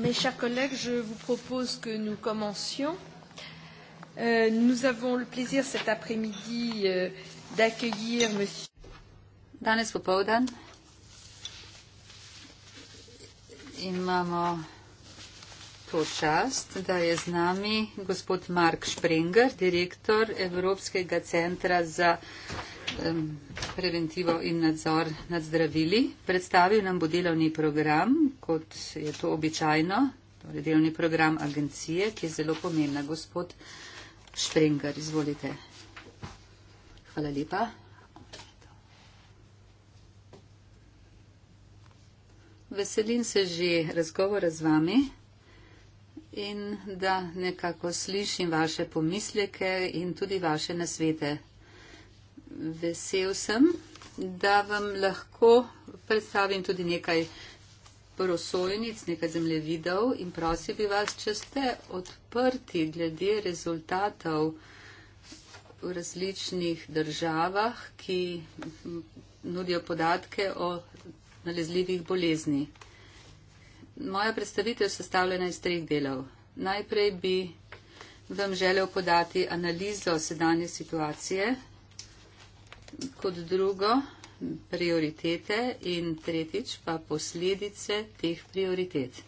Mes chers collègues, je vous propose que nous commencions. Euh, nous avons le plaisir cet après-midi euh, d'accueillir Monsieur. Danes popoldan imamo to čast, da je z nami gospod Mark Springer, direktor Evropskega centra za uh, um, preventivo in nadzor nad zdravili. Predstavil nam bo delovni program, kot je to običajno, torej delovni program agencije, ki je zelo pomembna. Gospod Šprengar, izvolite. Hvala lepa. Veselim se že razgovora z vami in da nekako slišim vaše pomisleke in tudi vaše nasvete vesel sem, da vam lahko predstavim tudi nekaj prosojnic, nekaj zemljevidov in prosim bi vas, če ste odprti glede rezultatov v različnih državah, ki nudijo podatke o nalezljivih bolezni. Moja predstavitev je sestavljena iz treh delov. Najprej bi vam želel podati analizo sedanje situacije kot drugo prioritete in tretjič pa posledice teh prioritet.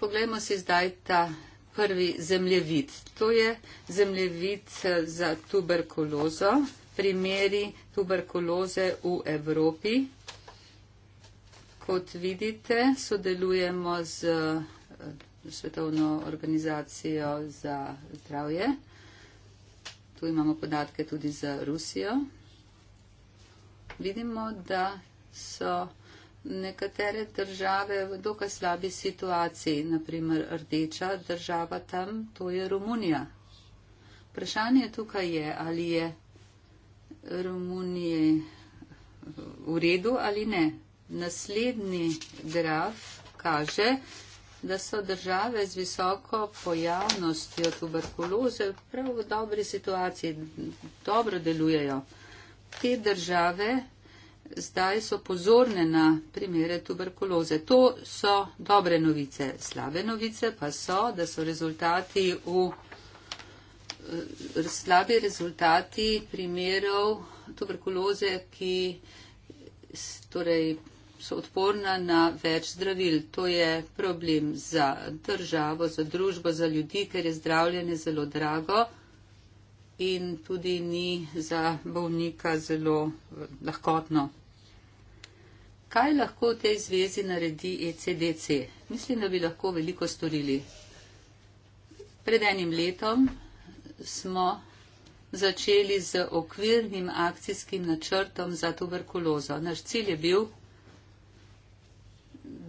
Poglejmo si zdaj ta prvi zemljevid. To je zemljevid eh, za tuberkulozo, primeri tuberkuloze v Evropi. Kot vidite, sodelujemo z eh, Svetovno organizacijo za zdravje. Tu imamo podatke tudi za Rusijo. Vidimo, da so nekatere države v dokaj slabi situaciji, naprimer rdeča država tam, to je Romunija. Vprašanje tukaj je, ali je Romuniji v redu ali ne. Naslednji graf kaže, da so države z visoko pojavnostjo tuberkuloze prav v dobri situaciji, dobro delujejo. Te države zdaj so pozorne na primere tuberkuloze. To so dobre novice. Slabe novice pa so, da so rezultati v eh, slabi rezultati primerov tuberkuloze, ki torej so odporna na več zdravil. To je problem za državo, za družbo, za ljudi, ker je zdravljenje zelo drago in tudi ni za bolnika zelo eh, lahkotno. Kaj lahko v tej zvezi naredi ECDC? Mislim, da bi lahko veliko storili. Pred enim letom smo začeli z okvirnim akcijskim načrtom za tuberkulozo. Naš cilj je bil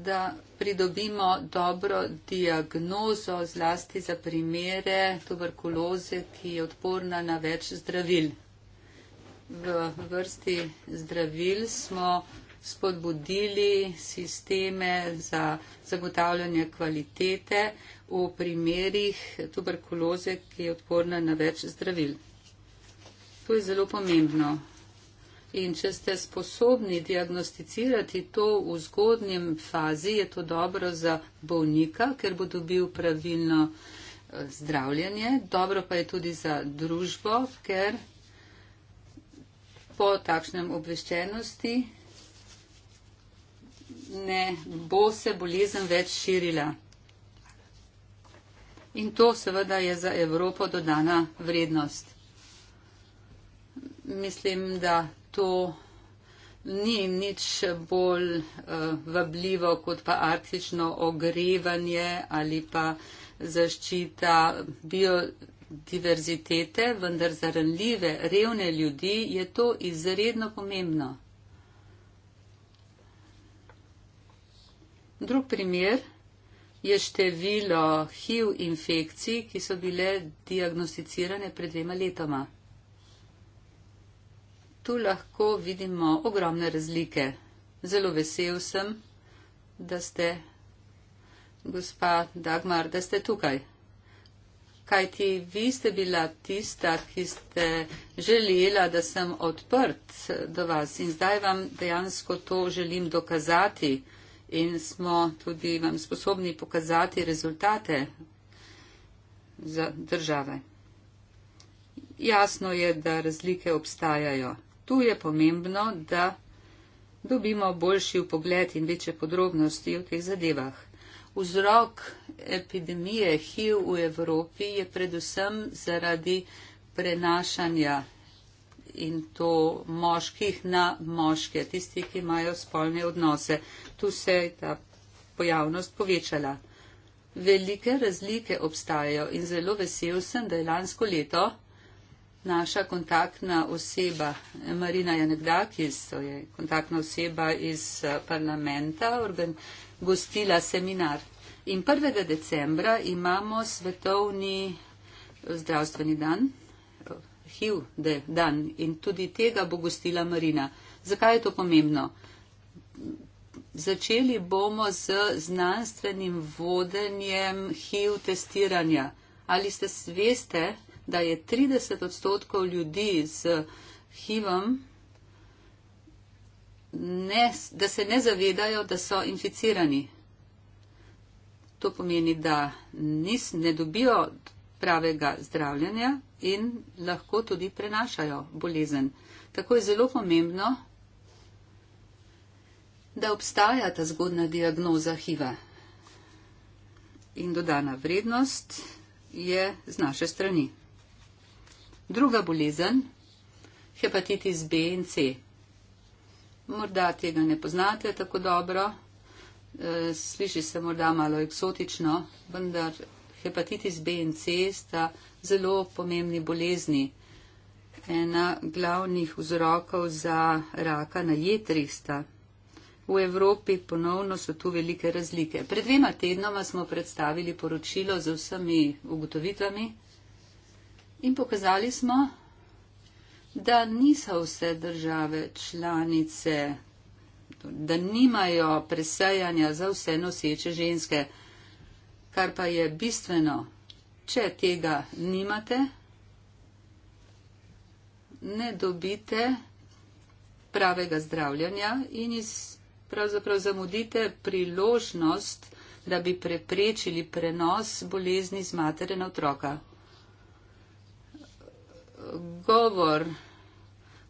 da pridobimo dobro diagnozo, zlasti za primere tuberkuloze, ki je odporna na več zdravil. V vrsti zdravil smo spodbudili sisteme za zagotavljanje kvalitete v primerih tuberkuloze, ki je odporna na več zdravil. To je zelo pomembno. In če ste sposobni diagnosticirati to v zgodnjem fazi, je to dobro za bolnika, ker bo dobil pravilno eh, zdravljenje. Dobro pa je tudi za družbo, ker po takšnem obveščenosti ne bo se bolezen več širila. In to seveda je za Evropo dodana vrednost. Mislim, da to ni nič bolj uh, vabljivo kot pa arktično ogrevanje ali pa zaščita biodiverzitete, vendar za ranljive, revne ljudi je to izredno pomembno. Drug primer je število HIV infekcij, ki so bile diagnosticirane pred dvema letoma tu lahko vidimo ogromne razlike. Zelo vesel sem, da ste, gospa Dagmar, da ste tukaj. Kaj ti vi ste bila tista, ki ste želela, da sem odprt do vas in zdaj vam dejansko to želim dokazati in smo tudi vam sposobni pokazati rezultate za države. Jasno je, da razlike obstajajo. Tu je pomembno, da dobimo boljši upogled in večje podrobnosti o teh zadevah. Vzrok epidemije HIV v Evropi je predvsem zaradi prenašanja in to moških na moške, tisti, ki imajo spolne odnose. Tu se je ta pojavnost povečala. Velike razlike obstajajo in zelo vesel sem, da je lansko leto naša kontaktna oseba, Marina Janegdakis, to je kontaktna oseba iz eh, parlamenta, organ, gostila seminar. In 1. decembra imamo svetovni eh, zdravstveni dan, eh, HIV dan in tudi tega bo gostila Marina. Zakaj je to pomembno? Začeli bomo z znanstvenim vodenjem HIV testiranja. Ali ste sveste, da je 30 odstotkov ljudi z HIV-om, da se ne zavedajo, da so inficirani. To pomeni, da nis, ne dobijo pravega zdravljenja in lahko tudi prenašajo bolezen. Tako je zelo pomembno, da obstaja ta zgodna diagnoza HIV-a. In dodana vrednost je z naše strani. Druga bolezen, hepatitis B in C. Morda tega ne poznate tako dobro, e, sliši se morda malo eksotično, vendar hepatitis B in C sta zelo pomembni bolezni. Ena glavnih vzrokov za raka na jetrih sta. V Evropi ponovno so tu velike razlike. Pred dvema tednoma smo predstavili poročilo z vsemi ugotovitvami, In pokazali smo, da niso vse države članice, da nimajo presajanja za vse noseče ženske, kar pa je bistveno, če tega nimate, ne dobite pravega zdravljanja in iz, pravzaprav zamudite priložnost, da bi preprečili prenos bolezni z matere na otroka govor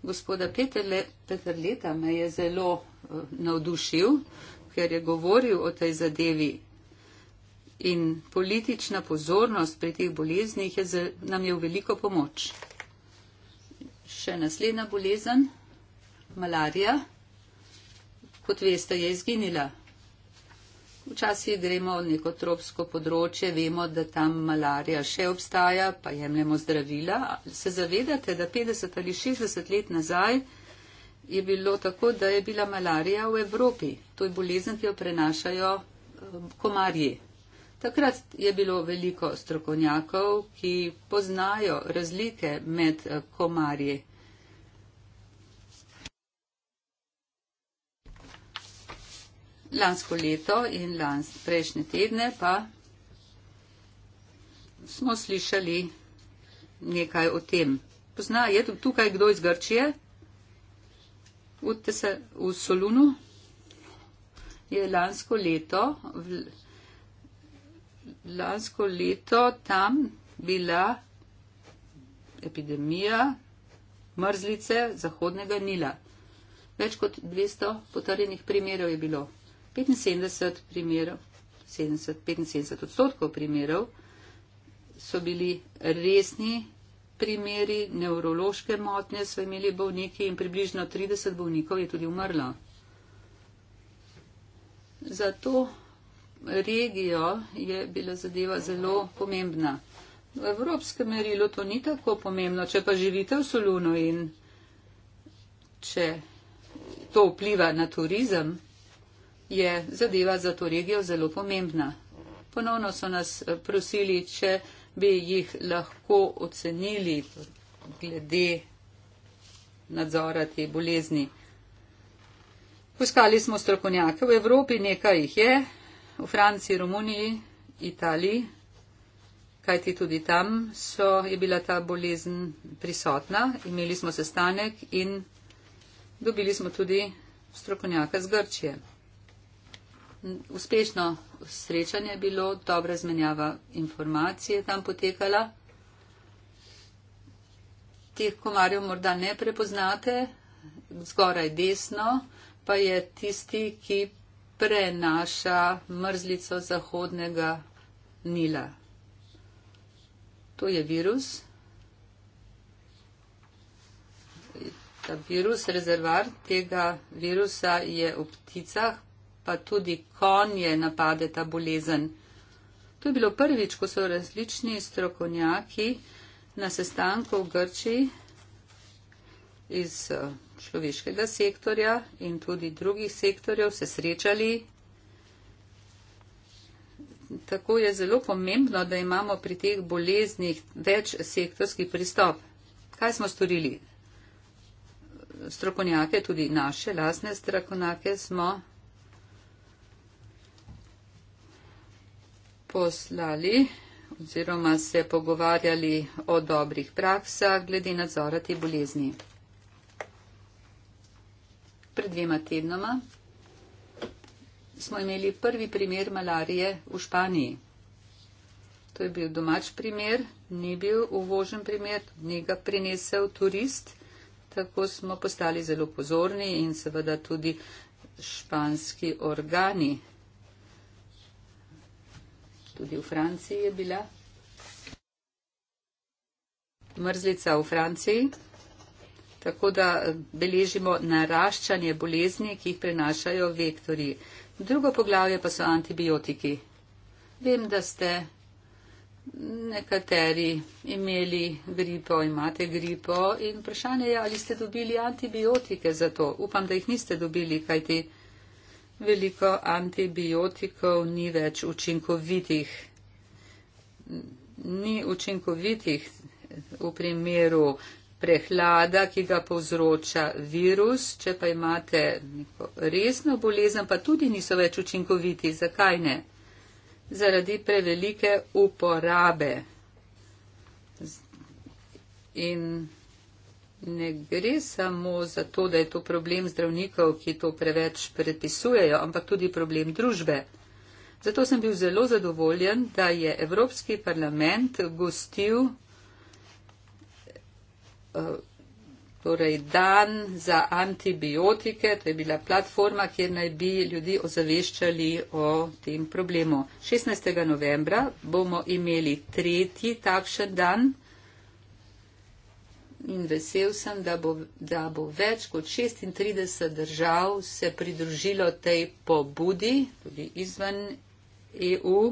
gospoda Peterle, Peterleta me je zelo eh, navdušil, ker je govoril o tej zadevi. In politična pozornost pri teh boleznih je zel, nam je v veliko pomoč. Še naslednja bolezen, malarija, kot veste, je izginila. Včasih gremo v neko tropsko področje, vemo, da tam malarija še obstaja, pa jemljemo zdravila. Se zavedate, da 50 ali 60 let nazaj je bilo tako, da je bila malarija v Evropi. To je bolezen, ki jo prenašajo eh, komarji. Takrat je bilo veliko strokovnjakov, ki poznajo razlike med eh, komarji. lansko leto in lans, prejšnje tedne pa smo slišali nekaj o tem. Pozna, je tukaj kdo iz Grčije? Udite se v Solunu. Je lansko leto, v, lansko leto tam bila epidemija mrzlice Zahodnega Nila. Več kot 200 potrjenih primerov je bilo. 75 primerov, 70, 75 odstotkov primerov so bili resni primeri nevrološke motnje, so imeli bolniki in približno 30 bolnikov je tudi umrlo. Za to regijo je bila zadeva zelo pomembna. V evropskem merilu to ni tako pomembno, če pa živite v Soluno in če to vpliva na turizem, je zadeva za to regijo zelo pomembna. Ponovno so nas eh, prosili, če bi jih lahko ocenili glede nadzora te bolezni. Poskali smo strokovnjake v Evropi, nekaj jih je, v Franciji, Romuniji, Italiji, kajti tudi tam so, je bila ta bolezen prisotna. Imeli smo sestanek in dobili smo tudi strokovnjaka z Grčije. Uspešno srečanje je bilo, dobra zmenjava informacije tam potekala. Teh komarjev morda ne prepoznate, zgoraj desno pa je tisti, ki prenaša mrzlico zahodnega nila. To je virus. Ta virus, rezervar tega virusa je v pticah, pa tudi konje napade ta bolezen. To je bilo prvič, ko so različni strokovnjaki na sestanku v Grčiji iz eh, človeškega sektorja in tudi drugih sektorjev se srečali. Tako je zelo pomembno, da imamo pri teh boleznih več sektorski pristop. Kaj smo storili? Strokovnjake, tudi naše lasne strokovnjake, smo poslali oziroma se pogovarjali o dobrih praksah glede nadzora te bolezni. Pred dvema tednoma smo imeli prvi primer malarije v Španiji. To je bil domač primer, ni bil uvožen primer, ni ga prinesel turist, tako smo postali zelo pozorni in seveda tudi španski organi tudi v Franciji je bila. Mrzlica v Franciji. Tako da beležimo naraščanje bolezni, ki jih prenašajo vektori. Drugo poglavje pa so antibiotiki. Vem, da ste nekateri imeli gripo, imate gripo in vprašanje je, ali ste dobili antibiotike za to. Upam, da jih niste dobili, kajti veliko antibiotikov ni več učinkovitih. Ni učinkovitih v primeru prehlada, ki ga povzroča virus, če pa imate neko resno bolezen, pa tudi niso več učinkoviti. Zakaj ne? Zaradi prevelike uporabe. In ne gre samo za to, da je to problem zdravnikov, ki to preveč predpisujejo, ampak tudi problem družbe. Zato sem bil zelo zadovoljen, da je Evropski parlament gostil eh, torej dan za antibiotike, to je bila platforma, kjer naj bi ljudi ozaveščali o tem problemu. 16. novembra bomo imeli tretji takšen dan in vesel sem, da bo, da bo več kot 36 držav se pridružilo tej pobudi, tudi izven EU,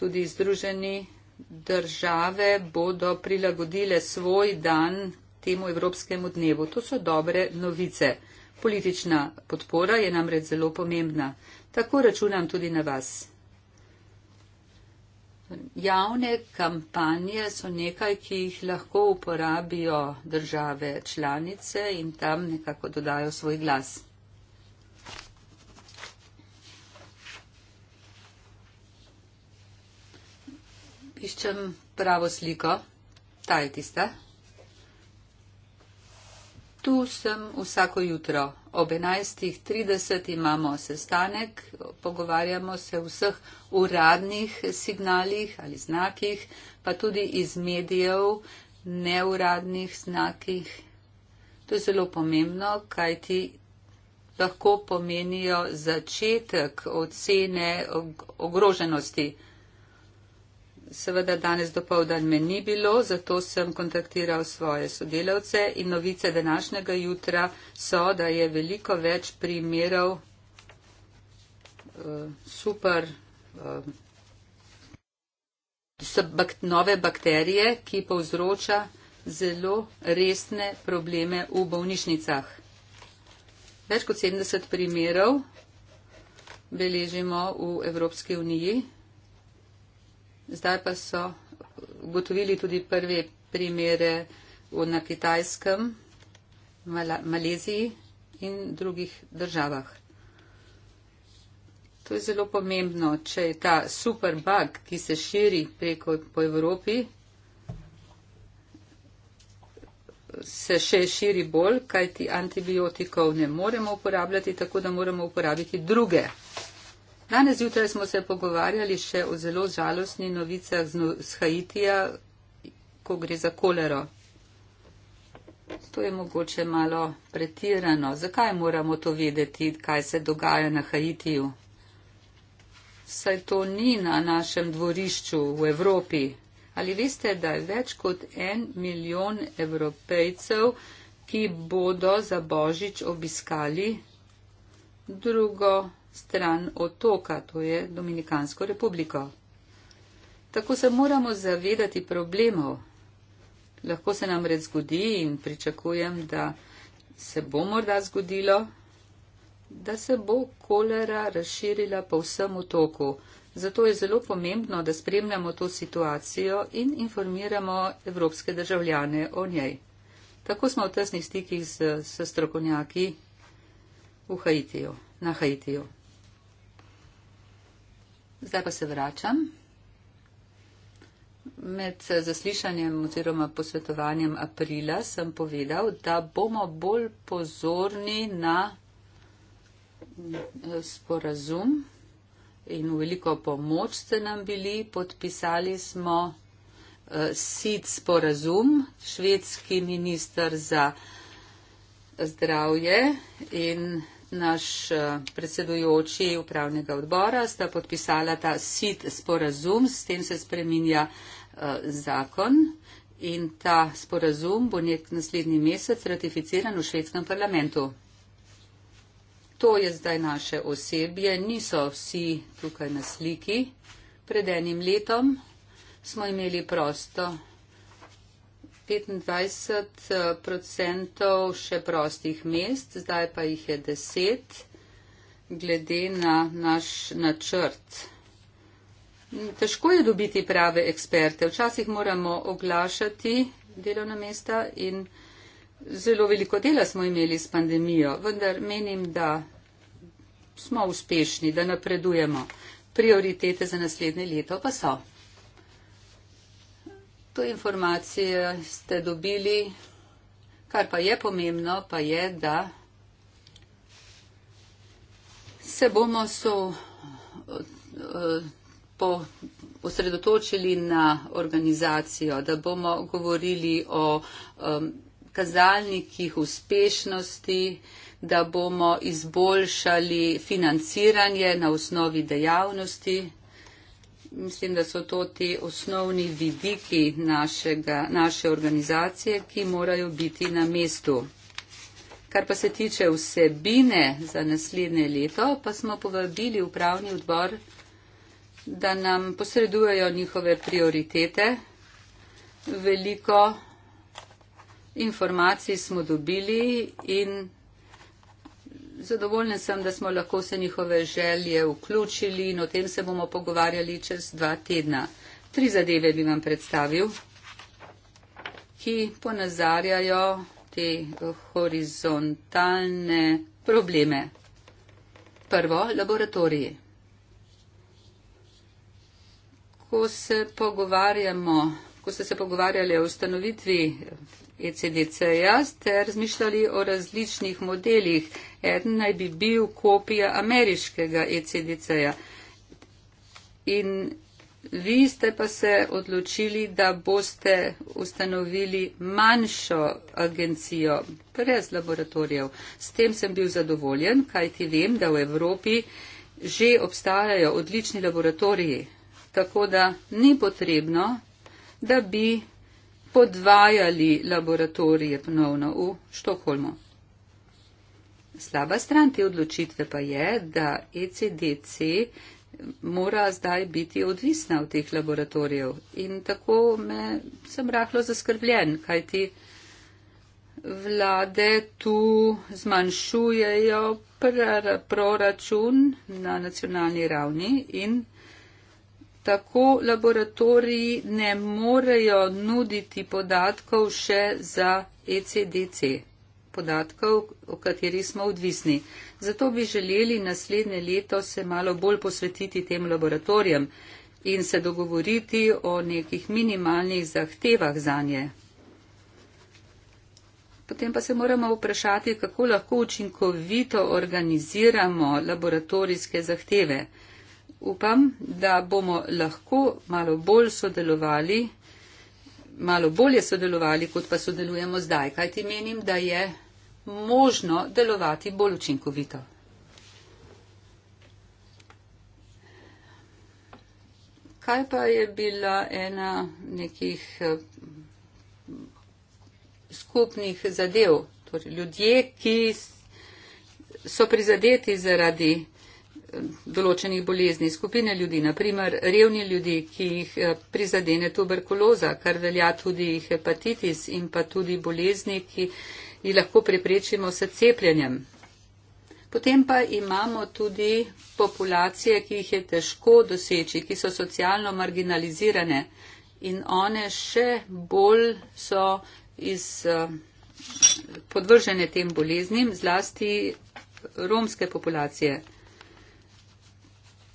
tudi združeni države bodo prilagodile svoj dan temu evropskemu dnevu. To so dobre novice. Politična podpora je namreč zelo pomembna. Tako računam tudi na vas. Javne kampanje so nekaj, ki jih lahko uporabijo države članice in tam nekako dodajo svoj glas. Iščem pravo sliko. Ta je tista. Tu sem vsako jutro. Ob 11.30 imamo sestanek, pogovarjamo se o vseh uradnih signalih ali znakih, pa tudi iz medijev, neuradnih znakih. To je zelo pomembno, kaj ti lahko pomenijo začetek ocene ogroženosti. Seveda danes do povdan me ni bilo, zato sem kontaktiral svoje sodelavce in novice današnjega jutra so, da je veliko več primerov uh, super uh, bak nove bakterije, ki povzroča zelo resne probleme v bolnišnicah. Več kot 70 primerov beležimo v Evropski uniji Zdaj pa so ugotovili tudi prve primere na Kitajskem, Maleziji in drugih državah. To je zelo pomembno, če je ta superbug, ki se širi preko po Evropi, se še širi bolj, kajti antibiotikov ne moremo uporabljati, tako da moramo uporabiti druge Danes zjutraj smo se pogovarjali še o zelo žalostni novicah z no- Haitija, ko gre za kolero. To je mogoče malo pretirano. Zakaj moramo to vedeti, kaj se dogaja na Haitiju? Saj to ni na našem dvorišču v Evropi. Ali veste, da je več kot en milijon evropejcev, ki bodo za božič obiskali drugo stran otoka, to je Dominikansko republiko. Tako se moramo zavedati problemov. Lahko se nam red zgodi in pričakujem, da se bo morda zgodilo, da se bo kolera razširila po vsem otoku. Zato je zelo pomembno, da spremljamo to situacijo in informiramo evropske državljane o njej. Tako smo v tesnih stikih s, s strokovnjaki v Haitiju, na Haitiju. Zdaj pa se vračam. Med zaslišanjem oziroma posvetovanjem aprila sem povedal, da bomo bolj pozorni na eh, sporazum in veliko pomoč ste nam bili. Podpisali smo eh, SID sporazum, švedski minister za eh, zdravje in zdravje naš eh, predsedujoči upravnega odbora, sta podpisala ta sit sporazum, s tem se spreminja eh, zakon in ta sporazum bo nek naslednji mesec ratificiran v švedskem parlamentu. To je zdaj naše osebje, niso vsi tukaj na sliki. Pred enim letom smo imeli prosto 25 eh, odstotkov še prostih mest, zdaj pa jih je 10, glede na naš načrt. Težko je dobiti prave eksperte. Včasih moramo oglašati delovna mesta in zelo veliko dela smo imeli s pandemijo, vendar menim, da smo uspešni, da napredujemo. Prioritete za naslednje leto pa so. To informacijo ste dobili, kar pa je pomembno, pa je, da se bomo so, eh, eh, po, osredotočili na organizacijo, da bomo govorili o um, kazalnikih uspešnosti, da bomo izboljšali financiranje na osnovi dejavnosti, mislim, da so to ti osnovni vidiki našega, naše organizacije, ki morajo biti na mestu. Kar pa se tiče vsebine za naslednje leto, pa smo povabili upravni odbor, da nam posredujejo njihove prioritete. Veliko informacij smo dobili in zadovoljna sem, da smo lahko se njihove želje vključili in o tem se bomo pogovarjali čez dva tedna. Tri zadeve bi vam predstavil, ki ponazarjajo te horizontalne probleme. Prvo, laboratoriji. Ko se pogovarjamo, ko ste se pogovarjali o ustanovitvi ECDC-ja ste razmišljali o različnih modelih. Eden naj bi bil kopija ameriškega ECDC-ja. In vi ste pa se odločili, da boste ustanovili manjšo agencijo brez laboratorijev. S tem sem bil zadovoljen, kajti vem, da v Evropi že obstajajo odlični laboratoriji. Tako da ni potrebno, da bi podvajali laboratorije ponovno v Štokholmu. Slaba stran te odločitve pa je, da ECDC mora zdaj biti odvisna od teh laboratorijev. In tako me sem rahlo zaskrbljen, kaj ti vlade tu zmanjšujejo pr proračun na nacionalni ravni in tako laboratoriji ne morejo nuditi podatkov še za ECDC, podatkov, o katerih smo odvisni. Zato bi želeli naslednje leto se malo bolj posvetiti tem laboratorijem in se dogovoriti o nekih minimalnih zahtevah za nje. Potem pa se moramo vprašati, kako lahko učinkovito organiziramo laboratorijske zahteve upam, da bomo lahko malo bolj sodelovali, malo bolje sodelovali, kot pa sodelujemo zdaj, kajti menim, da je možno delovati bolj učinkovito. Kaj pa je bila ena nekih eh, skupnih zadev, torej ljudje, ki so prizadeti zaradi določenih bolezni, skupine ljudi, naprimer revni ljudi, ki jih eh, prizadene tuberkuloza, kar velja tudi hepatitis in pa tudi bolezni, ki jih lahko preprečimo s cepljenjem. Potem pa imamo tudi populacije, ki jih je težko doseči, ki so socialno marginalizirane in one še bolj so iz, eh, podvržene tem boleznim, zlasti romske populacije.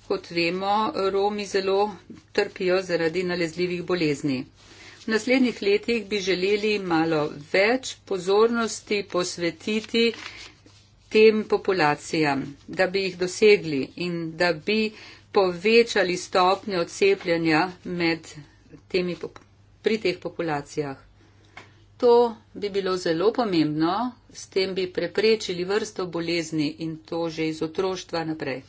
Kot vemo, Romi zelo trpijo zaradi nalezljivih bolezni. V naslednjih letih bi želeli malo več pozornosti posvetiti tem populacijam, da bi jih dosegli in da bi povečali stopnje odcepljanja med temi, pri teh populacijah. To bi bilo zelo pomembno, s tem bi preprečili vrsto bolezni in to že iz otroštva naprej.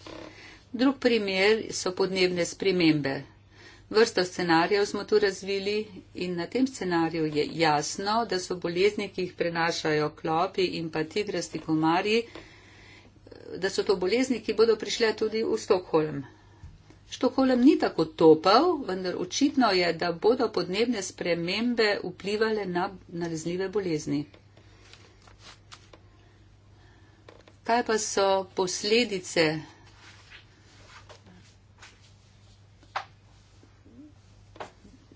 Drug primer so podnebne spremembe. Vrsto scenarijev smo tu razvili in na tem scenariju je jasno, da so bolezni, ki jih prenašajo klopi in pa tigrasti komarji, da so to bolezni, ki bodo prišle tudi v Stokholm. Štokholm ni tako topel, vendar očitno je, da bodo podnebne spremembe vplivale na nalezljive bolezni. Kaj pa so posledice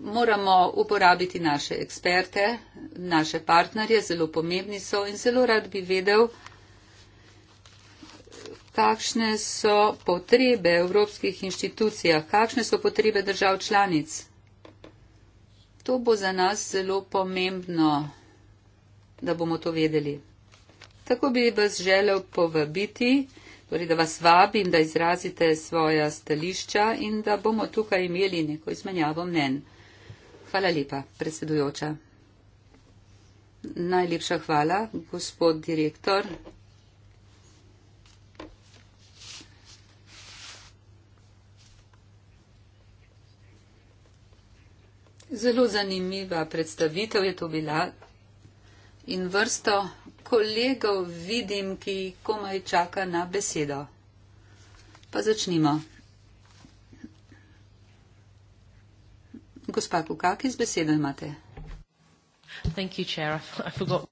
moramo uporabiti naše eksperte, naše partnerje, zelo pomembni so in zelo rad bi vedel, kakšne so potrebe evropskih inštitucij, kakšne so potrebe držav članic. To bo za nas zelo pomembno, da bomo to vedeli. Tako bi vas želel povabiti, torej da vas vabim, da izrazite svoja stališča in da bomo tukaj imeli neko izmenjavo mnen. Hvala lepa, predsedujoča. Najlepša hvala, gospod direktor. Zelo zanimiva predstavitev je to bila in vrsto kolegov vidim, ki komaj čaka na besedo. Pa začnimo. Gospa Pukak, iz besede imate. Thank you, chair. I forgot.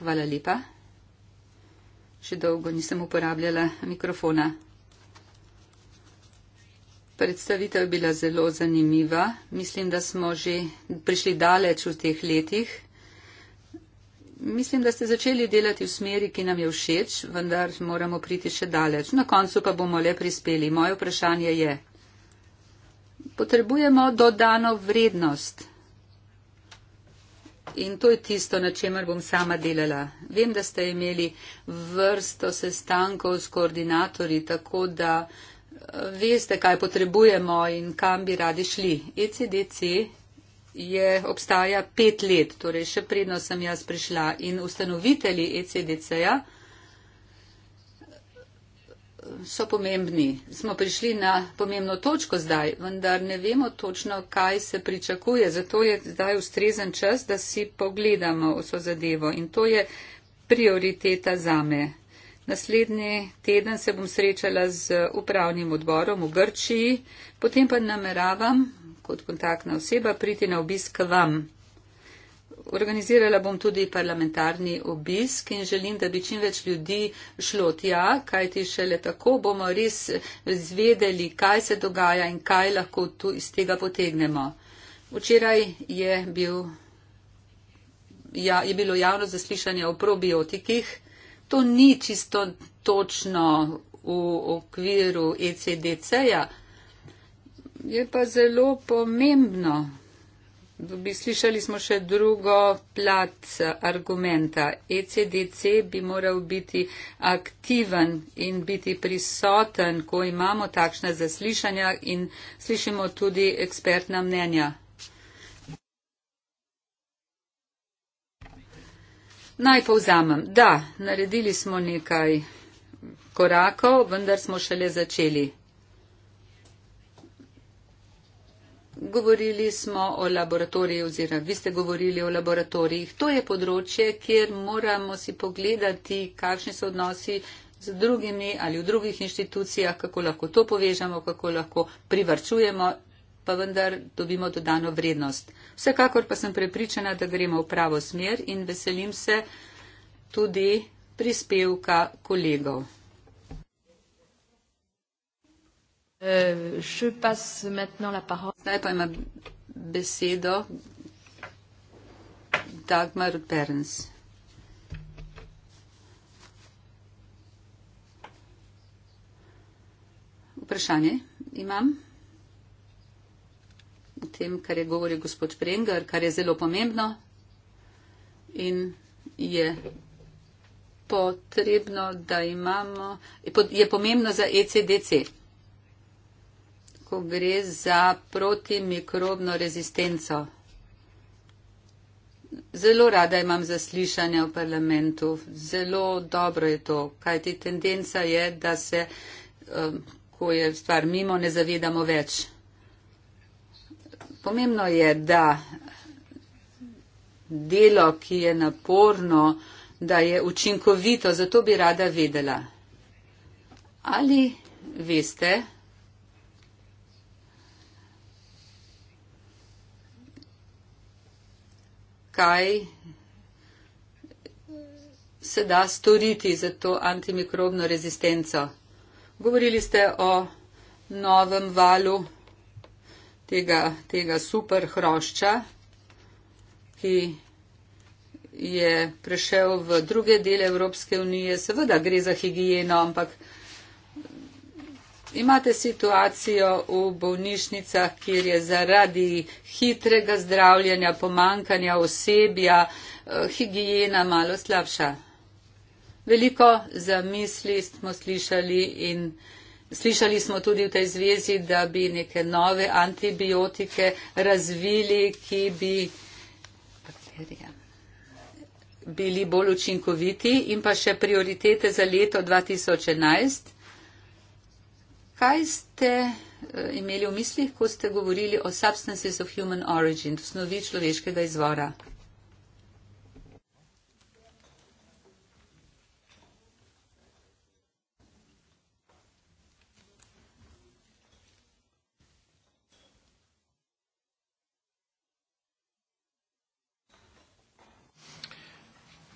Hvala lepa. Še dolgo nisem uporabljala mikrofona. Predstavitev je bila zelo zanimiva. Mislim, da smo že prišli daleč v teh letih. Mislim, da ste začeli delati v smeri, ki nam je všeč, vendar moramo priti še daleč. Na koncu pa bomo le prispeli. Moje vprašanje je, potrebujemo dodano vrednost. In to je tisto, na čemer bom sama delala. Vem, da ste imeli vrsto sestankov s koordinatorji, tako da eh, veste, kaj potrebujemo in kam bi radi šli. ECDC je, obstaja pet let, torej še predno sem jaz prišla in ustanoviteli ECDC-ja. -ja, so pomembni. Smo prišli na pomembno točko zdaj, vendar ne vemo točno, kaj se pričakuje. Zato je zdaj ustrezen čas, da si pogledamo vso zadevo in to je prioriteta za me. Naslednji teden se bom srečala z upravnim odborom v Grčiji, potem pa nameravam kot kontaktna oseba priti na obisk vam organizirala bom tudi parlamentarni obisk in želim, da bi čim več ljudi šlo tja, kajti šele tako bomo res zvedeli, kaj se dogaja in kaj lahko tu iz tega potegnemo. Včeraj je, bil, ja, je bilo javno zaslišanje o probiotikih. To ni čisto točno v okviru ECDC-ja, je pa zelo pomembno. Dobi, slišali smo še drugo plat argumenta. ECDC bi moral biti aktiven in biti prisoten, ko imamo takšna zaslišanja in slišimo tudi ekspertna mnenja. Naj povzamem. Da, naredili smo nekaj korakov, vendar smo šele začeli. Govorili smo o laboratoriji oziroma vi ste govorili o laboratorijih. To je področje, kjer moramo si pogledati, kakšni so odnosi z drugimi ali v drugih inštitucijah, kako lahko to povežamo, kako lahko privrčujemo, pa vendar dobimo dodano vrednost. Vsekakor pa sem prepričana, da gremo v pravo smer in veselim se tudi prispevka kolegov. Euh, je passe maintenant la parole. Zdaj pa ima besedo Dagmar Berns. Vprašanje imam o tem, kar je govoril gospod Prenger, kar je zelo pomembno in je potrebno, da imamo, je pomembno za ECDC ko gre za protimikrobno rezistenco. Zelo rada imam zaslišanja v parlamentu, zelo dobro je to, kajti tendenca je, da se, um, ko je stvar mimo, ne zavedamo več. Pomembno je, da delo, ki je naporno, da je učinkovito, zato bi rada vedela. Ali veste, kaj se da storiti za to antimikrobno rezistenco. Govorili ste o novem valu tega, tega super hrošča, ki je prešel v druge dele Evropske unije. Seveda gre za higieno, ampak Imate situacijo v bolnišnicah, kjer je zaradi hitrega zdravljanja, pomankanja osebja, eh, higijena malo slabša. Veliko zamisli smo slišali in slišali smo tudi v tej zvezi, da bi neke nove antibiotike razvili, ki bi bili bolj učinkoviti in pa še prioritete za leto 2011. Kaj ste eh, imeli v mislih, ko ste govorili o substances of human origin, osnovi človeškega izvora?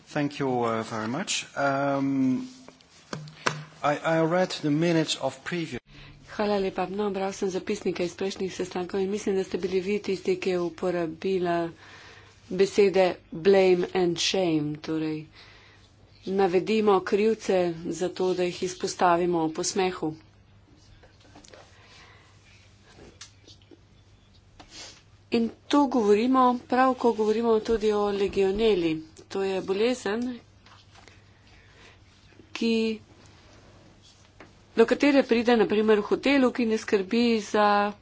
Thank you uh, very much. Um, I, I read the minutes of previous. Hvala lepa. No, bral sem zapisnike iz prejšnjih sestankov in mislim, da ste bili vi tisti, ki je uporabila besede blame and shame, torej navedimo krivce za to, da jih izpostavimo po smehu. In to govorimo prav, ko govorimo tudi o legioneli. To je bolezen, ki do katere pride naprimer v hotelu, ki ne skrbi za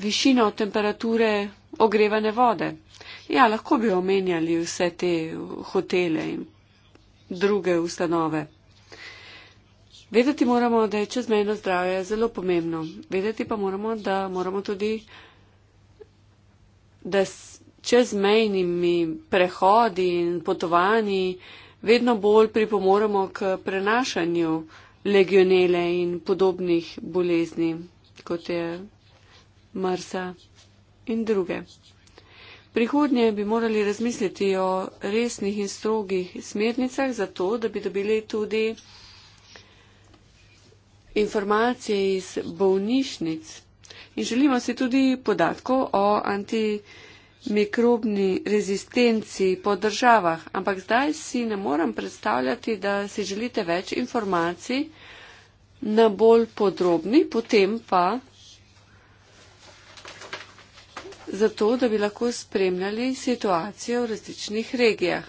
višino temperature ogrevane vode. Ja, lahko bi omenjali vse te hotele in druge ustanove. Vedeti moramo, da je čezmejno zdravje zelo pomembno. Vedeti pa moramo, da moramo tudi, da s čezmejnimi prehodi in potovanji vedno bolj pripomoremo k prenašanju legionele in podobnih bolezni, kot je mrsa in druge. Prihodnje bi morali razmisliti o resnih in strogih smernicah za to, da bi dobili tudi informacije iz bolnišnic. In želimo si tudi podatkov o antibiotikih mikrobni rezistenci po državah, ampak zdaj si ne morem predstavljati, da si želite več informacij na bolj podrobni, potem pa zato, da bi lahko spremljali situacijo v različnih regijah.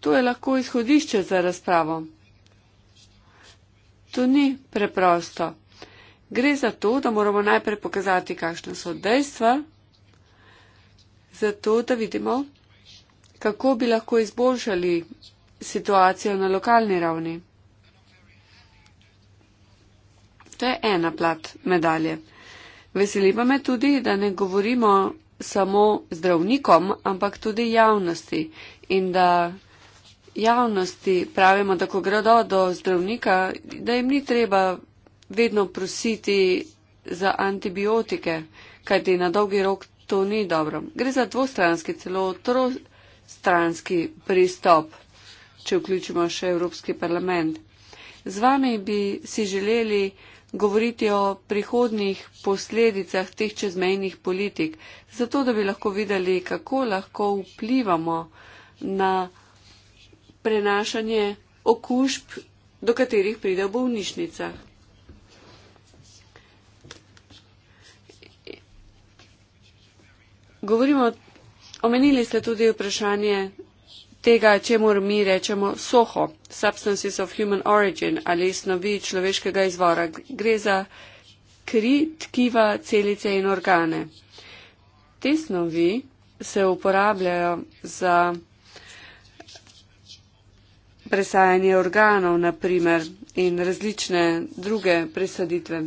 To je lahko izhodišče za razpravo. To ni preprosto. Gre za to, da moramo najprej pokazati, kakšne so dejstva, zato da vidimo, kako bi lahko izboljšali situacijo na lokalni ravni. To je ena plat medalje. Veseli pa me tudi, da ne govorimo samo zdravnikom, ampak tudi javnosti in da javnosti pravimo, da ko gredo do zdravnika, da jim ni treba vedno prositi za antibiotike, kajti na dolgi rok to ni dobro. Gre za dvostranski, celo trostranski pristop, če vključimo še Evropski parlament. Z vami bi si želeli govoriti o prihodnih posledicah teh čezmejnih politik, zato da bi lahko videli, kako lahko vplivamo na prenašanje okužb, do katerih pride v bolnišnicah. govorimo, omenili ste tudi vprašanje tega, čemu mi rečemo soho, substances of human origin ali snovi človeškega izvora. Gre za kri, tkiva, celice in organe. Te snovi se uporabljajo za presajanje organov, naprimer, in različne druge presaditve.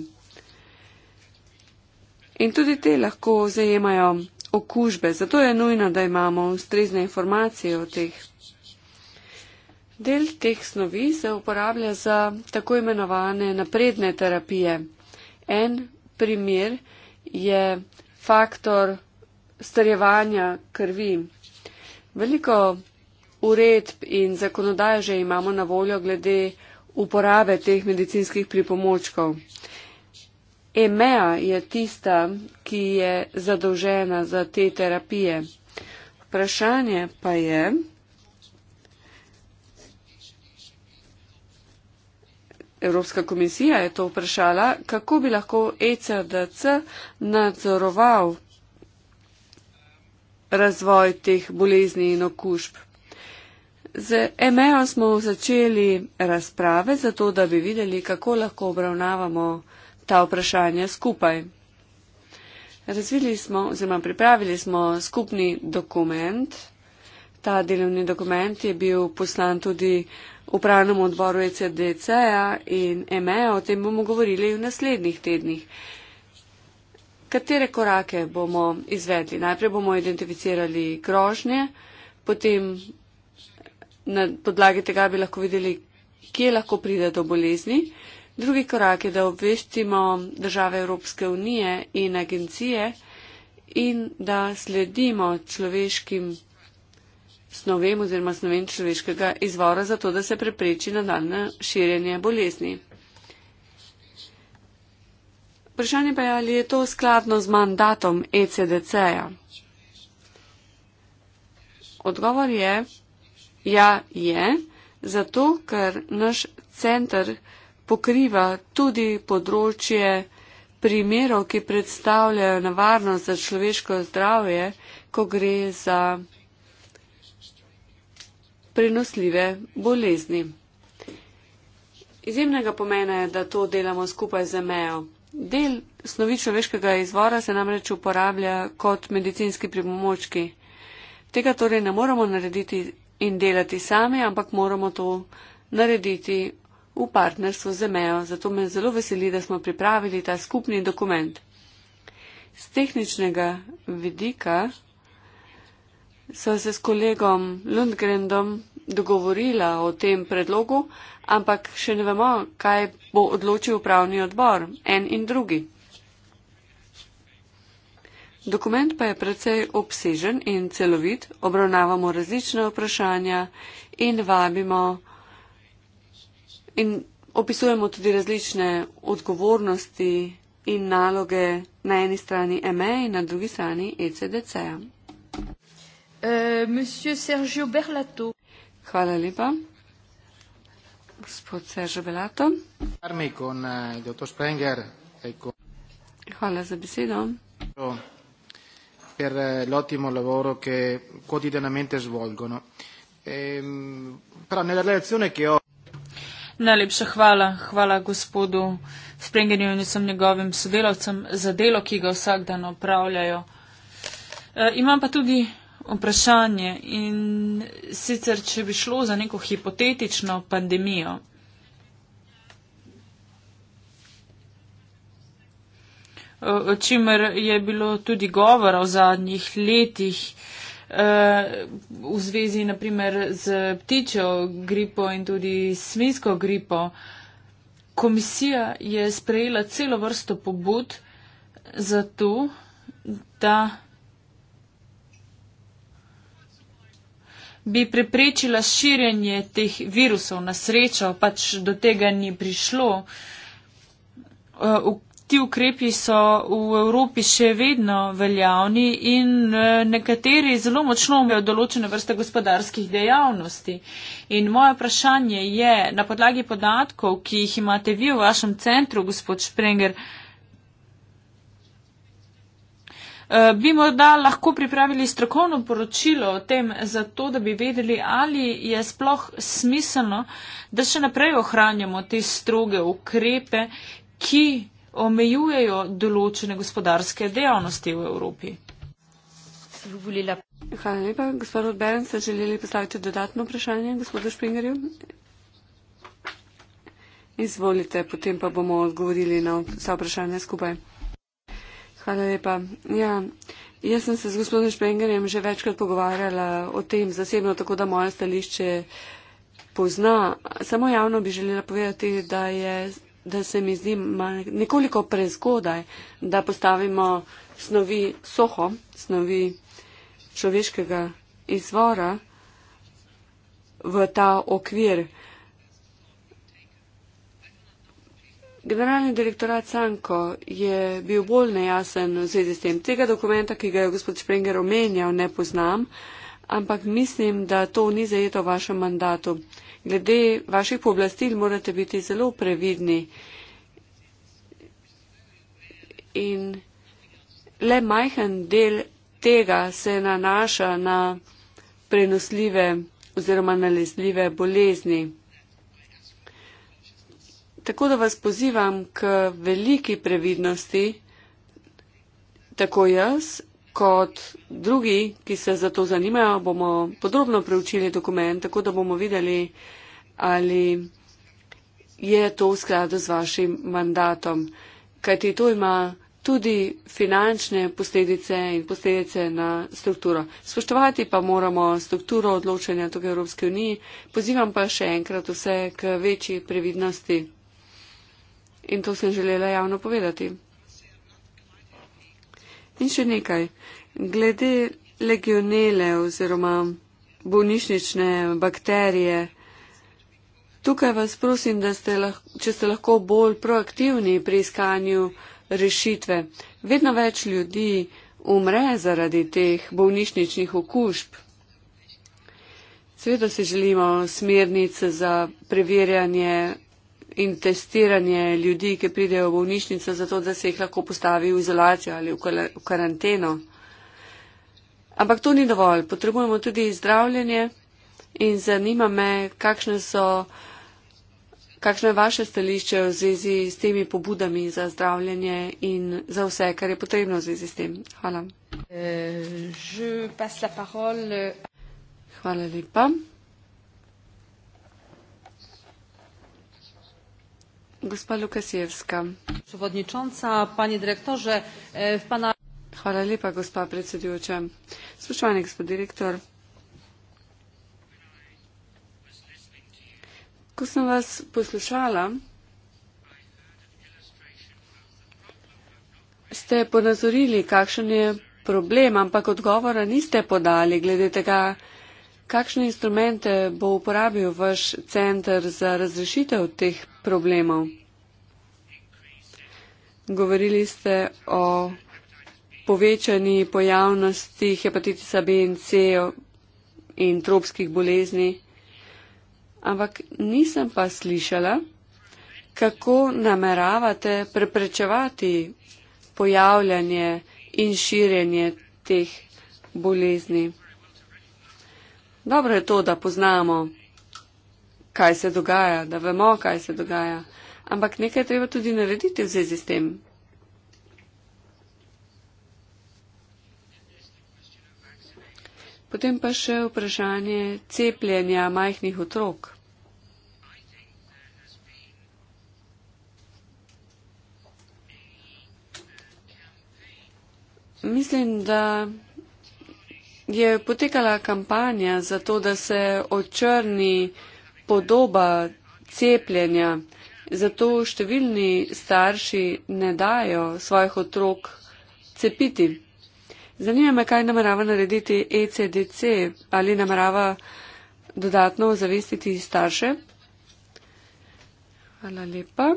In tudi te lahko zajemajo okužbe. Zato je nujno, da imamo ustrezne informacije o teh. Del teh snovi se uporablja za tako imenovane napredne terapije. En primer je faktor starjevanja krvi. Veliko uredb in zakonodaje že imamo na voljo glede uporabe teh medicinskih pripomočkov. EMEA je tista, ki je zadolžena za te terapije. Vprašanje pa je, Evropska komisija je to vprašala, kako bi lahko ECDC nadzoroval razvoj teh bolezni in okužb. Z EMEA smo začeli razprave, zato da bi videli, kako lahko obravnavamo uh, ta vprašanja skupaj. Razvili smo oziroma pripravili smo skupni dokument. Ta delovni dokument je bil poslan tudi upravnemu odboru ECDC-ja in ME, o tem bomo govorili v naslednjih tednih. Katere korake bomo izvedli? Najprej bomo identificirali grožnje, potem na podlagi tega bi lahko videli, kje lahko pride do bolezni. Drugi korak je, da obvestimo države Evropske unije in agencije in da sledimo človeškim snovem oziroma snovem človeškega izvora, zato da se prepreči nadaljne širjenje bolezni. Vprašanje pa je, ali je to skladno z mandatom ECDC-ja. Odgovor je, ja je, zato ker naš center pokriva tudi področje primerov, ki predstavljajo nevarnost za človeško zdravje, ko gre za prenosljive bolezni. Izjemnega pomena je, da to delamo skupaj z mejo. Del snovi človeškega izvora se namreč uporablja kot medicinski pripomočki. Tega torej ne moramo narediti in delati sami, ampak moramo to narediti v partnerstvu z e mejo, zato me zelo veseli, da smo pripravili ta skupni dokument. Z tehničnega vidika sem se s kolegom Lundgrendom dogovorila o tem predlogu, ampak še ne vemo, kaj bo odločil upravni odbor, en in drugi. Dokument pa je precej obsežen in celovit, obravnavamo različne vprašanja in vabimo In opisujemo tudi različne odgovornosti in naloge na eni strani ME in na drugi strani ECDC-ja. Uh, eh, Hvala lepa. Gospod Sergio Belato. Eh, e Hvala za besedo. per eh, l'ottimo lavoro che quotidianamente svolgono. Ehm, però nella relazione che ho Najlepša hvala, hvala gospodu Sprengenju in vsem njegovim sodelavcem za delo, ki ga vsak dan opravljajo. E, imam pa tudi vprašanje in sicer, če bi šlo za neko hipotetično pandemijo. O čimer je bilo tudi govora v zadnjih letih, Eh, v zvezi naprimer z ptičjo gripo in tudi svinsko gripo. Komisija je sprejela celo vrsto pobud za to, da bi preprečila širjenje teh virusov. Na srečo pač do tega ni prišlo. Eh, ti ukrepi so v Evropi še vedno veljavni in eh, nekateri zelo močno omejo določene vrste gospodarskih dejavnosti. In moje vprašanje je, na podlagi podatkov, ki jih imate vi v vašem centru, gospod Sprenger, eh, bi morda lahko pripravili strokovno poročilo o tem, zato da bi vedeli, ali je sploh smiselno, da še naprej ohranjamo te stroge ukrepe, ki omejujejo določene gospodarske dejavnosti v Evropi. Hvala lepa, gospod Beren, ste želeli postaviti dodatno vprašanje, gospod Špingerju? Izvolite, potem pa bomo odgovorili na vsa vprašanja skupaj. Hvala lepa. Ja, jaz sem se z gospodom Špengerjem že večkrat pogovarjala o tem zasebno, tako da moje stališče pozna. Samo javno bi želela povedati, da je da se mi zdi nekoliko prezgodaj, da postavimo snovi soho, snovi človeškega izvora v ta okvir. Generalni direktorat Sanko je bil bolj nejasen v zvezi s tem. Tega dokumenta, ki ga je gospod Sprenger omenjal, ne poznam, ampak mislim, da to ni zajeto v vašem mandatu glede vaših pooblastil morate biti zelo previdni in le majhen del tega se nanaša na prenosljive oziroma nalezljive bolezni. Tako da vas pozivam k veliki previdnosti, tako jaz kot drugi, ki se za to zanimajo, bomo podrobno preučili dokument, tako da bomo videli, ali je to v skladu z vašim mandatom. Kajti to ima tudi finančne posledice in posledice na strukturo. Spoštovati pa moramo strukturo odločanja tukaj Evropske unije. Pozivam pa še enkrat vse k večji previdnosti. In to sem želela javno povedati. In še nekaj. Glede legionele oziroma bolnišnične bakterije. Tukaj vas prosim, da ste lahko, če ste lahko bolj proaktivni pri iskanju rešitve. Vedno več ljudi umre zaradi teh bolnišničnih okužb. Sveto si želimo smernice za preverjanje in testiranje ljudi, ki pridejo v bolnišnico, zato da se jih lahko postavi v izolacijo ali v karanteno. Ampak to ni dovolj. Potrebujemo tudi zdravljenje in zanima me, kakšne so. Kakšno je vaše stališče v zvezi s temi pobudami za zdravljenje in za vse, kar je potrebno v zvezi s tem? Hvala. Hvala lepa. Gospa Lukasjevska. E, Hvala lepa, gospa predsedujoča. Spoštovani gospod direktor. Ko sem vas poslušala, ste ponazorili, kakšen je problem, ampak odgovora niste podali glede tega, kakšne instrumente bo uporabil vaš centr za razrešitev teh problemov. Govorili ste o povečani pojavnosti hepatitisa B in C in tropskih bolezni ampak nisem pa slišala, kako nameravate preprečevati pojavljanje in širjenje teh bolezni. Dobro je to, da poznamo, kaj se dogaja, da vemo, kaj se dogaja, ampak nekaj treba tudi narediti v zvezi s tem. Potem pa še vprašanje cepljenja majhnih otrok. mislim, da je potekala kampanja za to, da se očrni podoba cepljenja. Zato številni starši ne dajo svojih otrok cepiti. Zanima me, kaj namerava narediti ECDC ali namerava dodatno ozavestiti starše. Hvala lepa.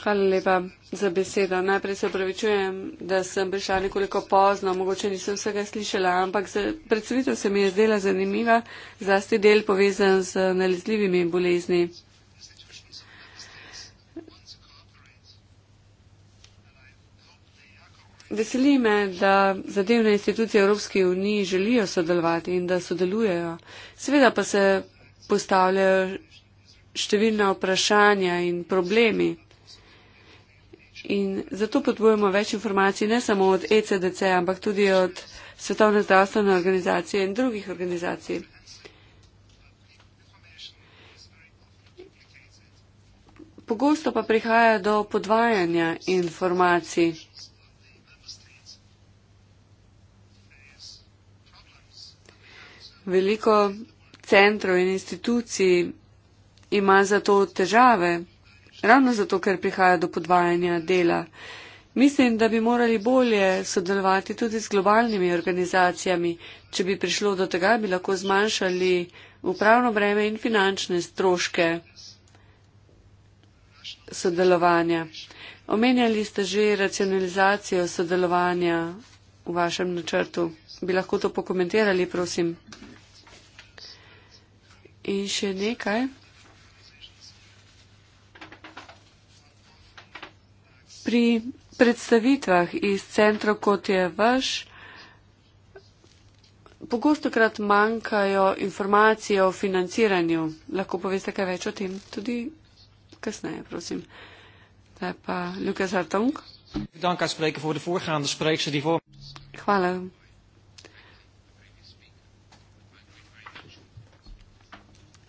Hvala lepa za besedo. Najprej se opravičujem, da sem prišla nekoliko pozno, mogoče nisem vsega slišala, ampak predstavitev se mi je zdela zanimiva, zlasti del povezan z nalezljivimi bolezni. Veseli me, da zadevne institucije Evropske unije želijo sodelovati in da sodelujejo. Seveda pa se postavljajo številna vprašanja in problemi. In zato potrebujemo več informacij, ne samo od ECDC, ampak tudi od Svetovne zdravstvene organizacije in drugih organizacij. Pogosto pa prihaja do podvajanja informacij. Veliko centrov in institucij ima zato težave ravno zato, ker prihaja do podvajanja dela. Mislim, da bi morali bolje sodelovati tudi z globalnimi organizacijami. Če bi prišlo do tega, bi lahko zmanjšali upravno breme in finančne stroške sodelovanja. Omenjali ste že racionalizacijo sodelovanja v vašem načrtu. Bi lahko to pokomentirali, prosim? In še nekaj. pri predstavitvah iz centrov, kot je vaš, pogosto krat manjkajo informacije o financiranju. Lahko poveste kaj več o tem tudi kasneje, prosim. Zdaj pa Luka Zartong. Hvala.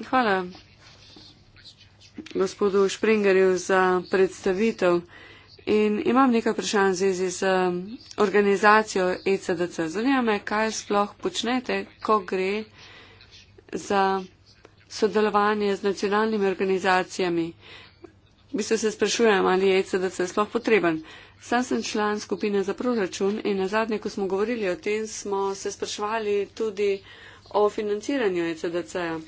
Hvala gospodu Springerju za predstavitev. In imam nekaj vprašanj v zvezi z um, organizacijo ECDC. Zanima me, kaj sploh počnete, ko gre za sodelovanje z nacionalnimi organizacijami. V bistvu se sprašujem, ali je ECDC sploh potreben. Sam sem član skupine za proračun in na zadnje, ko smo govorili o tem, smo se sprašvali tudi o financiranju ECDC-a.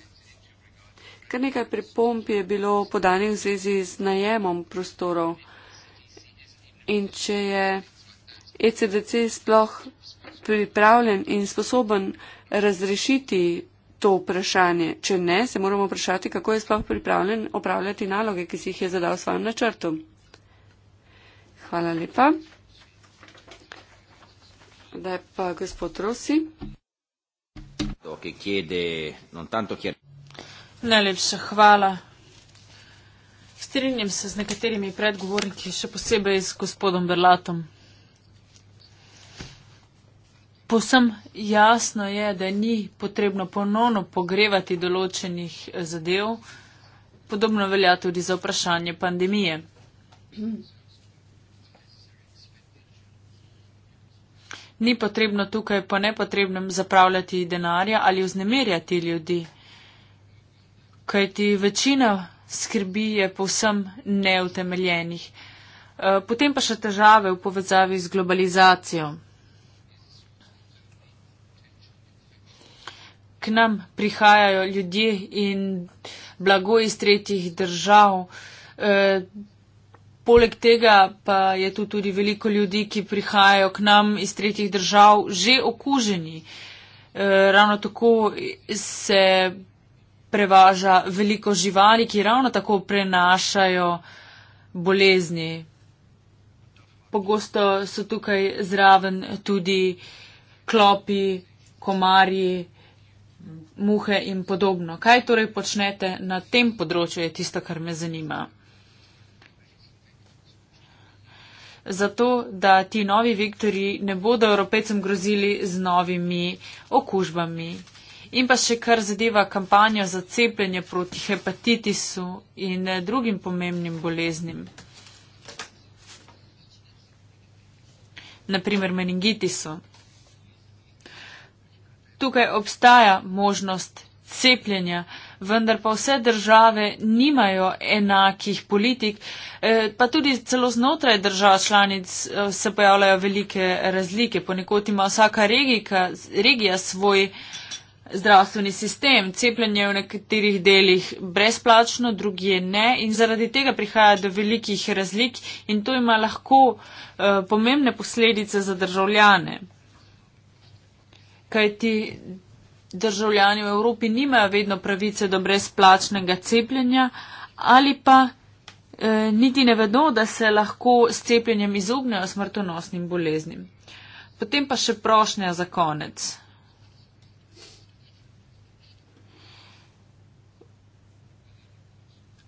Kar nekaj pripomp je bilo podanih v zvezi z najemom prostorov in če je ECDC sploh pripravljen in sposoben razrešiti to vprašanje. Če ne, se moramo vprašati, kako je sploh pripravljen opravljati naloge, ki si jih je zadal v svojem načrtu. Hvala lepa. Zdaj pa gospod Rosi. Najlepša hvala strinjam se z nekaterimi predgovorniki, še posebej z gospodom Berlatom. Povsem jasno je, da ni potrebno ponovno pogrevati določenih eh, zadev, podobno velja tudi za vprašanje pandemije. Ni potrebno tukaj po nepotrebnem zapravljati denarja ali vznemirjati ljudi, kajti večina skrbi je povsem neutemeljenih. Eh, potem pa še težave v povezavi z globalizacijo. K nam prihajajo ljudje in blago iz tretjih držav. Eh, poleg tega pa je tu tudi veliko ljudi, ki prihajajo k nam iz tretjih držav že okuženi. E, ravno tako se prevaža veliko živali, ki ravno tako prenašajo bolezni. Pogosto so tukaj zraven tudi klopi, komarji, muhe in podobno. Kaj torej počnete na tem področju, je tisto, kar me zanima. Zato, da ti novi vektori ne bodo evropejcem grozili z novimi okužbami. In pa še kar zadeva kampanjo za cepljenje proti hepatitisu in eh, drugim pomembnim boleznim. Naprimer meningitisu. Tukaj obstaja možnost cepljenja, vendar pa vse države nimajo enakih politik, eh, pa tudi celo znotraj držav članic eh, se pojavljajo velike razlike. Ponekod ima vsaka regika, regija svoj zdravstveni sistem. Cepljenje je v nekaterih delih brezplačno, drugje ne in zaradi tega prihaja do velikih razlik in to ima lahko e, pomembne posledice za državljane. Kaj ti državljani v Evropi nimajo vedno pravice do brezplačnega cepljenja ali pa e, niti ne vedo, da se lahko s cepljenjem izognejo smrtonosnim boleznim. Potem pa še prošnja za konec.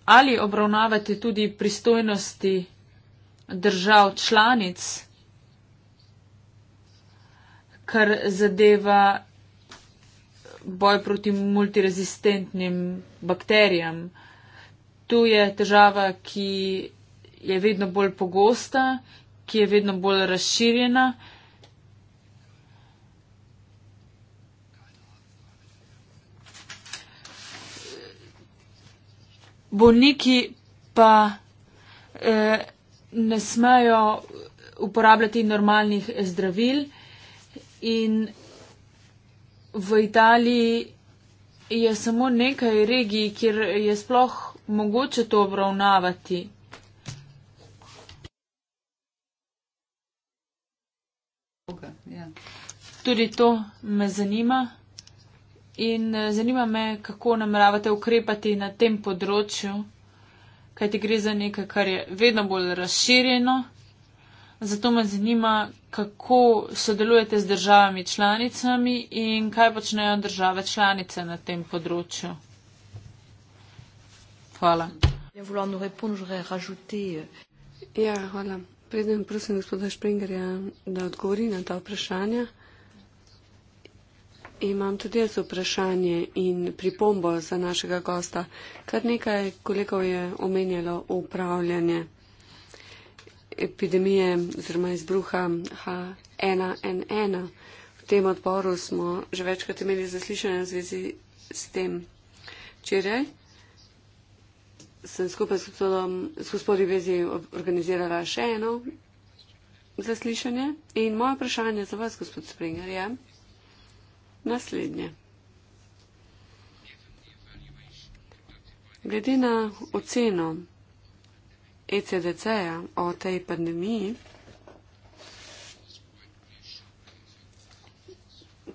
ali obravnavate tudi pristojnosti držav članic, kar zadeva boj proti multirezistentnim bakterijam. Tu je težava, ki je vedno bolj pogosta, ki je vedno bolj razširjena. bolniki pa eh, ne smejo uporabljati normalnih zdravil in v Italiji je samo nekaj regij, kjer je sploh mogoče to obravnavati. Ja. Tudi to me zanima. In eh, zanima me, kako nameravate ukrepati na tem področju, kaj ti gre za nekaj, kar je vedno bolj razširjeno. Zato me zanima, kako sodelujete z državami članicami in kaj počnejo države članice na tem področju. Hvala. Euh, ja, hvala. Predem prosim gospoda Špringerja, da odgovori na ta vprašanja. Imam tudi jaz vprašanje in pripombo za našega gosta. Kar nekaj kolegov je omenjalo upravljanje epidemije oziroma izbruha H1N1. V tem odboru smo že večkrat imeli zaslišanje v zvezi s tem. Včeraj sem skupaj s gospodi vezi organizirala še eno zaslišanje in moje vprašanje za vas, gospod Springer, je. Ja? Naslednje. Glede na oceno ECDC-ja o tej pandemiji,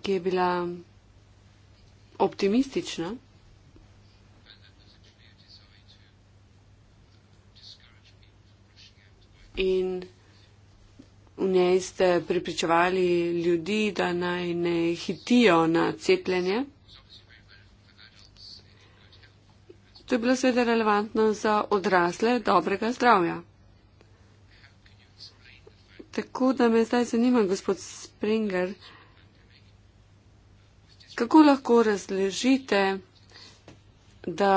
ki je bila optimistična, in v njej ste pripričevali ljudi, da naj ne hitijo na cepljenje. To je bilo seveda relevantno za odrasle dobrega zdravja. Tako da me zdaj zanima, gospod Springer, kako lahko razležite, da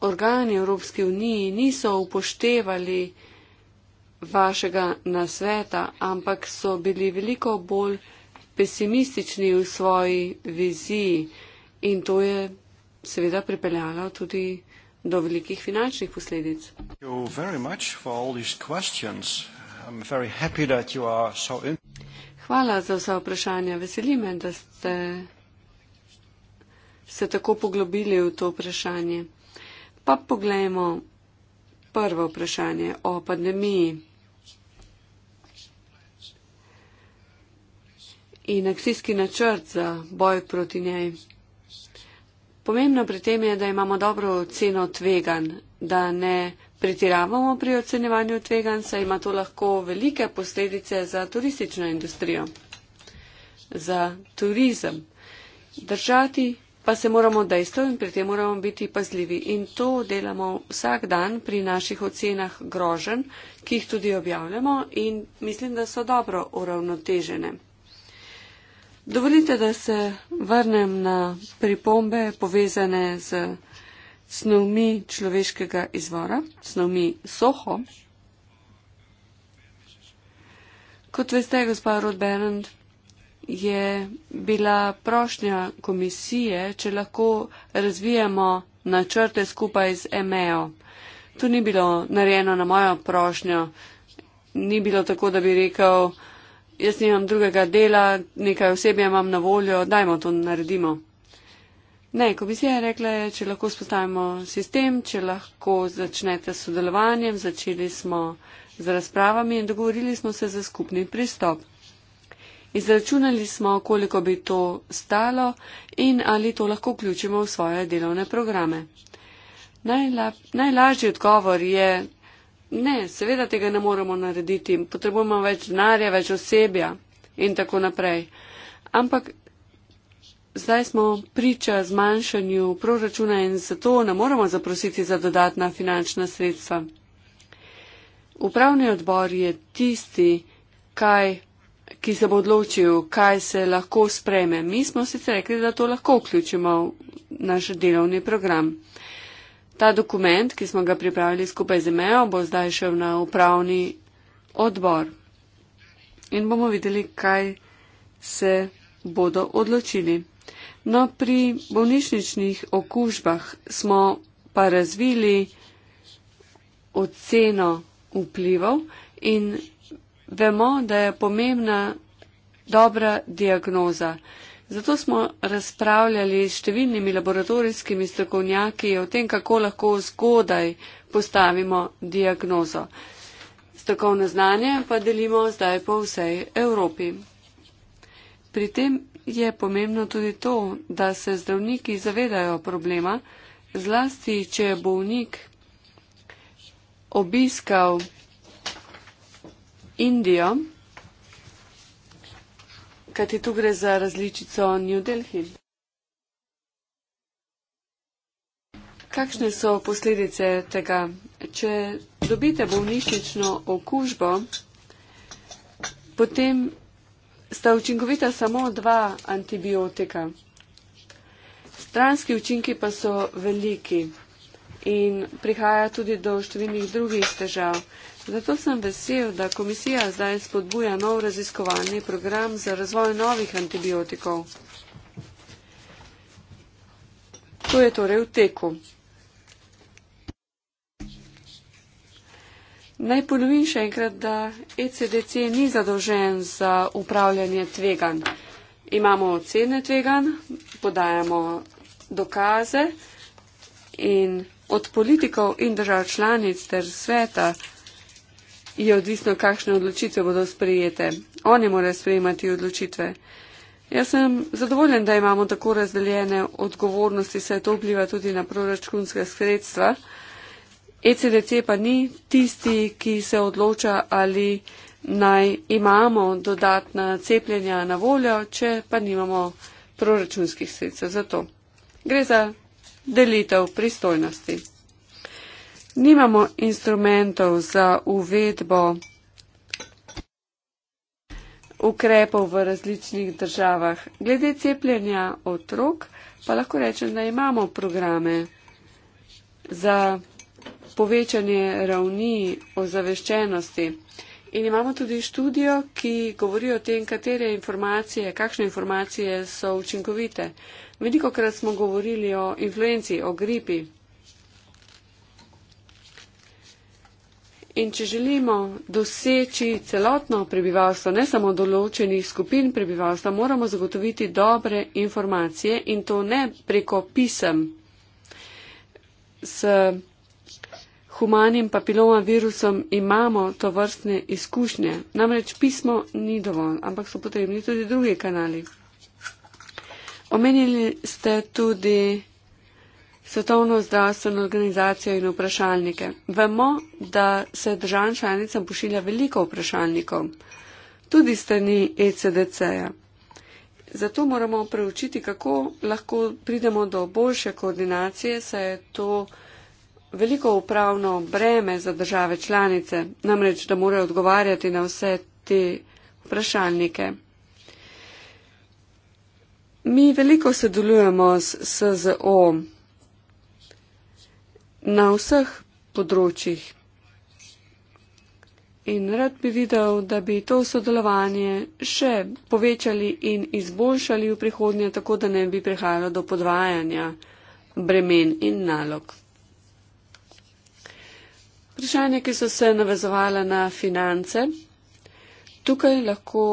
organi Evropske unije niso upoštevali, vašega nasveta, ampak so bili veliko bolj pesimistični v svoji viziji in to je seveda pripeljalo tudi do velikih finančnih posledic. Hvala za vsa vprašanja. Veseli me, da ste se tako poglobili v to vprašanje. Pa poglejmo prvo vprašanje o pandemiji. in akcijski načrt za boj proti njej. Pomembno pri tem je, da imamo dobro oceno tvegan, da ne pretiravamo pri ocenjevanju tvegan, saj ima to lahko velike posledice za turistično industrijo, za turizem. Držati pa se moramo dejstvo in pri tem moramo biti pazljivi. In to delamo vsak dan pri naših ocenah grožen, ki jih tudi objavljamo in mislim, da so dobro uravnotežene. Dovolite, da se vrnem na pripombe povezane z snovmi človeškega izvora, snovmi soho. Kot veste, gospa Rodberend, je bila prošnja komisije, če lahko razvijamo načrte skupaj z EMEO. To ni bilo narejeno na mojo prošnjo. Ni bilo tako, da bi rekel, jaz nimam drugega dela, nekaj osebja imam na voljo, dajmo to naredimo. Ne, komisija je rekla, če lahko spostavimo sistem, če lahko začnete s sodelovanjem, začeli smo z razpravami in dogovorili smo se za skupni pristop. Izračunali smo, koliko bi to stalo in ali to lahko vključimo v svoje delovne programe. Najla, najlažji odgovor je Ne, seveda tega ne moremo narediti. Potrebujemo več denarja, več osebja in tako naprej. Ampak zdaj smo priča zmanjšanju proračuna in zato ne moremo zaprositi za dodatna finančna sredstva. Upravni odbor je tisti, kaj, ki se bo odločil, kaj se lahko spreme. Mi smo sicer rekli, da to lahko vključimo v naš delovni program. Ta dokument, ki smo ga pripravili skupaj z EMEO, bo zdaj šel na upravni odbor. In bomo videli, kaj se bodo odločili. No, pri bolnišničnih okužbah smo pa razvili oceno vplivov in vemo, da je pomembna dobra diagnoza. Zato smo razpravljali s številnimi laboratorijskimi strokovnjaki o tem, kako lahko zgodaj postavimo diagnozo. Strokovno znanje pa delimo zdaj po vsej Evropi. Pri tem je pomembno tudi to, da se zdravniki zavedajo problema, zlasti če je bolnik obiskal Indijo kajti tu gre za različico New Delhi. Kakšne so posledice tega? Če dobite bolnišnično okužbo, potem sta učinkovita samo dva antibiotika. Stranski učinki pa so veliki in prihaja tudi do številnih drugih težav. Zato sem vesel, da komisija zdaj spodbuja nov raziskovalni program za razvoj novih antibiotikov. To je torej v teku. Naj ponovim še enkrat, da ECDC ni zadolžen za upravljanje tvegan. Imamo ocene tvegan, podajamo dokaze in od politikov in držav članic ter sveta je odvisno, kakšne odločitve bodo sprejete. Oni morajo sprejemati odločitve. Jaz sem zadovoljen, da imamo tako razdeljene odgovornosti, saj to vpliva tudi na proračunske sredstva. ECDC pa ni tisti, ki se odloča, ali naj imamo dodatna cepljenja na voljo, če pa nimamo proračunskih sredstev za to. Gre za delitev pristojnosti nimamo instrumentov za uvedbo ukrepov v različnih državah. Glede cepljenja otrok pa lahko rečem, da imamo programe za povečanje ravni ozaveščenosti. In imamo tudi študijo, ki govori o tem, katere informacije, kakšne informacije so učinkovite. Veliko krat smo govorili o influenciji, o gripi. In če želimo doseči celotno prebivalstvo, ne samo določenih skupin prebivalstva, moramo zagotoviti dobre informacije in to ne preko pisem s humanim papiloma virusom imamo to vrstne izkušnje. Namreč pismo ni dovolj, ampak so potrebni tudi drugi kanali. Omenili ste tudi Svetovno zdravstveno organizacijo in vprašalnike. Vemo, da se državam članicam pošilja veliko vprašalnikov, tudi strani ECDC-ja. Zato moramo preučiti, kako lahko pridemo do boljše koordinacije, saj je to veliko upravno breme za države članice, namreč da morajo odgovarjati na vse te vprašalnike. Mi veliko sodelujemo s SZO na vseh področjih. In rad bi videl, da bi to sodelovanje še povečali in izboljšali v prihodnje, tako da ne bi prihajalo do podvajanja bremen in nalog. Vprašanje, ki so se navezovala na finance. Tukaj lahko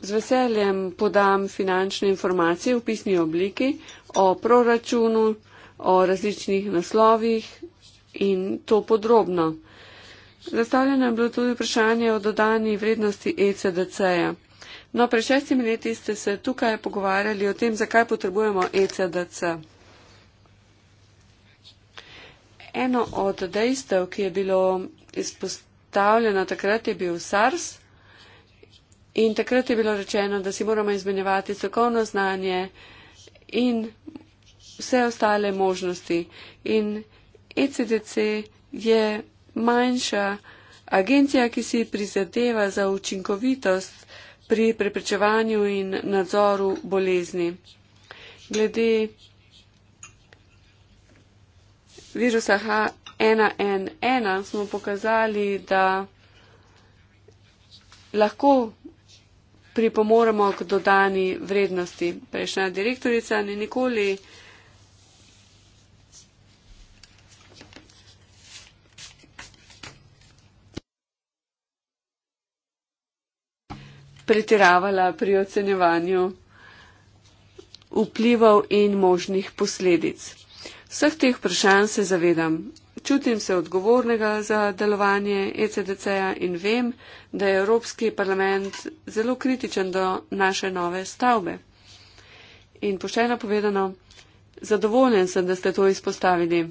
z veseljem podam finančne informacije v pisni obliki o proračunu o različnih naslovih in to podrobno. Zastavljeno je bilo tudi vprašanje o dodani vrednosti ECDC-ja. No, pred šestimi leti ste se tukaj pogovarjali o tem, zakaj potrebujemo ECDC. Eno od dejstev, ki je bilo izpostavljeno takrat, je bil SARS in takrat je bilo rečeno, da si moramo izmenjevati strokovno znanje in vse ostale možnosti. In ECDC je manjša agencija, ki si prizadeva za učinkovitost pri preprečevanju in nadzoru bolezni. Glede virusa H1N1 smo pokazali, da lahko pripomoremo k dodani vrednosti. Prejšnja direktorica ni nikoli. pretiravala pri ocenjevanju vplivov in možnih posledic. Vseh teh vprašanj se zavedam. Čutim se odgovornega za delovanje ECDC-ja in vem, da je Evropski parlament zelo kritičen do naše nove stavbe. In pošteno povedano, zadovoljen sem, da ste to izpostavili,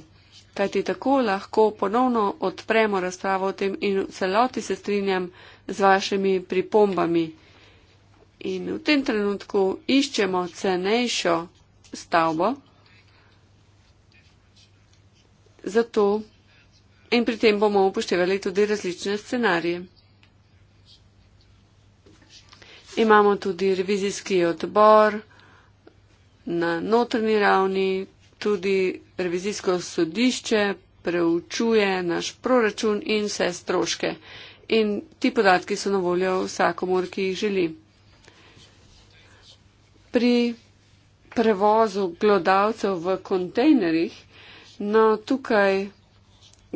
kajti tako lahko ponovno odpremo razpravo o tem in v celoti se strinjam z vašimi pripombami. In v tem trenutku iščemo cenejšo stavbo, zato in pri tem bomo upoštevali tudi različne scenarije. Imamo tudi revizijski odbor na notrni ravni, tudi revizijsko sodišče preučuje naš proračun in vse stroške. In ti podatki so na voljo vsakomor, ki jih želi pri prevozu glodavcev v kontejnerjih. No, tukaj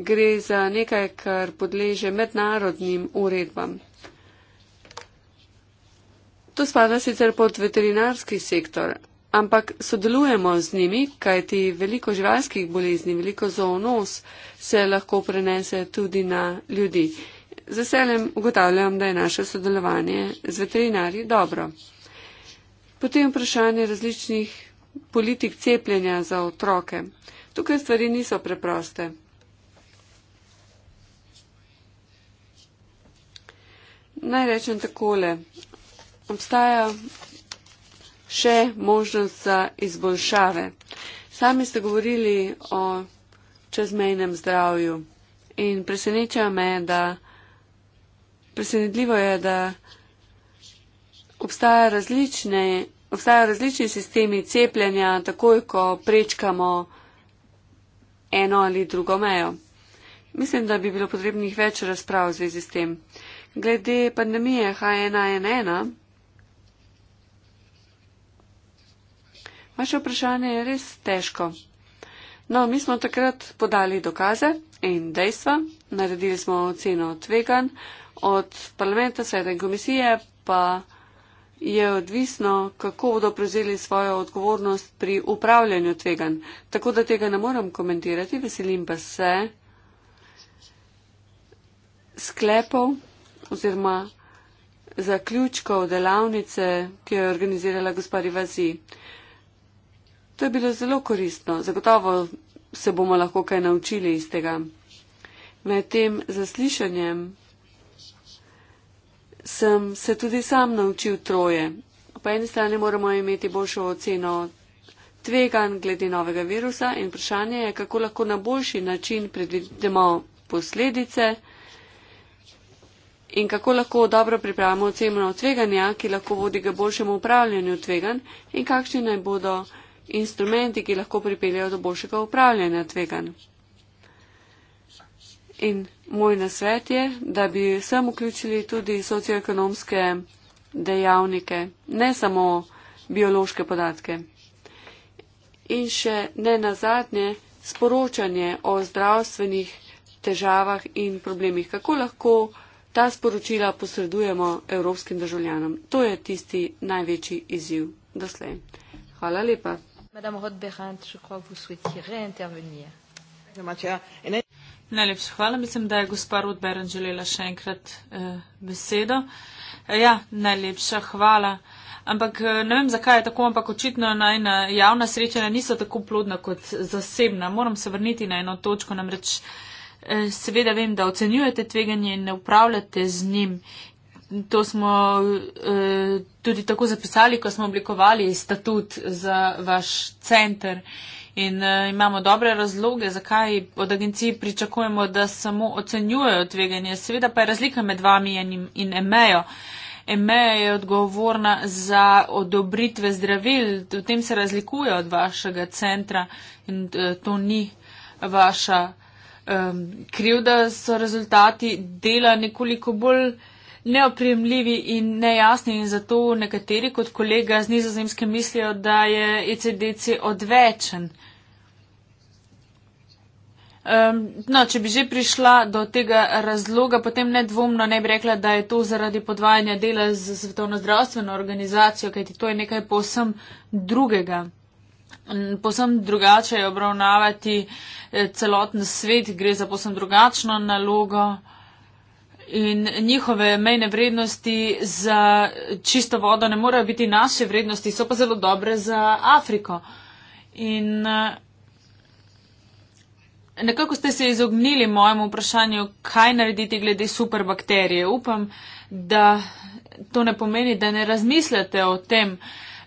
gre za nekaj, kar podleže mednarodnim uredbam. To spada sicer pod veterinarski sektor, ampak sodelujemo z njimi, kajti veliko živalskih bolezni, veliko zoonos se lahko prenese tudi na ljudi. Z veseljem ugotavljam, da je naše sodelovanje z veterinarji dobro. Potem vprašanje različnih politik cepljenja za otroke. Tukaj stvari niso preproste. Naj rečem takole. Obstaja še možnost za izboljšave. Sami ste govorili o čezmejnem zdravju in preseneča me, da presenetljivo je, da obstaja različne, obstajajo različni sistemi cepljenja, takoj ko prečkamo eno ali drugo mejo. Mislim, da bi bilo potrebnih več razprav v zvezi s tem. Glede pandemije H1N1, vaše vprašanje je res težko. No, mi smo takrat podali dokaze in dejstva, naredili smo oceno tvegan od parlamenta, sveta in komisije, pa je odvisno, kako bodo prevzeli svojo odgovornost pri upravljanju tvegan. Tako da tega ne moram komentirati, veselim pa se sklepov oziroma zaključkov delavnice, ki jo je organizirala gospari Vazi. To je bilo zelo koristno, zagotovo se bomo lahko kaj naučili iz tega. Med tem zaslišanjem sem se tudi sam naučil troje. Po eni strani moramo imeti boljšo oceno tvegan glede novega virusa in vprašanje je, kako lahko na boljši način predvidimo posledice in kako lahko dobro pripravimo oceno tveganja, ki lahko vodi ga boljšemu upravljanju tvegan in kakšni naj bodo instrumenti, ki lahko pripeljajo do boljšega upravljanja tvegan. In moj nasvet je, da bi sem vključili tudi socioekonomske dejavnike, ne samo biološke podatke. In še ne nazadnje, sporočanje o zdravstvenih težavah in problemih, kako lahko ta sporočila posredujemo evropskim državljanom. To je tisti največji izziv doslej. Hvala lepa. Madame Rodbehant, je crois que vous souhaitiez réintervenir. Merci. Najlepša hvala. Mislim, da je gospa Rudberen želela še enkrat eh, besedo. Eh, ja, najlepša hvala. Ampak eh, ne vem, zakaj je tako, ampak očitno najna javna srečanja niso tako plodna kot zasebna. Moram se vrniti na eno točko, namreč eh, seveda vem, da ocenjujete tveganje in ne upravljate z njim. To smo eh, tudi tako zapisali, ko smo oblikovali statut za vaš center. Eh, in uh, imamo dobre razloge, zakaj od agencije pričakujemo, da samo ocenjujejo tveganje. Seveda pa je razlika med vami in EMEJO. EMEJO je odgovorna za odobritve zdravil, v tem se razlikuje od vašega centra in uh, to ni vaša um, krivda, so rezultati dela nekoliko bolj neopremljivi in nejasni in zato nekateri kot kolega z nizozemske mislijo, da je ECDC odvečen. Um, no, če bi že prišla do tega razloga, potem nedvomno ne bi rekla, da je to zaradi podvajanja dela z Svetovno zdravstveno organizacijo, kajti to je nekaj posem drugega. Posem drugače je obravnavati eh, celoten svet, gre za posem drugačno nalogo in njihove mejne vrednosti za čisto vodo ne morejo biti naše vrednosti, so pa zelo dobre za Afriko. In eh, nekako ste se izognili mojemu vprašanju, kaj narediti glede superbakterije. Upam, da to ne pomeni, da ne razmislite o tem.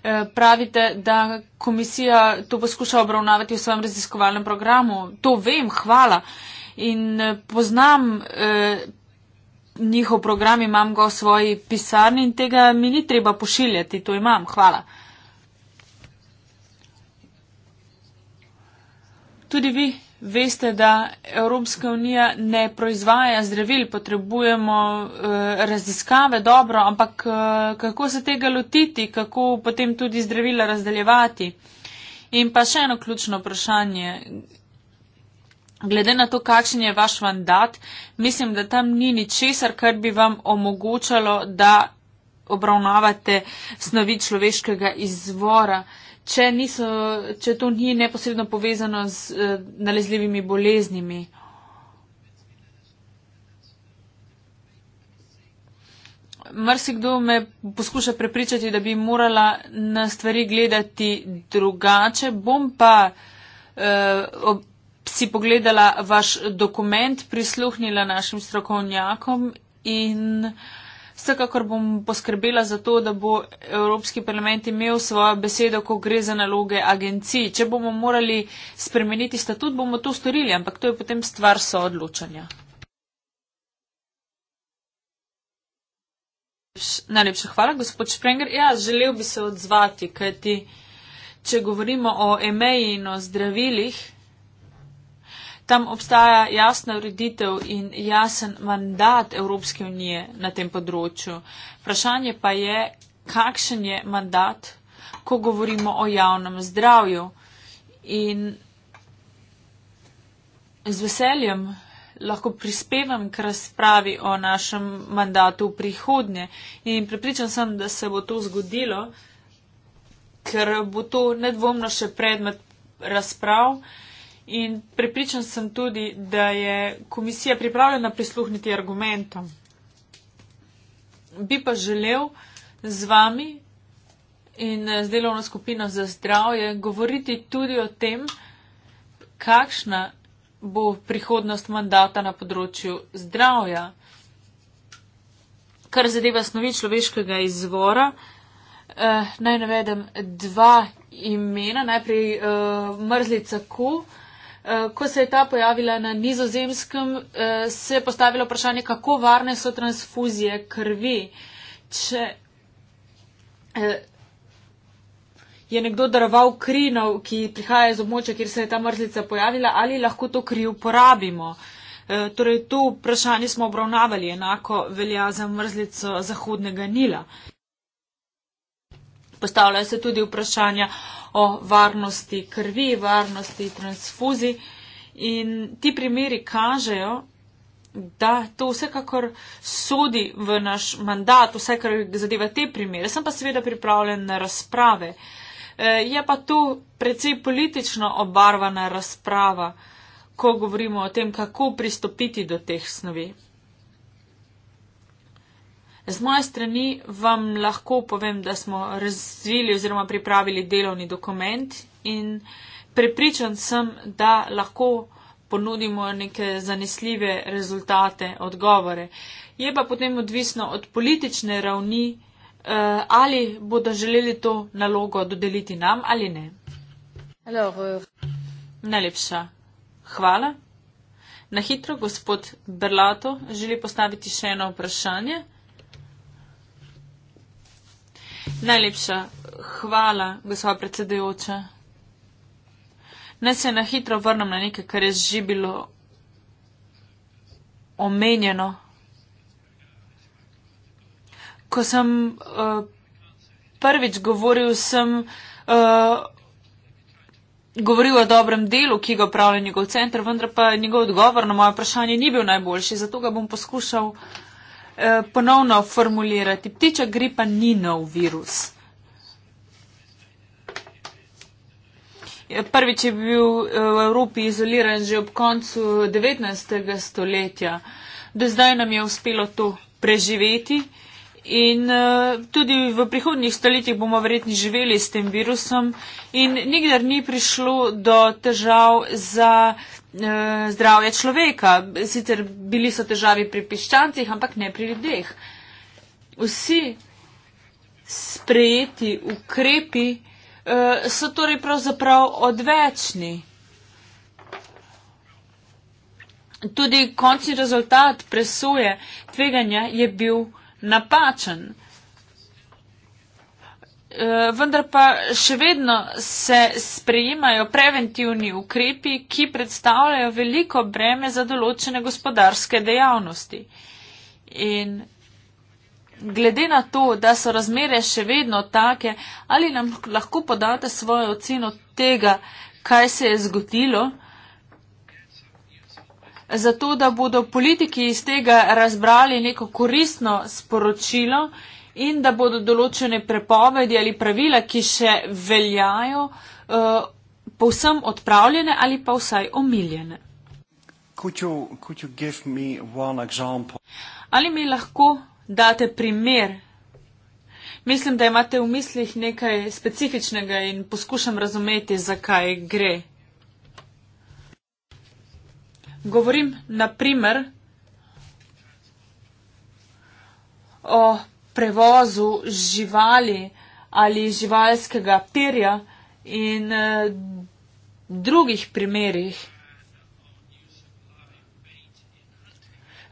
Eh, pravite, da komisija to poskuša obravnavati v svojem raziskovalnem programu. To vem, hvala. In eh, poznam eh, njihov program, imam ga v svoji pisarni in tega mi ni treba pošiljati, to imam, hvala. Tudi vi veste, da Evropska unija ne proizvaja zdravil, potrebujemo eh, raziskave dobro, ampak eh, kako se tega lotiti, kako potem tudi zdravila razdaljevati. In pa še eno ključno vprašanje. Glede na to, kakšen je vaš mandat, mislim, da tam ni ničesar, kar bi vam omogočalo, da obravnavate snovi človeškega izvora, če, niso, če to ni neposredno povezano z eh, nalezljivimi boleznimi. Mrsikdo me poskuša prepričati, da bi morala na stvari gledati drugače. Bom pa eh, si pogledala vaš dokument, prisluhnila našim strokovnjakom in vsekakor bom poskrbela za to, da bo Evropski parlament imel svojo besedo, ko gre za naloge agencij. Če bomo morali spremeniti statut, bomo to storili, ampak to je potem stvar soodločanja. Najlepša hvala, gospod Šprenger. Ja, želel bi se odzvati, kajti če govorimo o emeji in o zdravilih, Tam obstaja jasna ureditev in jasen mandat Evropske unije na tem področju. Vprašanje pa je, kakšen je mandat, ko govorimo o javnem zdravju. In z veseljem lahko prispevam k razpravi o našem mandatu v prihodnje. In prepričan sem, da se bo to zgodilo, ker bo to nedvomno še predmet razprav. In prepričan sem tudi, da je komisija pripravljena prisluhniti argumentom. Bi pa želel z vami in z delovno skupino za zdravje govoriti tudi o tem, kakšna bo prihodnost mandata na področju zdravja. Kar zadeva snovi človeškega izvora, eh, naj navedem dva imena, najprej eh, mrzlica Ku. Eh, ko se je ta pojavila na nizozemskem, eh, se je postavilo vprašanje, kako varne so transfuzije krvi. Če eh, je nekdo daroval krinov, ki prihaja iz območja, kjer se je ta mrzlica pojavila, ali lahko to kri uporabimo. Torej, to vprašanje smo obravnavali, enako velja za mrzlico Zahodnega Nila. Izpostavljajo se tudi vprašanja o varnosti krvi, varnosti transfuzi in ti primeri kažejo, da to vsekakor sodi v naš mandat, vse, kar zadeva te primere. Sem pa seveda pripravljen na razprave. E, je pa tu precej politično obarvana razprava, ko govorimo o tem, kako pristopiti do teh snovi. Z moje strani vam lahko povem, da smo razvili oziroma pripravili delovni dokument in prepričan sem, da lahko ponudimo neke zanesljive rezultate, odgovore. Je pa potem odvisno od politične ravni, eh, ali bodo želeli to nalogo dodeliti nam ali ne. Euh, Najlepša hvala. Na hitro gospod Berlato želi postaviti še eno vprašanje. Najlepša hvala, gospa predsedujoča. Naj se na hitro vrnem na nekaj, kar je že bilo omenjeno. Ko sem uh, prvič govoril, sem uh, govoril o dobrem delu, ki ga upravlja njegov center, vendar pa njegov odgovor na moje vprašanje ni bil najboljši, zato ga bom poskušal uh, Eh, ponovno formulirati. Ptiča gripa ni nov virus. Eh, prvič je bil eh, v Evropi izoliran že ob koncu 19. stoletja. Do zdaj nam je uspelo to preživeti in tudi v prihodnjih stoletjih bomo verjetno živeli s tem virusom in nikdar ni prišlo do težav za Eh, zdravje človeka. Sicer bili so težavi pri piščancih, ampak ne pri ljudeh. Vsi sprejeti ukrepi eh, so torej pravzaprav odvečni. Tudi končni rezultat presoje tveganja je bil napačen. Eh, vendar pa še vedno se sprejimajo preventivni ukrepi, ki predstavljajo veliko breme za določene gospodarske dejavnosti. In glede na to, da so razmere še vedno take, ali nam lahko podate svojo oceno tega, kaj se je zgodilo, zato da bodo politiki iz tega razbrali neko koristno sporočilo in da bodo določene prepovedi ali pravila, ki še veljajo, eh, povsem odpravljene ali pa vsaj omiljene. Could you, could you me ali mi lahko date primer? Mislim, da imate v mislih nekaj specifičnega in poskušam razumeti, zakaj gre. Govorim na primer o prevozu živali ali živalskega perja in eh, drugih primerih.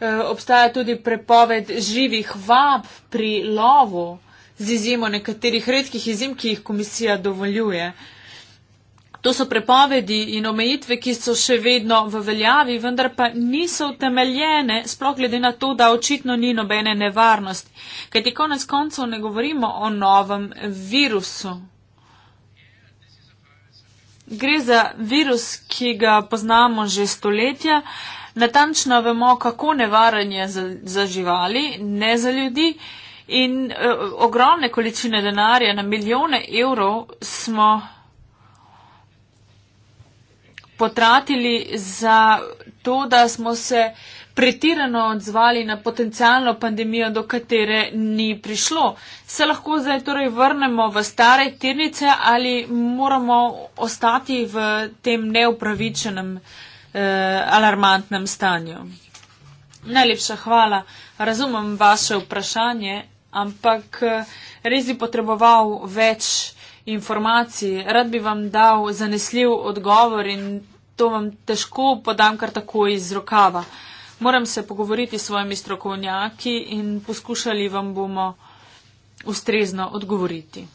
Eh, obstaja tudi prepoved živih vab pri lovu z izjemo nekaterih redkih izjem, ki jih komisija dovoljuje. To so prepovedi in omejitve, ki so še vedno v veljavi, vendar pa niso utemeljene, sploh glede na to, da očitno ni nobene nevarnosti. Kajti konec koncev ne govorimo o novem virusu. Gre za virus, ki ga poznamo že stoletja. Natančno vemo, kako nevaren je za, za živali, ne za ljudi. In e, ogromne količine denarja na milijone evrov smo potratili za to, da smo se pretirano odzvali na potencijalno pandemijo, do katere ni prišlo. Se lahko zdaj torej vrnemo v stare tirnice ali moramo ostati v tem neupravičenem eh, alarmantnem stanju? Najlepša hvala. Razumem vaše vprašanje, ampak eh, res bi potreboval več informacij. Rad bi vam dal zanesljiv odgovor in to vam težko podam kar tako iz rokava. Moram se pogovoriti s svojimi strokovnjaki in poskušali vam bomo ustrezno odgovoriti.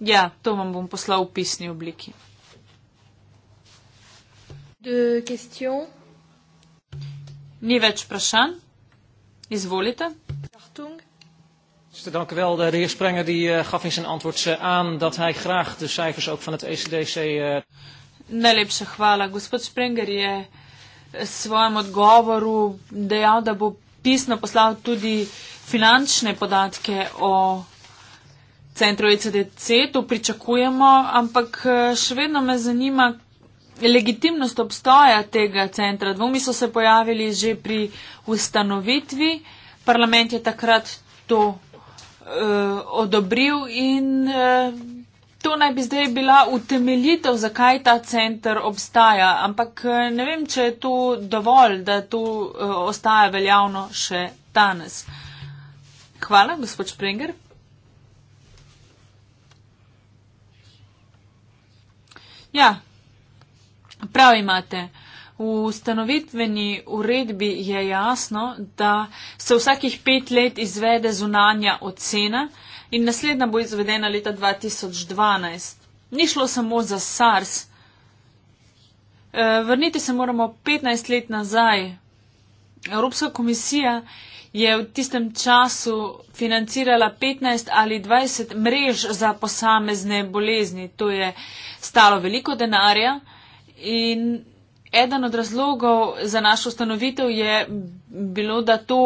Ja, to vam bom poslal v pisni obliki. Ni več vprašanj? Izvolite. Dank u wel. De heer Sprenger die eh, gaf in zijn antwoord eh, aan dat hij graag de cijfers ook van het ECDC. Uh... Najlepša hvala. Gospod Sprenger je s svojim odgovoru dejal, da bo pisno poslal tudi finančne podatke o centru ECDC. To pričakujemo, ampak eh, še vedno me zanima legitimnost obstoja tega centra. Dvomi so se pojavili že pri ustanovitvi. Parlament je takrat to uh, odobril in. Uh, To naj bi zdaj bila utemeljitev, zakaj ta center obstaja, ampak eh, ne vem, če je to dovolj, da to eh, ostaja veljavno še danes. Hvala, gospod Springer. Ja, prav imate. V ustanovitveni uredbi je jasno, da se vsakih pet let izvede zunanja ocena, in naslednja bo izvedena leta 2012. Ni šlo samo za SARS. E, vrniti se moramo 15 let nazaj. Evropska komisija je v tistem času financirala 15 ali 20 mrež za posamezne bolezni. To je stalo veliko denarja in eden od razlogov za našo ustanovitev je bilo, da to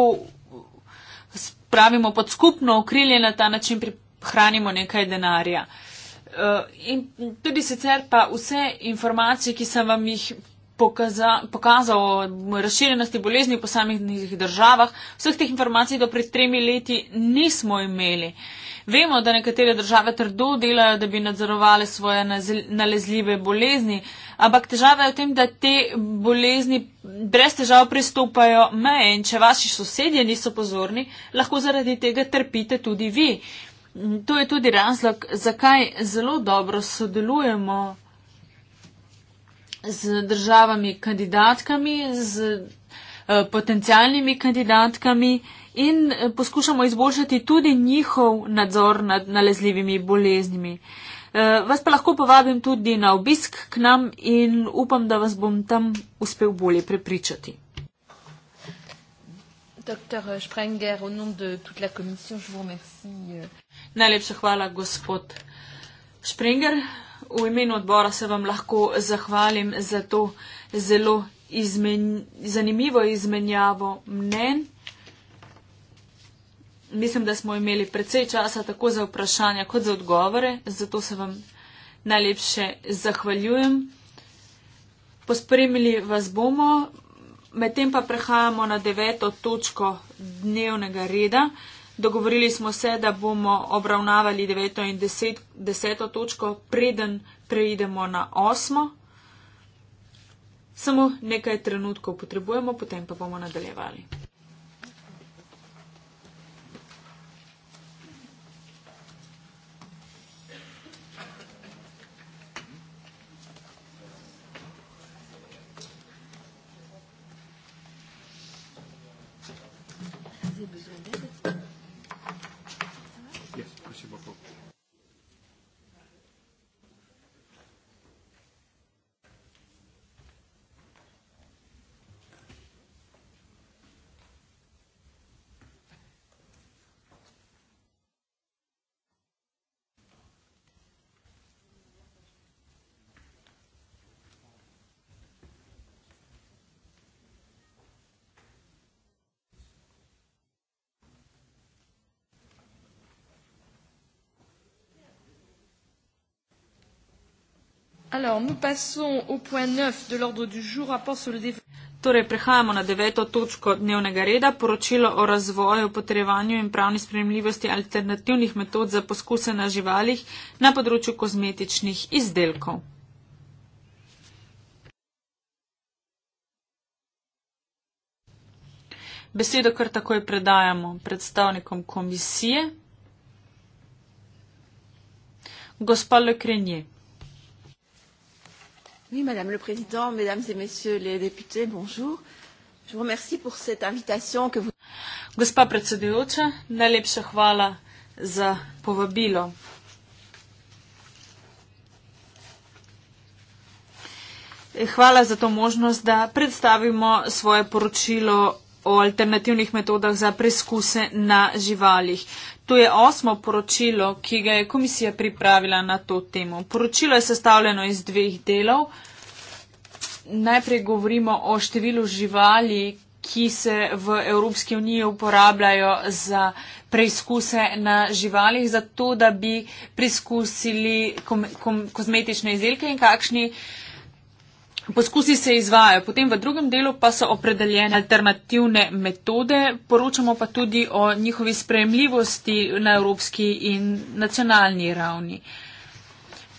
spravimo pod skupno okrilje, na ta način prihranimo nekaj denarja. Eh, in tudi sicer pa vse informacije, ki sem vam jih pokaza, pokazal o razširjenosti bolezni v posameznih državah, vseh teh informacij do pred tremi leti nismo imeli. Uh, Vemo, da nekatere države trdo delajo, da bi nadzorovali svoje nalezljive bolezni, ampak težava je v tem, da te bolezni brez težav pristopajo meje in če vaši sosedje niso pozorni, lahko zaradi tega trpite tudi vi. To je tudi razlog, zakaj zelo dobro sodelujemo z državami kandidatkami, z eh, potencijalnimi kandidatkami in eh, poskušamo izboljšati tudi njihov nadzor nad nalezljivimi boleznimi. Eh, vas pa lahko povabim tudi na obisk k nam in upam, da vas bom tam uspel bolje prepričati. Doktor eh, Sprenger, v nom de tut la komisijo, je vam merci. Najlepša hvala, gospod Sprenger. V imenu odbora se vam lahko zahvalim za to zelo izmen, zanimivo izmenjavo mnen mislim, da smo imeli precej časa tako za vprašanja kot za odgovore, zato se vam najlepše zahvaljujem. Pospremili vas bomo, medtem pa prehajamo na deveto točko dnevnega reda. Dogovorili smo se, da bomo obravnavali deveto in deset, deseto točko, preden preidemo na osmo. Samo nekaj trenutkov potrebujemo, potem pa bomo nadaljevali. Alors, nous passons au point 9 de l'ordre du jour, rapport sur le développement. Torej, prehajamo na deveto točko dnevnega reda, poročilo o razvoju, potrebovanju in pravni spremljivosti alternativnih metod za poskuse na živalih na področju kozmetičnih izdelkov. Besedo kar takoj predajamo predstavnikom komisije. Gospod Le Krenje. Oui, Madame le Président, Mesdames et Messieurs les députés, bonjour. Je vous remercie pour cette invitation que vous... Gospa predsedujoča, najlepša hvala za povabilo. Eh, hvala za to možnost, da predstavimo svoje poročilo o alternativnih metodah za preskuse na živalih. To je osmo poročilo, ki ga je komisija pripravila na to temo. Poročilo je sestavljeno iz dveh delov. Najprej govorimo o številu živali, ki se v Evropski uniji uporabljajo za preizkuse na živalih, zato da bi preizkusili kom kom kozmetične izdelke in kakšni. Uh, Poskusi se izvajajo, potem v drugem delu pa so opredeljene alternativne metode, poročamo pa tudi o njihovi sprejemljivosti na evropski in nacionalni ravni.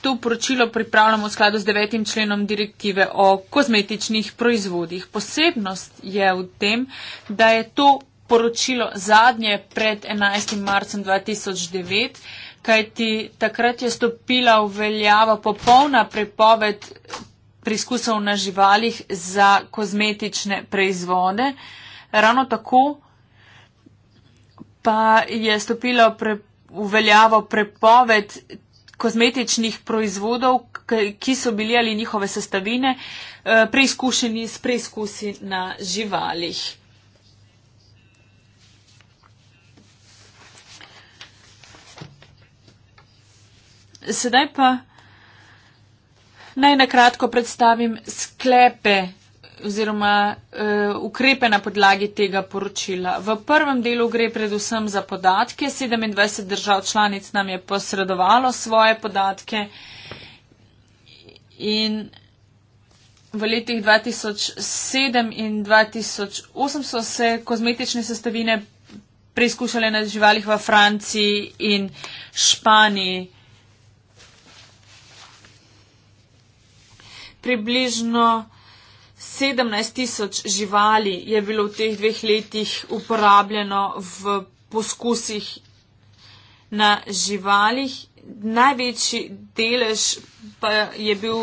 To poročilo pripravljamo v skladu z devetim členom direktive o kozmetičnih proizvodih. Posebnost je v tem, da je to poročilo zadnje pred 11. marcem 2009, kajti takrat je stopila v veljavo popolna prepoved preizkusov na živalih za kozmetične proizvode. Ravno tako pa je stopila pre, v veljavo prepoved kozmetičnih proizvodov, ki so bili ali njihove sestavine eh, preizkušeni s preizkusi na živalih. Sedaj pa. Naj na kratko predstavim sklepe oziroma uh, ukrepe na podlagi tega poročila. V prvem delu gre predvsem za podatke. 27 držav članic nam je posredovalo svoje podatke in v letih 2007 in 2008 so se kozmetične sestavine preizkušale na živalih v Franciji in Španiji. približno 17 tisoč živali je bilo v teh dveh letih uporabljeno v poskusih na živalih. Največji delež pa je bil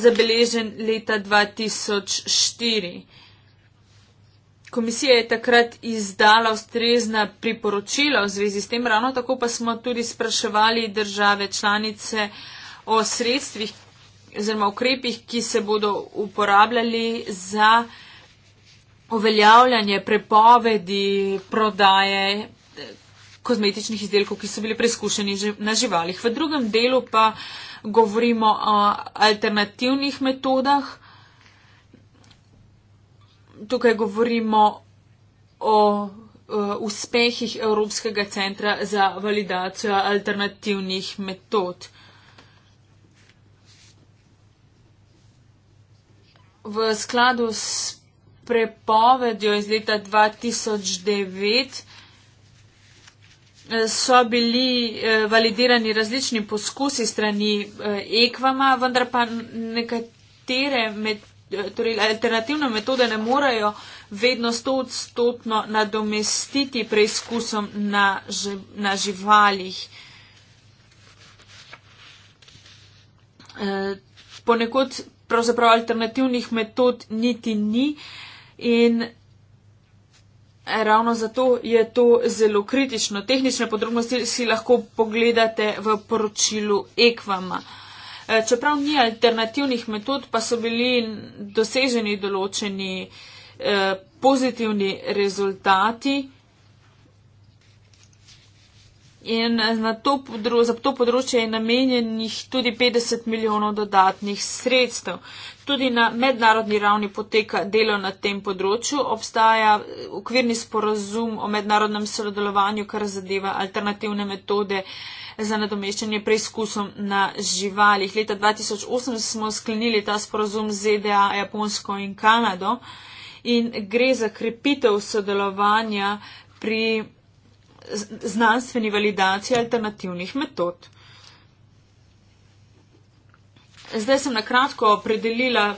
zabeležen leta 2004. Komisija je takrat izdala ustrezna priporočila v zvezi s tem, ravno tako pa smo tudi spraševali države članice o sredstvih, oziroma ukrepih, ki se bodo uporabljali za uveljavljanje prepovedi prodaje eh, kozmetičnih izdelkov, ki so bili preizkušeni na živalih. V drugem delu pa govorimo o alternativnih metodah. Tukaj govorimo o uh, uspehih Evropskega centra za validacijo alternativnih metod. v skladu s prepovedjo iz leta 2009 eh, so bili eh, validirani različni poskusi strani eh, ekvama, vendar pa nekatere med, torej alternativne metode ne morejo vedno stotno nadomestiti preizkusom na, na živalih. Ponekod pravzaprav alternativnih metod niti ni. In ravno zato je to zelo kritično. Tehnične podrobnosti si lahko pogledate v poročilu Ekvama. E, čeprav ni alternativnih metod, pa so bili doseženi določeni e, pozitivni rezultati. In eh, to za to področje je namenjenih tudi 50 milijonov dodatnih sredstev. Tudi na mednarodni ravni poteka delo na tem področju. Obstaja eh, okvirni sporazum o mednarodnem sodelovanju, kar zadeva alternativne metode eh, za nadomeščanje preizkusom na živalih. Leta 2008 smo sklenili ta sporazum z ZDA, Japonsko in Kanado in gre za krepitev sodelovanja pri znanstveni validaciji alternativnih metod. Zdaj sem na kratko opredelila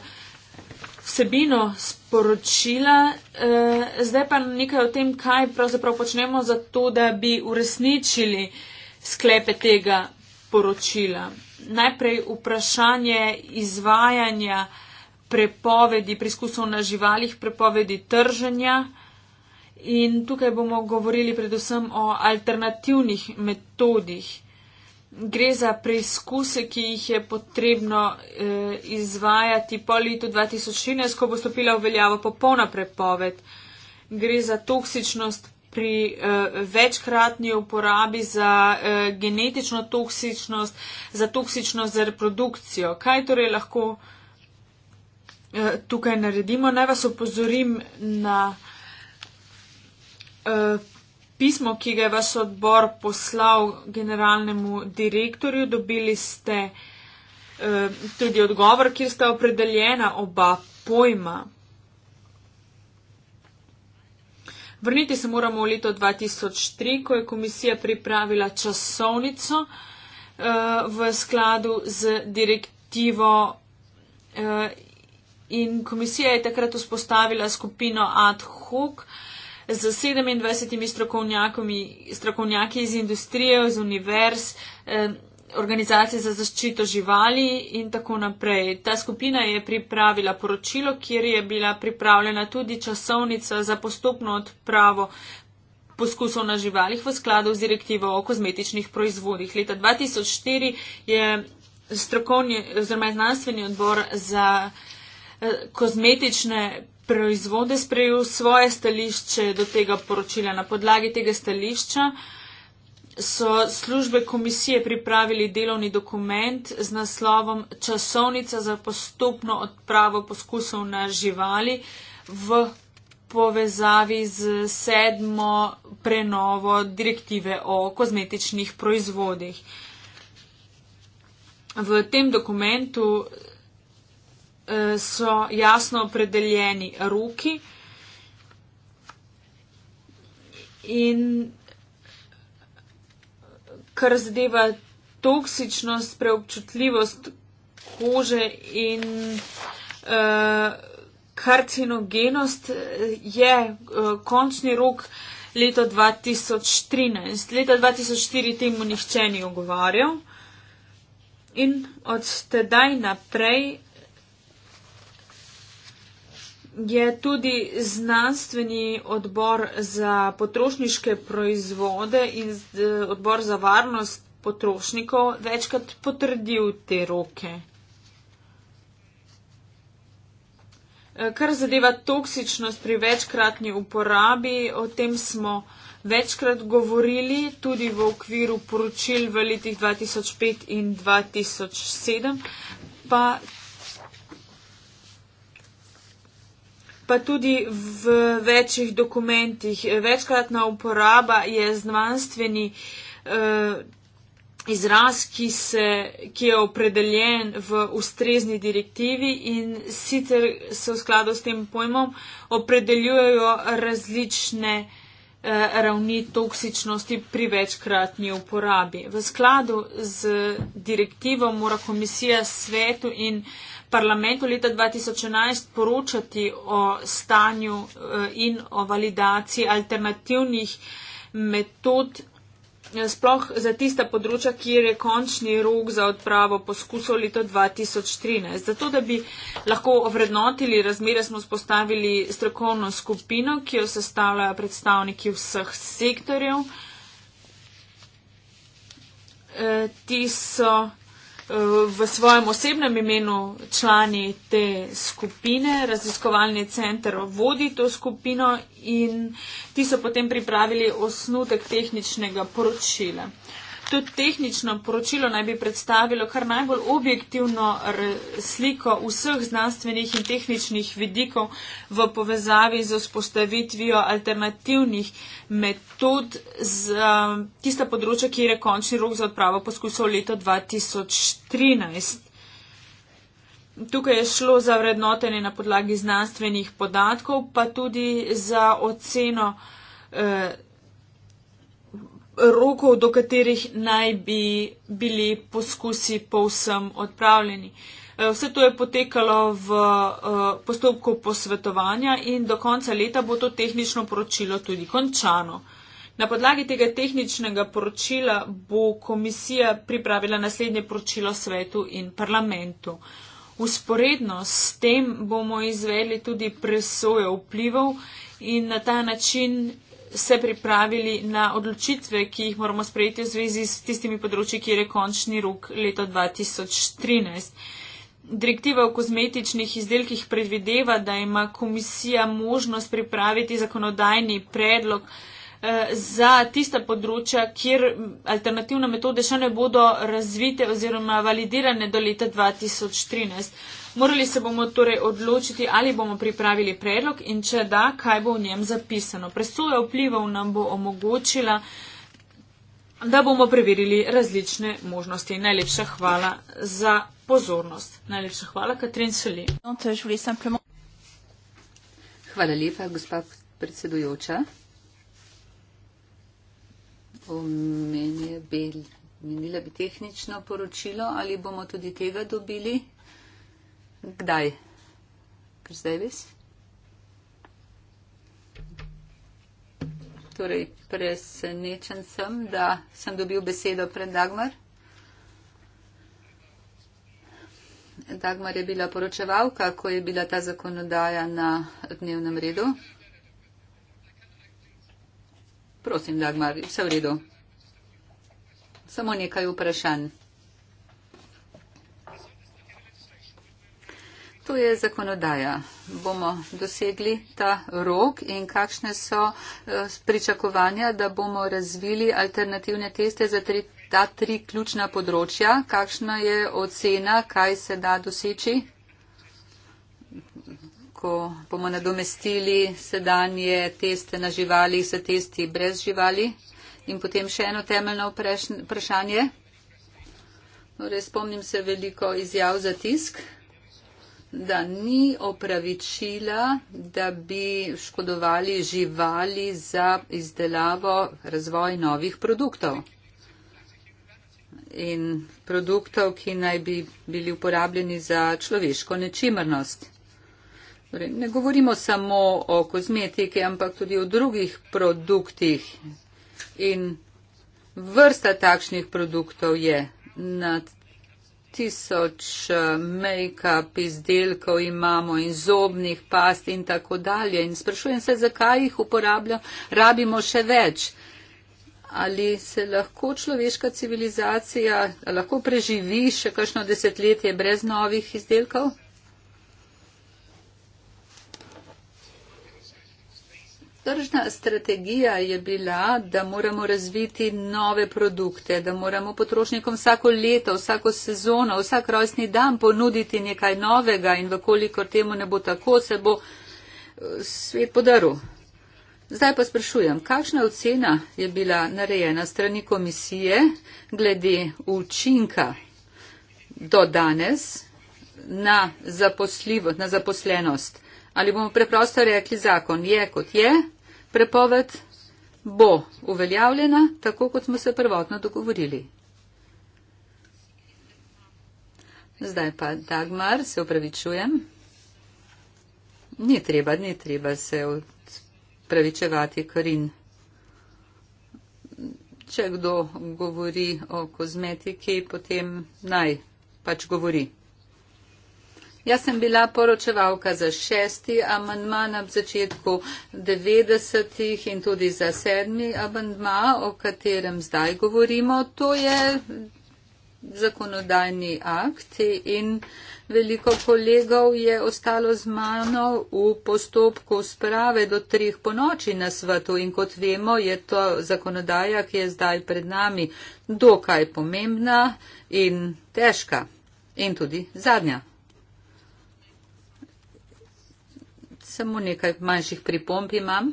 vsebino sporočila, eh, zdaj pa nekaj o tem, kaj pravzaprav počnemo za to, da bi uresničili sklepe tega poročila. Najprej vprašanje izvajanja prepovedi, priskusov na živalih, prepovedi trženja. In tukaj bomo govorili predvsem o alternativnih metodih. Gre za preizkuse, ki jih je potrebno eh, izvajati po letu 2013, ko bo stopila v veljavo popolna prepoved. Gre za toksičnost pri eh, večkratni uporabi, za eh, genetično toksičnost, za toksičnost za reprodukcijo. Kaj torej lahko eh, tukaj naredimo? Naj vas opozorim na pismo, ki ga je vaš odbor poslal generalnemu direktorju, dobili ste eh, tudi odgovor, kjer sta opredeljena oba pojma. Vrniti se moramo v leto 2003, ko je komisija pripravila časovnico eh, v skladu z direktivo eh, in komisija je takrat vzpostavila skupino ad hoc z 27 strokovnjaki iz industrije, iz univerz, eh, organizacije za zaščito živali in tako naprej. Ta skupina je pripravila poročilo, kjer je bila pripravljena tudi časovnica za postopno odpravo poskusov na živalih v skladu z direktivo o kozmetičnih proizvodih. Leta 2004 je strokovni oziroma znanstveni odbor za eh, kozmetične proizvode sprejel svoje stališče do tega poročila. Na podlagi tega stališča so službe komisije pripravili delovni dokument z naslovom Časovnica za postopno odpravo poskusov na živali v povezavi z sedmo prenovo direktive o kozmetičnih proizvodih. V tem dokumentu Eh, so jasno opredeljeni roki in kar zadeva toksičnost, preobčutljivost kože in uh, karcinogenost je uh, končni rok leto 2013. Leta 2004 temu nihče ni ogovarjal in od tedaj naprej je tudi znanstveni odbor za potrošniške proizvode in eh, odbor za varnost potrošnikov večkrat potrdil te roke. Eh, kar zadeva toksičnost pri večkratni uporabi, o tem smo večkrat govorili tudi v okviru poročil v letih 2005 in 2007, pa pa tudi v večjih dokumentih. Večkratna uporaba je znanstveni uh, izraz, ki, se, ki je opredeljen v ustrezni direktivi in sicer se v skladu s tem pojmom opredeljujejo različne eh, ravni toksičnosti pri večkratni uporabi. V skladu z direktivo mora komisija svetu in uh, parlamentu leta 2011 poročati o stanju eh, in o validaciji alternativnih metod, eh, sploh za tista področja, kjer je končni rok za odpravo poskusov leta 2013. Zato, da bi lahko ovrednotili razmere, smo spostavili strokovno skupino, ki jo sestavljajo predstavniki vseh sektorjev. Eh, ti so v svojem osebnem imenu člani te skupine, raziskovalni center vodi to skupino in ti so potem pripravili osnutek tehničnega poročila. Tudi tehnično poročilo naj bi predstavilo kar najbolj objektivno sliko vseh znanstvenih in tehničnih vidikov v povezavi z vzpostavitvijo alternativnih metod za tista področja, kjer je končni rok za odpravo poskusov leto 2013. Tukaj je šlo za vrednotenje na podlagi znanstvenih podatkov, pa tudi za oceno eh, rokov, do katerih naj bi bili poskusi povsem odpravljeni. Eh, vse to je potekalo v eh, postopku posvetovanja in do konca leta bo to tehnično poročilo tudi končano. Na podlagi tega tehničnega poročila bo komisija pripravila naslednje poročilo svetu in parlamentu. Usporedno s tem bomo izvedli tudi presojo vplivov in na ta način se pripravili na odločitve, ki jih moramo sprejeti v zvezi s tistimi področji, kjer je končni rok leto 2013. Direktiva o kozmetičnih izdelkih predvideva, da ima komisija možnost pripraviti zakonodajni predlog, Eh, za tista področja, kjer alternativne metode še ne bodo razvite oziroma validirane do leta 2013. Morali se bomo torej odločiti, ali bomo pripravili predlog in če da, kaj bo v njem zapisano. Presoja vplivov nam bo omogočila, da bomo preverili različne možnosti. Najlepša hvala za pozornost. Najlepša hvala, Katrin Seli. Hvala lepa, gospod predsedujoča omenila bi tehnično poročilo, ali bomo tudi tega dobili. Kdaj? Ker zdaj vis? Torej, presenečen sem, da sem dobil besedo pred Dagmar. Dagmar je bila poročevalka, ko je bila ta zakonodaja na dnevnem redu. Prosim, Dagmar, vse v redu. Samo nekaj vprašanj. To je zakonodaja. Bomo dosegli ta rok in kakšne so eh, pričakovanja, da bomo razvili alternativne teste za tri, ta tri ključna področja? Kakšna je ocena, kaj se da doseči? ko bomo nadomestili sedanje teste na živali s testi brez živali. In potem še eno temeljno vprašanje. Torej, spomnim se veliko izjav za tisk, da ni opravičila, da bi škodovali živali za izdelavo razvoj novih produktov in produktov, ki naj bi bili uporabljeni za človeško nečimrnost. Torej, ne govorimo samo o kozmetiki, ampak tudi o drugih produktih. In vrsta takšnih produktov je na tisoč eh, make-up izdelkov imamo in zobnih past in tako dalje. In sprašujem se, zakaj jih uporabljamo, rabimo še več. Ali se lahko človeška civilizacija lahko preživi še kakšno desetletje brez novih izdelkov? Tržna strategija je bila, da moramo razviti nove produkte, da moramo potrošnikom vsako leto, vsako sezono, vsak rojstni dan ponuditi nekaj novega in vkolikor temu ne bo tako, se bo eh, svet podaril. Zdaj pa sprašujem, kakšna ocena je bila narejena strani komisije glede učinka do danes na, na zaposlenost? ali bomo preprosto rekli, zakon je kot je, prepoved bo uveljavljena, tako kot smo se prvotno dogovorili. Zdaj pa Dagmar, se upravičujem. Ni treba, ni treba se upravičevati, Karin. Če kdo govori o kozmetiki, potem naj pač govori. Jaz sem bila poročevalka za šesti amandma na začetku 90-ih in tudi za sedmi amandma, o katerem zdaj govorimo. To je zakonodajni akt in veliko kolegov je ostalo z mano v postopku sprave do treh ponoči na svetu in kot vemo, je to zakonodaja, ki je zdaj pred nami, dokaj pomembna in težka. In tudi zadnja Samo nekaj manjših pripomb imam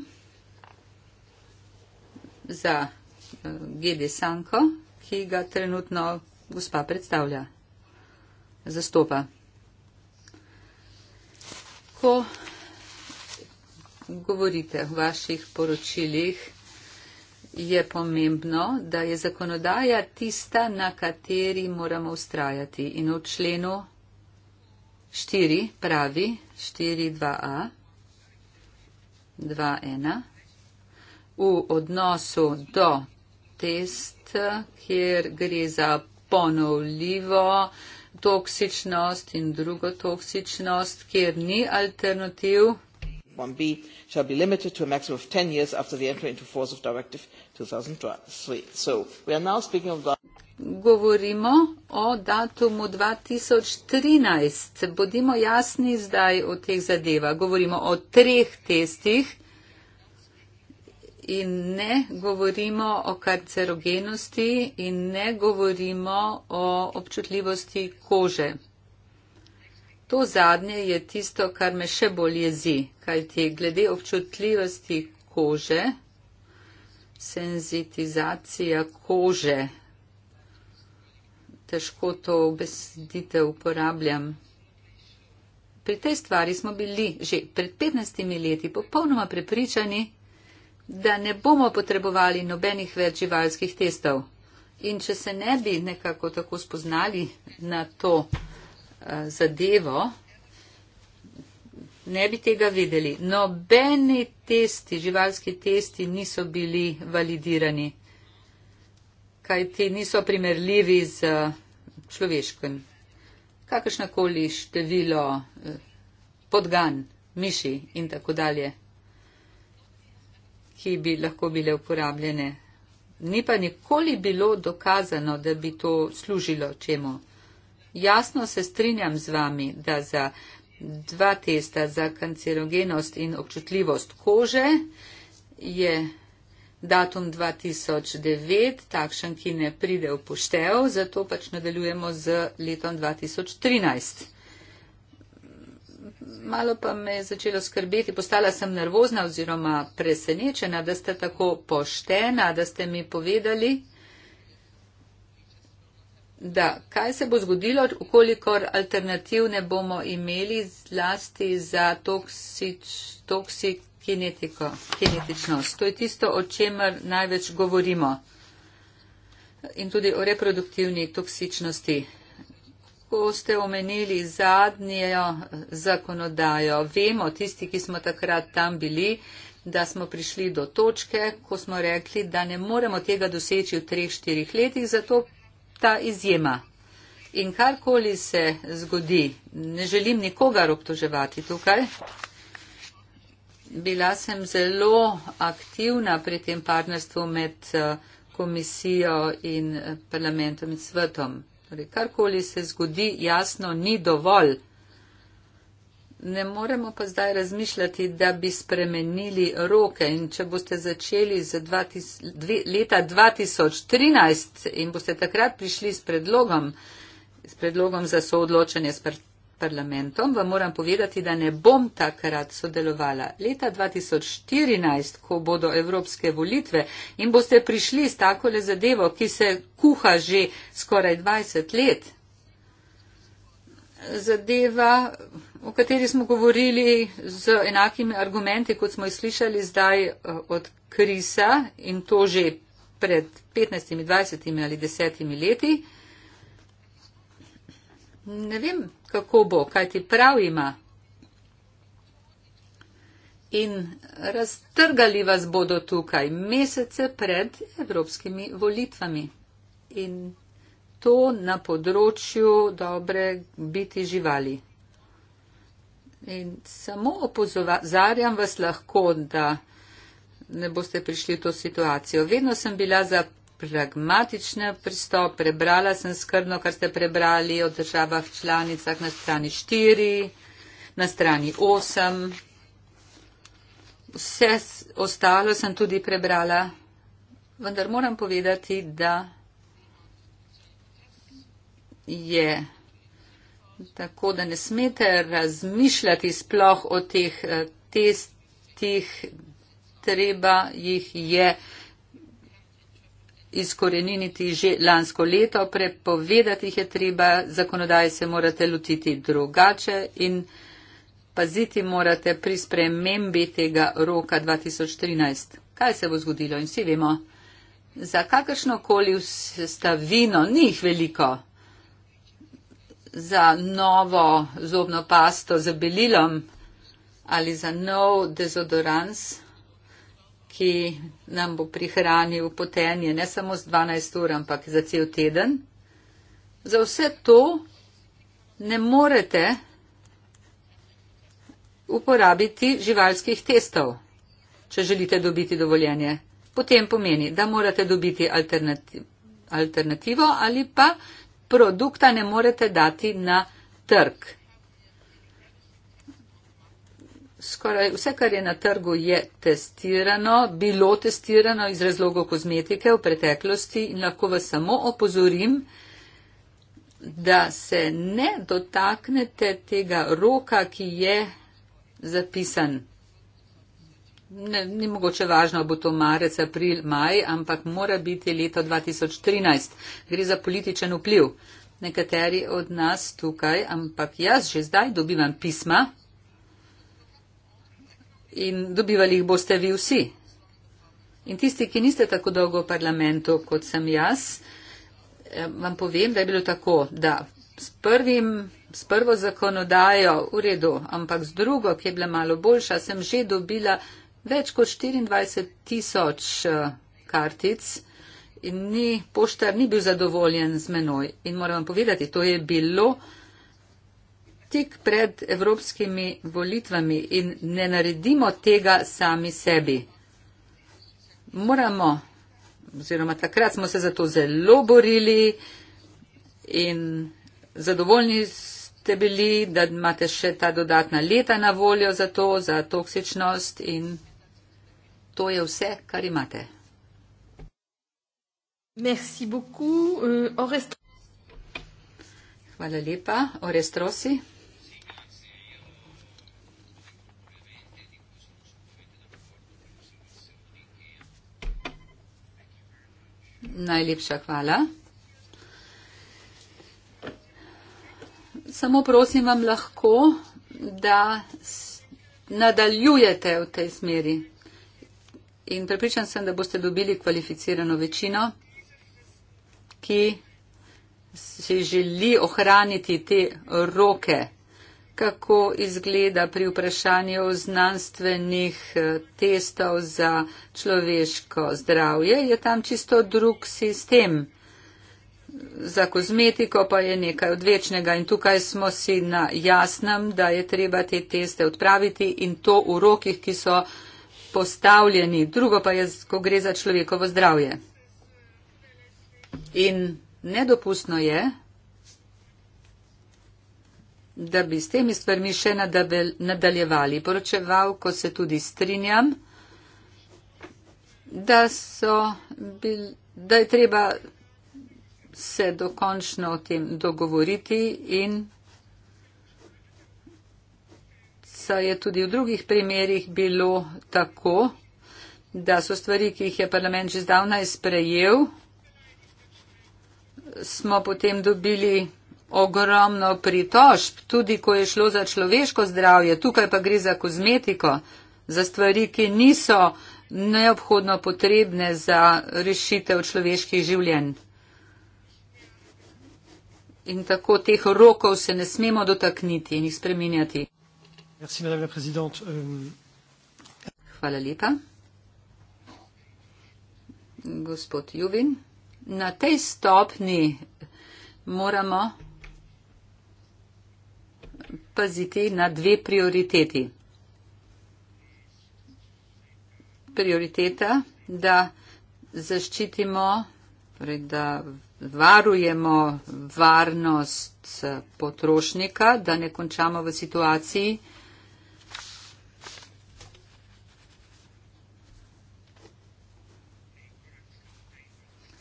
za eh, Gedi Sanko, ki ga trenutno gospa predstavlja, zastopa. Ko govorite v vaših poročilih, je pomembno, da je zakonodaja tista, na kateri moramo ustrajati. In v členu 4 pravi 4.2a. 2.1 v odnosu do test, kjer gre za ponovljivo toksičnost in drugo toksičnost, kjer ni alternativ. 1B shall be limited to a maximum of 10 years after the entry into force of Directive 2003. So we are now speaking of govorimo o datumu 2013. Bodimo jasni zdaj o teh zadevah. Govorimo o treh testih in ne govorimo o karcerogenosti in ne govorimo o občutljivosti kože. To zadnje je tisto, kar me še bolj jezi, kajti glede občutljivosti kože, senzitizacija kože, težko to besedite uporabljam. Pri tej stvari smo bili že pred 15 leti popolnoma prepričani, da ne bomo potrebovali nobenih več živalskih testov. In če se ne bi nekako tako spoznali na to uh, zadevo, ne bi tega vedeli. Nobeni testi, živalski testi niso bili validirani kaj ti niso primerljivi z eh, človeškim. Kakršnakoli število eh, podgan, miši in tako dalje, ki bi lahko bile uporabljene. Ni pa nikoli bilo dokazano, da bi to služilo čemu. Jasno se strinjam z vami, da za dva testa za kancerogenost in občutljivost kože je datum 2009, takšen, ki ne pride v poštev, zato pač nadaljujemo z letom 2013. Malo pa me je začelo skrbeti, postala sem nervozna oziroma presenečena, da ste tako poštena, da ste mi povedali, da kaj se bo zgodilo, ukolikor alternativ ne bomo imeli zlasti za toksič, toksik genetiko, genetičnost. To je tisto, o čemer največ govorimo. In tudi o reproduktivni toksičnosti. Ko ste omenili zadnjo zakonodajo, vemo tisti, ki smo takrat tam bili, da smo prišli do točke, ko smo rekli, da ne moremo tega doseči v treh, štirih letih, zato ta izjema. In karkoli se zgodi, ne želim nikogar obtoževati tukaj bila sem zelo aktivna pri tem partnerstvu med eh, komisijo in eh, parlamentom in svetom. Torej, karkoli se zgodi, jasno, ni dovolj. Ne moremo pa zdaj razmišljati, da bi spremenili roke in če boste začeli z 20, dve, leta 2013 in boste takrat prišli s predlogom, s predlogom za soodločanje s partnerstvom, parlamentom, vam moram povedati, da ne bom takrat sodelovala. Leta 2014, ko bodo evropske volitve in boste prišli s takole zadevo, ki se kuha že skoraj 20 let. Zadeva, o kateri smo govorili z enakimi argumenti, kot smo jih slišali zdaj eh, od Krisa in to že pred 15, 20 ali 10 leti. Ne vem, kako bo, kaj ti prav ima. In raztrgali vas bodo tukaj mesece pred evropskimi volitvami. In to na področju dobre biti živali. In samo opozarjam vas lahko, da ne boste prišli v to situacijo. Vedno sem bila za pragmatične pristop. Prebrala sem skrbno, kar ste prebrali o državah članicah na strani 4, na strani 8. Vse ostalo sem tudi prebrala, vendar moram povedati, da je tako, da ne smete razmišljati sploh o teh eh, testih, treba jih je izkoreniniti že lansko leto, prepovedati jih je treba, zakonodaje se morate lotiti drugače in paziti morate pri spremembi tega roka 2013. Kaj se bo zgodilo in vsi vemo, za kakršno koli stavino, ni jih veliko, za novo zobno pasto, za belilom ali za nov dezodorans ki nam bo prihranil potenje ne samo z 12 ur, ampak za cel teden. Za vse to ne morete uporabiti živalskih testov, če želite dobiti dovoljenje. Potem pomeni, da morate dobiti alternativo ali pa produkta ne morete dati na trg skoraj vse, kar je na trgu, je testirano, bilo testirano iz razlogov kozmetike v preteklosti in lahko vas samo opozorim, da se ne dotaknete tega roka, ki je zapisan. Ne, ni mogoče važno, bo to marec, april, maj, ampak mora biti leto 2013. Gre za političen vpliv. Nekateri od nas tukaj, ampak jaz že zdaj dobivam pisma, in dobivali jih boste vi vsi. In tisti, ki niste tako dolgo v parlamentu kot sem jaz, eh, vam povem, da je bilo tako, da s, prvim, s prvo zakonodajo v redu, ampak z drugo, ki je bila malo boljša, sem že dobila več kot 24 tisoč eh, kartic in ni, poštar ni bil zadovoljen z menoj. In moram vam povedati, to je bilo tik pred evropskimi volitvami in ne naredimo tega sami sebi. Moramo, oziroma takrat smo se za to zelo borili in zadovoljni ste bili, da imate še ta dodatna leta na voljo za to, za toksičnost in to je vse, kar imate. Merci beaucoup, uh, Hvala lepa, Orestrosi. Najlepša hvala. Samo prosim vam lahko, da nadaljujete v tej smeri. In prepričan sem, da boste dobili kvalificirano večino, ki si želi ohraniti te roke kako izgleda pri vprašanju znanstvenih eh, testov za človeško zdravje, je tam čisto drug sistem. Za kozmetiko pa je nekaj odvečnega in tukaj smo si na jasnem, da je treba te teste odpraviti in to v rokih, ki so postavljeni. Drugo pa je, ko gre za človekovo zdravje. In nedopustno je, da bi s temi stvarmi še nadaljevali. Poročevalko se tudi strinjam, da, bil, da je treba se dokončno o tem dogovoriti in da je tudi v drugih primerjih bilo tako, da so stvari, ki jih je parlament že zdavnaj sprejel, smo potem dobili ogromno pritožb, tudi ko je šlo za človeško zdravje, tukaj pa gre za kozmetiko, za stvari, ki niso neobhodno potrebne za rešitev človeških življenj. In tako teh rokov se ne smemo dotakniti in jih spreminjati. Euh, Hvala lepa. Gospod Juvin, na tej stopni moramo paziti na dve prioriteti. Prioriteta, da zaščitimo, torej da varujemo varnost eh, potrošnika, da ne končamo v situaciji,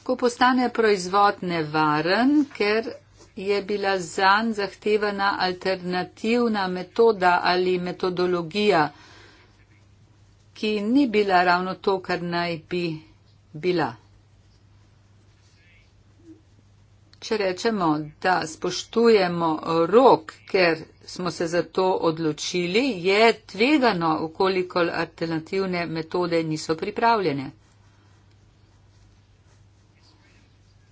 ko postane proizvod nevaren, ker je bila zan zahtevana alternativna metoda ali metodologija, ki ni bila ravno to, kar naj bi bila. Če rečemo, da spoštujemo rok, ker smo se za to odločili, je tvegano, ukolikor alternativne metode niso pripravljene.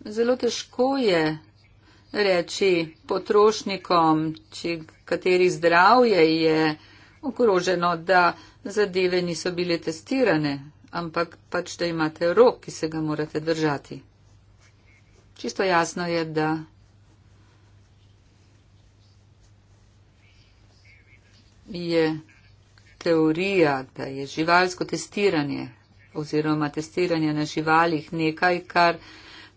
Zelo težko je reči potrošnikom, či kateri zdravje je ogroženo, da zadeve niso bile testirane, ampak pač, da imate rok, ki se ga morate držati. Čisto jasno je, da je teorija, da je živalsko testiranje oziroma testiranje na živalih nekaj, kar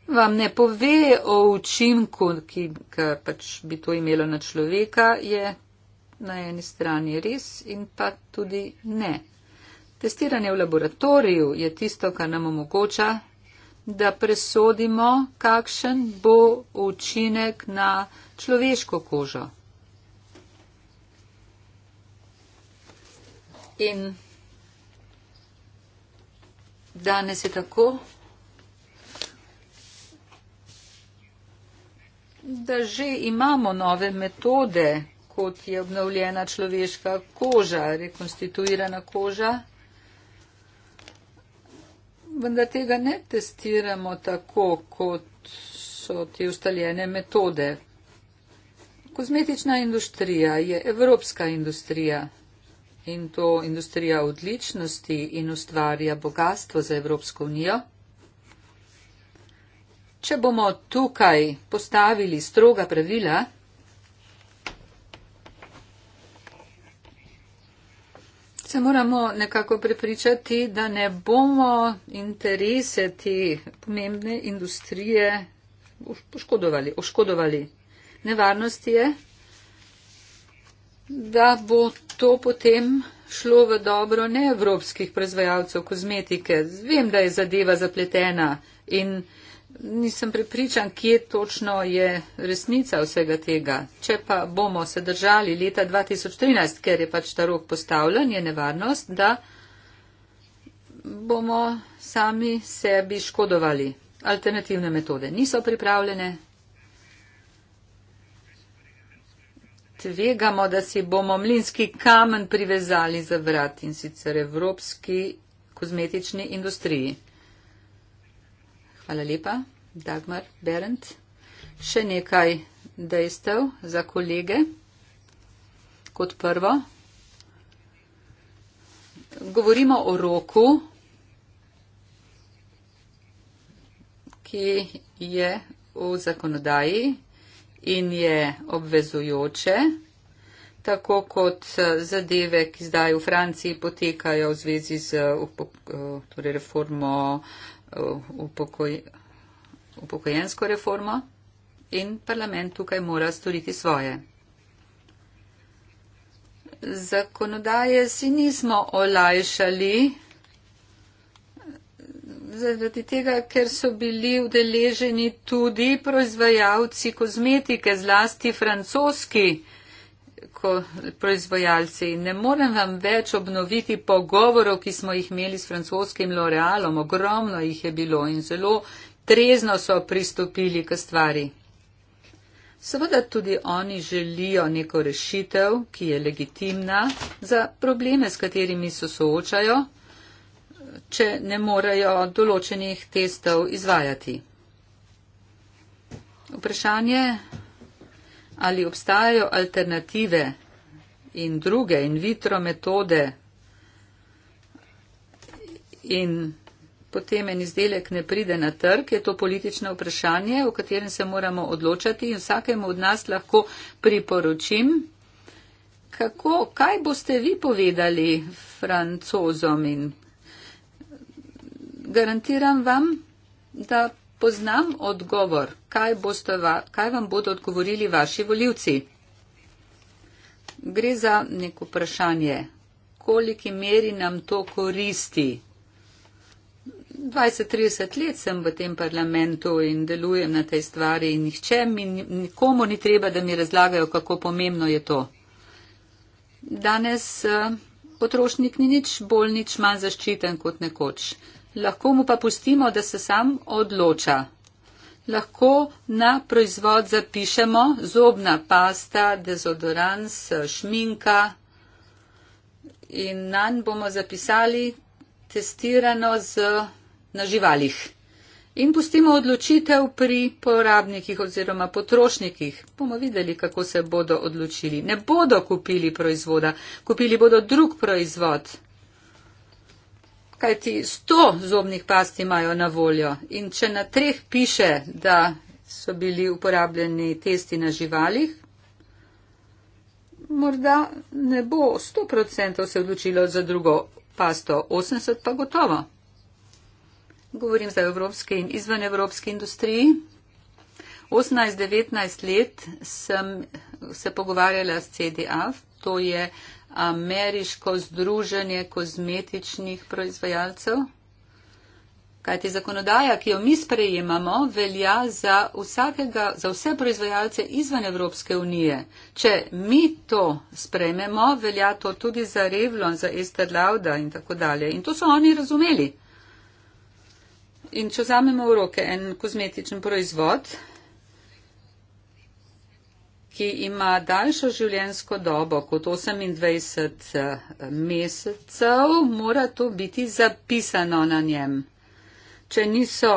vam ne pove o učinku, ki ga pač bi to imelo na človeka, je na eni strani res in pa tudi ne. Testiranje v laboratoriju je tisto, kar nam omogoča, da presodimo, kakšen bo učinek na človeško kožo. In danes je tako. da že imamo nove metode, kot je obnovljena človeška koža, rekonstituirana koža, vendar tega ne testiramo tako, kot so te ustaljene metode. Kozmetična industrija je evropska industrija in to industrija odličnosti in ustvarja bogatstvo za Evropsko unijo. Če bomo tukaj postavili stroga pravila, se moramo nekako prepričati, da ne bomo interese te pomembne industrije oškodovali. oškodovali. Nevarnost je, da bo to potem šlo v dobro neevropskih proizvajalcev kozmetike. Vem, da je zadeva zapletena in nisem prepričan, kje točno je resnica vsega tega. Če pa bomo se držali leta 2013, ker je pač ta rok postavljen, je nevarnost, da bomo sami sebi škodovali. Alternativne metode niso pripravljene. Tvegamo, da si bomo mlinski kamen privezali za vrat in sicer evropski kozmetični industriji. Hvala lepa. Dagmar Berendt. Še nekaj dejstev za kolege. Kot prvo, govorimo o roku, ki je v zakonodaji in je obvezujoče, tako kot eh, zadeve, ki zdaj v Franciji potekajo v zvezi z upok eh, torej reformo eh, upokojitev upokojensko reformo in parlament tukaj mora storiti svoje. Zakonodaje si nismo olajšali zaradi tega, ker so bili udeleženi tudi proizvajalci kozmetike, zlasti francoski ko, proizvajalci. Ne morem vam več obnoviti pogovorov, ki smo jih imeli s francoskim L'Orealom. Ogromno jih je bilo in zelo trezno so pristopili k stvari. Seveda tudi oni želijo neko rešitev, ki je legitimna za probleme, s katerimi se soočajo, če ne morejo določenih testov izvajati. Vprašanje, ali obstajajo alternative in druge in vitro metode in potem en izdelek ne pride na trg, je to politično vprašanje, o katerem se moramo odločati in vsakemu od nas lahko priporočim, kako, kaj boste vi povedali francozom in garantiram vam, da poznam odgovor, kaj, boste, kaj vam bodo odgovorili vaši voljivci. Gre za neko vprašanje, koliki meri nam to koristi. 20-30 let sem v tem parlamentu in delujem na tej stvari in nihče mi, nikomu ni treba, da mi razlagajo, kako pomembno je to. Danes eh, potrošnik ni nič bolj, nič manj zaščiten kot nekoč. Lahko mu pa pustimo, da se sam odloča. Lahko na proizvod zapišemo zobna pasta, dezodorans, eh, šminka in nanj bomo zapisali testirano z na živalih. In pustimo odločitev pri porabnikih oziroma potrošnikih. Bomo videli, kako se bodo odločili. Ne bodo kupili proizvoda, kupili bodo drug proizvod. Kaj ti sto zobnih past imajo na voljo in če na treh piše, da so bili uporabljeni testi na živalih, morda ne bo sto procentov se odločilo za drugo pasto, osemdeset pa gotovo govorim zdaj o evropski in izvenevropski industriji. 18-19 let sem se pogovarjala s CDA, to je ameriško združenje kozmetičnih proizvajalcev. Kajti zakonodaja, ki jo mi sprejemamo, velja za, vsakega, za vse proizvajalce izven Evropske unije. Če mi to sprejmemo, velja to tudi za Revlon, za Ester Lauda in tako dalje. In to so oni razumeli. In če vzamemo v roke en kozmetičen proizvod, ki ima daljšo življensko dobo kot 28 eh, mesecev, mora to biti zapisano na njem. Če niso,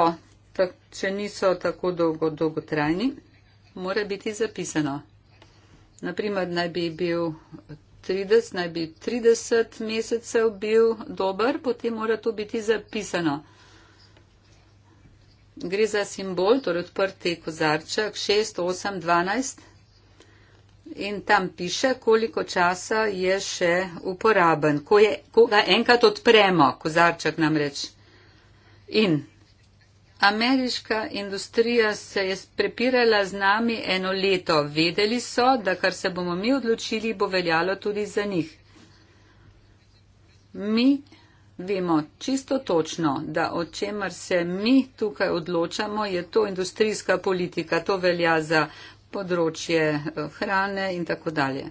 če niso tako dolgo, dolgotrajni, mora biti zapisano. Naprimer, naj bi bil 30, naj bi 30 mesecev bil dober, potem mora to biti zapisano. Gre za simbol, torej odprti kozarček 6, 8, 12 in tam piše, koliko časa je še uporaben. Ko, je, ko ga enkrat odpremo, kozarček namreč. In ameriška industrija se je prepirala z nami eno leto. Vedeli so, da kar se bomo mi odločili, bo veljalo tudi za njih. Mi vemo čisto točno, da o čemer se mi tukaj odločamo, je to industrijska politika, to velja za področje eh, hrane in tako dalje.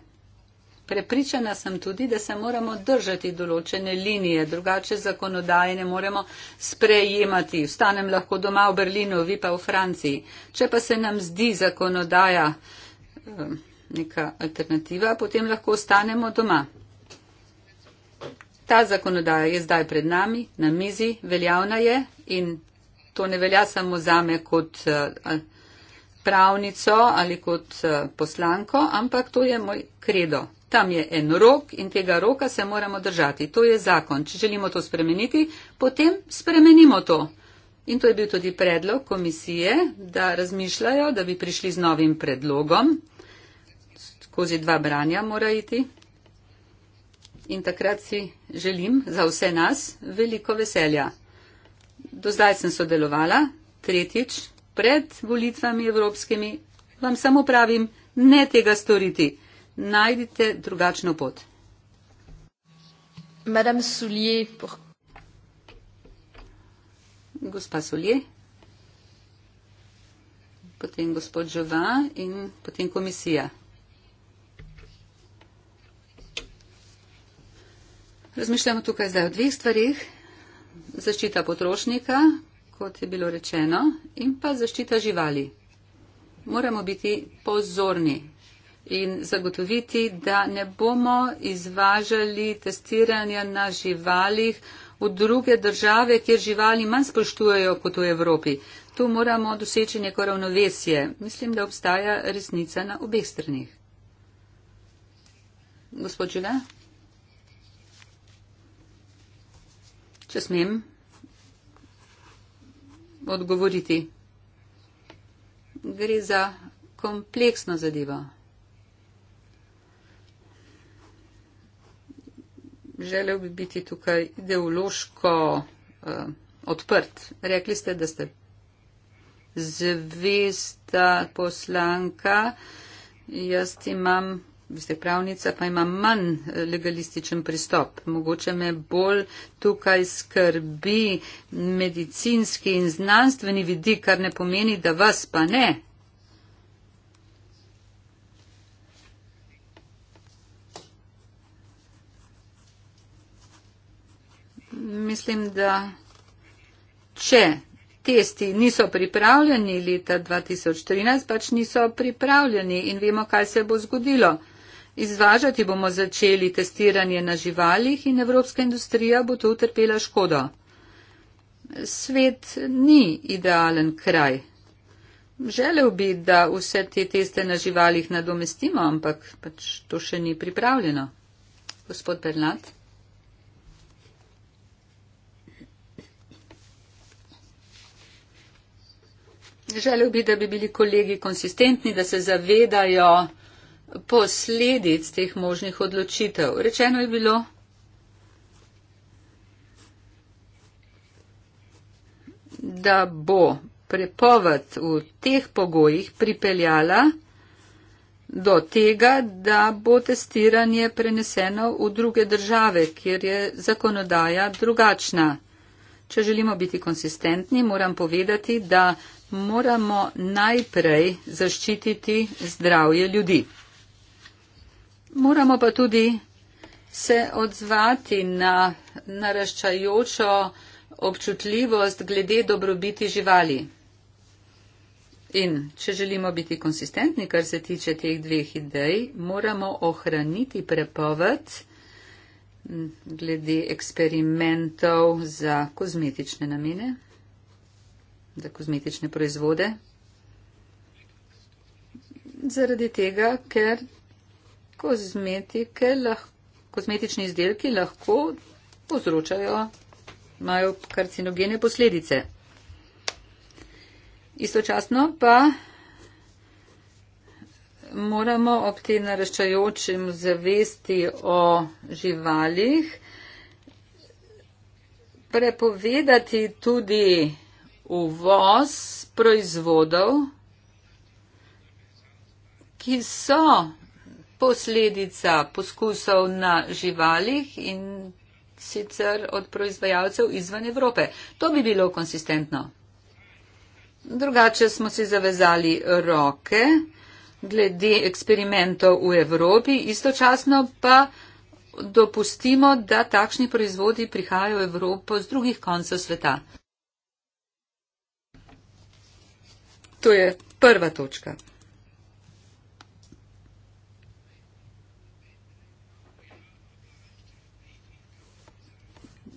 Prepričana sem tudi, da se moramo držati določene linije, drugače zakonodaje ne moremo sprejemati. Vstanem lahko doma v Berlinu, vi pa v Franciji. Če pa se nam zdi zakonodaja eh, neka alternativa, potem lahko ostanemo doma. Ta zakonodaja je zdaj pred nami, na mizi, veljavna je in to ne velja samo za me kot eh, pravnico ali kot eh, poslanko, ampak to je moj kredo. Tam je en rok in tega roka se moramo držati. To je zakon. Če želimo to spremeniti, potem spremenimo to. In to je bil tudi predlog komisije, da razmišljajo, da bi prišli z novim predlogom. Skozi dva branja mora iti, in takrat si želim za vse nas veliko veselja. Do zdaj sem sodelovala, tretjič, pred volitvami evropskimi, vam samo pravim, ne tega storiti. Najdite drugačno pot. Madame Soulier, por... gospa Soulier, potem gospod Žova in potem komisija. Razmišljamo tukaj zdaj o dveh stvarih. Zaščita potrošnika, kot je bilo rečeno, in pa zaščita živali. Moramo biti pozorni in zagotoviti, da ne bomo izvažali testiranja na živalih v druge države, kjer živali manj spoštujejo kot v Evropi. Tu moramo doseči neko ravnovesje. Mislim, da obstaja resnica na obeh stranih. Gospod Žile? če smem odgovoriti. Gre za kompleksno zadevo. Želel bi biti tukaj ideološko uh, odprt. Rekli ste, da ste zvesta poslanka. Jaz imam ste pravnica, pa ima manj eh, legalističen pristop. Mogoče me bolj tukaj skrbi medicinski in znanstveni vidik, kar ne pomeni, da vas pa ne. Mislim, da če testi niso pripravljeni leta 2013, pač niso pripravljeni in vemo, kaj se bo zgodilo. Izvažati bomo začeli testiranje na živalih in evropska industrija bo tu utrpela škodo. Svet ni idealen kraj. Želel bi, da vse te teste na živalih nadomestimo, ampak pač to še ni pripravljeno. Gospod Bernat. Želel bi, da bi bili kolegi konsistentni, da se zavedajo, posledic teh možnih odločitev. Rečeno je bilo, da bo prepoved v teh pogojih pripeljala do tega, da bo testiranje preneseno v druge države, kjer je zakonodaja drugačna. Če želimo biti konsistentni, moram povedati, da moramo najprej zaščititi zdravje ljudi. Moramo pa tudi se odzvati na naraščajočo občutljivost glede dobrobiti živali. In če želimo biti konsistentni, kar se tiče teh dveh idej, moramo ohraniti prepoved glede eksperimentov za kozmetične namene, za kozmetične proizvode. Zaradi tega, ker kozmetike, lah, kozmetični izdelki lahko povzročajo, imajo karcinogene posledice. Istočasno pa moramo ob tem naraščajočem zavesti o živalih prepovedati tudi uvoz proizvodov, ki so posledica poskusov na živalih in sicer od proizvajalcev izven Evrope. To bi bilo konsistentno. Drugače smo si zavezali roke glede eksperimentov v Evropi, istočasno pa dopustimo, da takšni proizvodi prihajajo v Evropo z drugih koncev sveta. To je prva točka.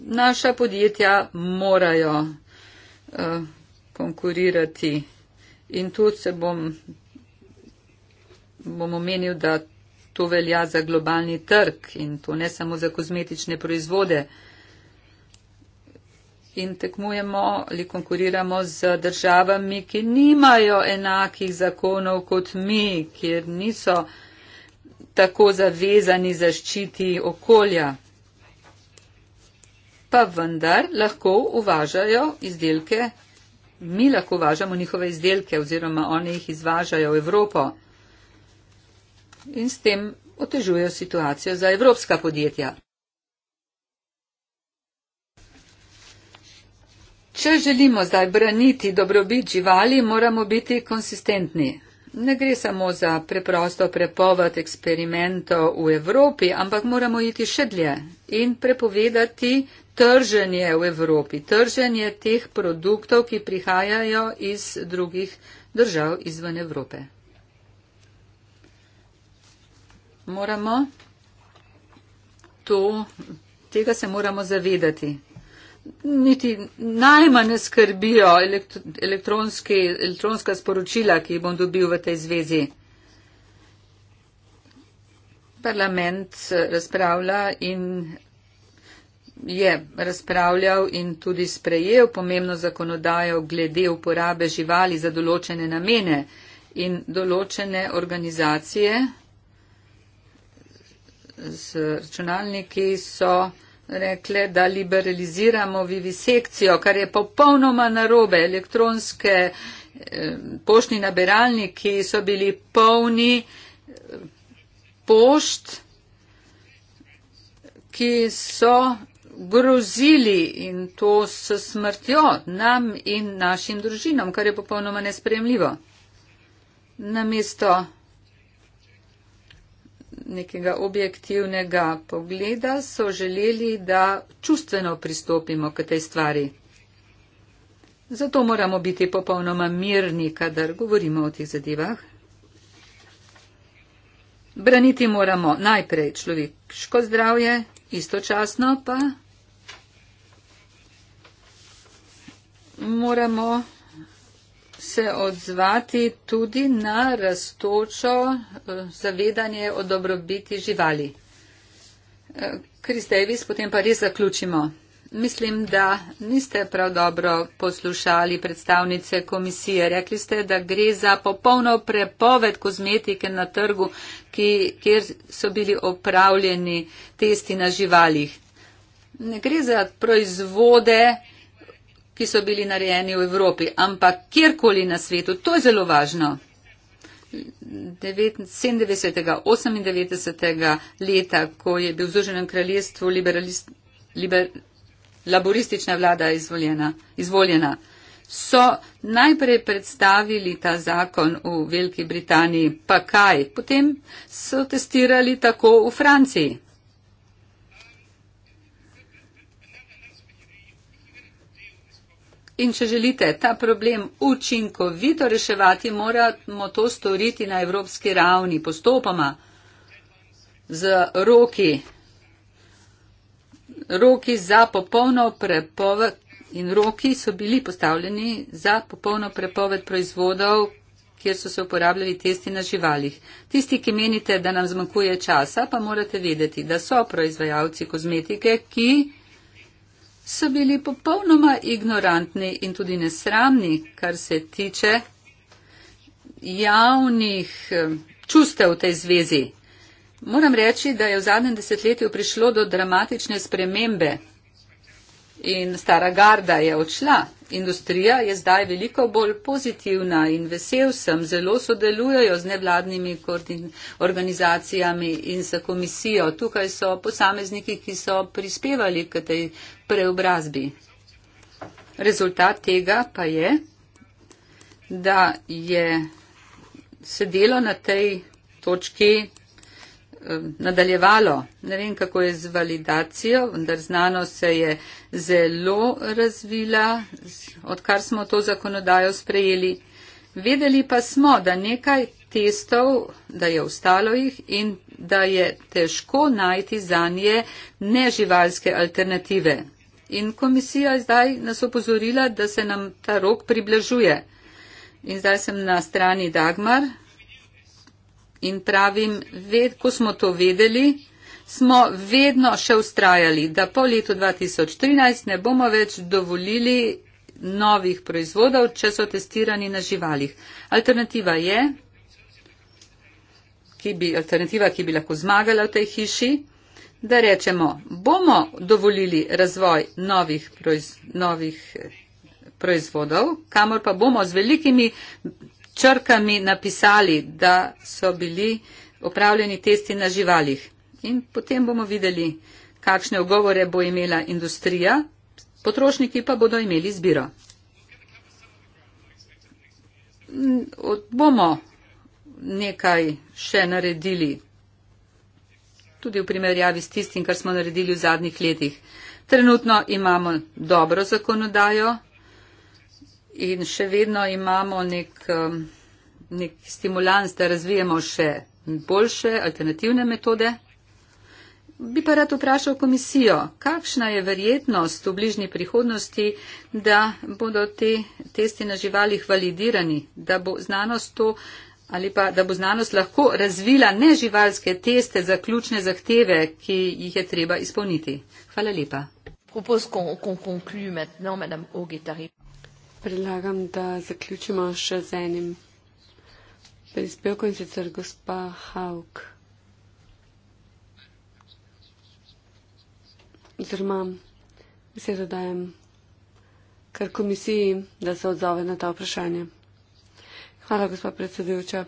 naša podjetja morajo uh, konkurirati. In tu se bom, bom omenil, da to velja za globalni trg in to ne samo za kozmetične proizvode. In tekmujemo ali konkuriramo z državami, ki nimajo enakih zakonov kot mi, kjer niso tako zavezani zaščiti okolja pa vendar lahko uvažajo izdelke, mi lahko uvažamo njihove izdelke oziroma oni jih izvažajo v Evropo in s tem otežujejo situacijo za evropska podjetja. Če želimo zdaj braniti dobrobit živali, moramo biti konsistentni ne gre samo za preprosto prepoved eksperimentov v Evropi, ampak moramo iti še dlje in prepovedati trženje v Evropi, trženje teh produktov, ki prihajajo iz drugih držav izven Evrope. Moramo to, tega se moramo zavedati niti najmanj ne skrbijo elektronska sporočila, ki jih bom dobil v tej zvezi. Parlament eh, razpravlja in je razpravljal in tudi sprejel pomembno zakonodajo glede uporabe živali za določene namene in določene organizacije z računalniki so rekle, da liberaliziramo vivisekcijo, kar je popolnoma narobe. Elektronske eh, poštni nabiralniki so bili polni eh, pošt, ki so grozili in to s smrtjo nam in našim družinam, kar je popolnoma nespremljivo. Namesto nekega objektivnega pogleda, so želeli, da čustveno pristopimo k tej stvari. Zato moramo biti popolnoma mirni, kadar govorimo o teh zadevah. Braniti moramo najprej človeško zdravje, istočasno pa moramo se odzvati tudi na raztočo eh, zavedanje o dobrobiti živali. Kris eh, Davis, potem pa res zaključimo. Mislim, da niste prav dobro poslušali predstavnice komisije. Rekli ste, da gre za popolno prepoved kozmetike na trgu, ki, kjer so bili opravljeni testi na živalih. Ne gre za proizvode, ki so bili narejeni v Evropi, ampak kjerkoli na svetu. To je zelo važno. 97. 98. leta, ko je bil v Združenem kraljestvu liber, laboristična vlada izvoljena, izvoljena, so najprej predstavili ta zakon v Veliki Britaniji, pa kaj, potem so testirali tako v Franciji. In če želite ta problem učinkovito reševati, moramo to storiti na evropski ravni postopoma z roki, roki za popolno prepoved in roki so bili postavljeni za popolno prepoved proizvodov, kjer so se uporabljali testi na živalih. Tisti, ki menite, da nam zmanjkuje časa, pa morate vedeti, da so proizvajalci kozmetike, ki so bili popolnoma ignorantni in tudi nesramni, kar se tiče javnih eh, čustev v tej zvezi. Moram reči, da je v zadnjem desetletju prišlo do dramatične spremembe in stara garda je odšla. Industrija je zdaj veliko bolj pozitivna in vesel sem, zelo sodelujejo z nevladnimi organizacijami in s komisijo. Tukaj so posamezniki, ki so prispevali k tej preobrazbi. Rezultat tega pa je, da je sedelo na tej točki eh, nadaljevalo. Ne vem, kako je z validacijo, vendar znano se je zelo razvila, odkar smo to zakonodajo sprejeli. Vedeli pa smo, da nekaj testov, da je ostalo jih in da je težko najti za nje neživalske alternative in komisija zdaj nas opozorila, da se nam ta rok približuje. In zdaj sem na strani Dagmar in pravim, ved, ko smo to vedeli, smo vedno še ustrajali, da po letu 2013 ne bomo več dovolili novih proizvodov, če so testirani na živalih. Alternativa je, ki bi, alternativa, ki bi lahko zmagala v tej hiši, da rečemo, bomo dovolili razvoj novih, proiz, novih eh, proizvodov, kamor pa bomo z velikimi črkami napisali, da so bili opravljeni testi na živalih. In potem bomo videli, kakšne ogovore bo imela industrija, potrošniki pa bodo imeli zbiro. Bomo nekaj še naredili tudi v primerjavi s tistim, kar smo naredili v zadnjih letih. Trenutno imamo dobro zakonodajo in še vedno imamo nek, um, nek stimulans, da razvijemo še boljše alternativne metode. Bi pa rad vprašal komisijo, kakšna je verjetnost v bližnji prihodnosti, da bodo te testi na živalih validirani, da bo znanost to ali pa da bo znanost lahko razvila neživalske teste za ključne zahteve, ki jih je treba izpolniti. Hvala lepa. Predlagam, da zaključimo še z enim prispevkom, sicer gospa Hauk. Oziroma, se dodajem kar komisiji, da se odzove na ta vprašanje. Hvala, gospod predsedujoča.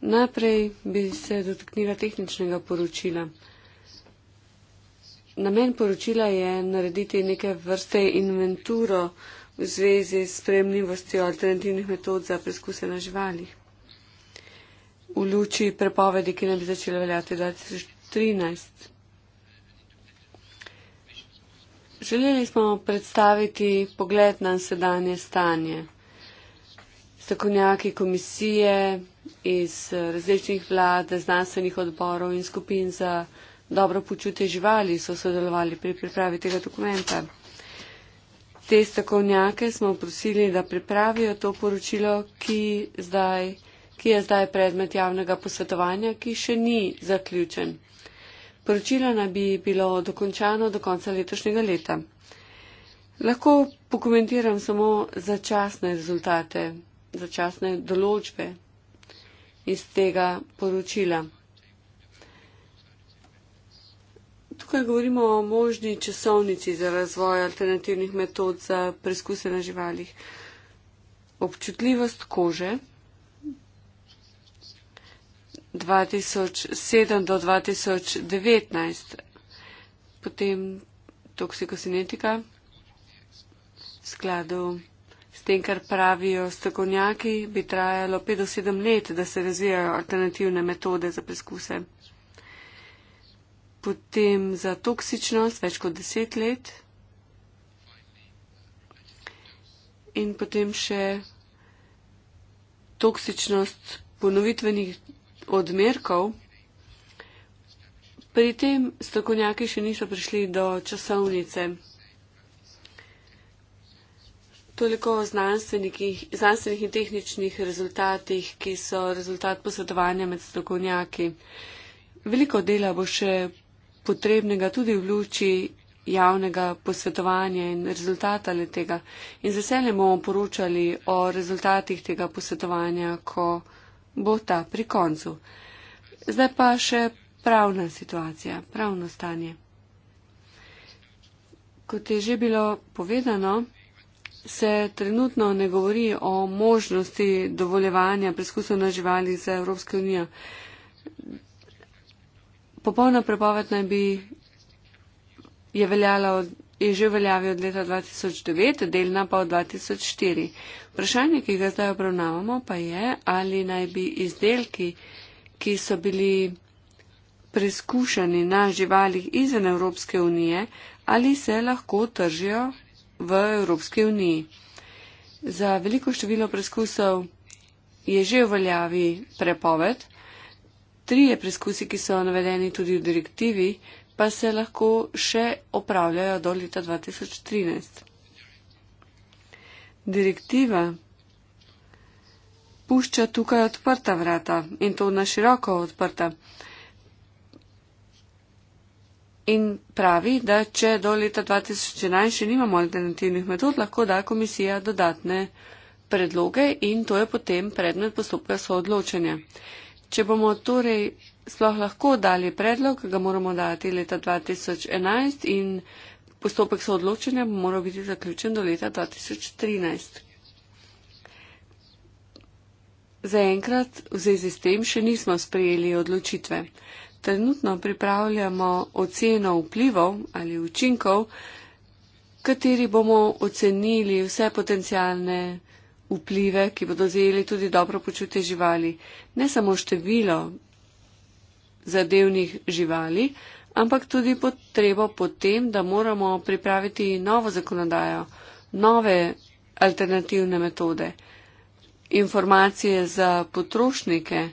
Najprej bi se dotaknila tehničnega poročila. Namen poročila je narediti neke vrste inventuro v zvezi s spremljivostjo alternativnih metod za preskuse na živalih. V luči prepovedi, ki naj bi začela veljati 2013. Želeli smo predstaviti pogled na sedanje stanje strokovnjaki komisije iz eh, različnih vlad, znanstvenih odborov in skupin za dobro počutje živali so sodelovali pri pripravi tega dokumenta. Te strokovnjake smo prosili, da pripravijo to poročilo, ki, zdaj, ki je zdaj predmet javnega posvetovanja, ki še ni zaključen. Poročilo naj bi bilo dokončano do konca letošnjega leta. Lahko pokomentiram samo začasne rezultate začasne določbe iz tega poročila. Tukaj govorimo o možni časovnici za razvoj alternativnih metod za preskuse na živalih. Občutljivost kože 2007 do 2019, potem toksikosinetika v skladu tem, kar pravijo strokovnjaki, bi trajalo 5 do 7 let, da se razvijajo alternativne metode za preskuse. Potem za toksičnost več kot 10 let. In potem še toksičnost ponovitvenih odmerkov. Pri tem strokovnjaki še niso prišli do časovnice toliko o znanstvenih in tehničnih rezultatih, ki so rezultat posvetovanja med strokovnjaki. Veliko dela bo še potrebnega tudi v luči javnega posvetovanja in rezultata le tega. In z veseljem bomo poročali o rezultatih tega posvetovanja, ko bo ta pri koncu. Zdaj pa še pravna situacija, pravno stanje. Kot je že bilo povedano, Se trenutno ne govori o možnosti dovoljevanja preskusov na živali za Evropsko unijo. Popolna prepoved naj bi je veljala od. Je že veljavil od leta 2009, delna pa od 2004. Vprašanje, ki ga zdaj obravnavamo, pa je, ali naj bi izdelki, ki so bili preskušani na živalih izven Evropske unije, ali se lahko tržijo v Evropski uniji. Za veliko število preskusov je že v veljavi prepoved. Trije preskusi, ki so navedeni tudi v direktivi, pa se lahko še opravljajo do leta 2013. Direktiva pušča tukaj odprta vrata in to na široko odprta in pravi, da če do leta 2011 še nimamo alternativnih metod, lahko da komisija dodatne predloge in to je potem predmet postopka soodločanja. Če bomo torej sploh lahko dali predlog, ga moramo dati leta 2011 in postopek soodločanja bo moral biti zaključen do leta 2013. Zaenkrat v zvezi s tem še nismo sprejeli odločitve. Trenutno pripravljamo oceno vplivov ali učinkov, kateri bomo ocenili vse potencijalne vplive, ki bodo zajeli tudi dobro počutje živali. Ne samo število zadevnih živali, ampak tudi potrebo potem, da moramo pripraviti novo zakonodajo, nove alternativne metode, informacije za potrošnike.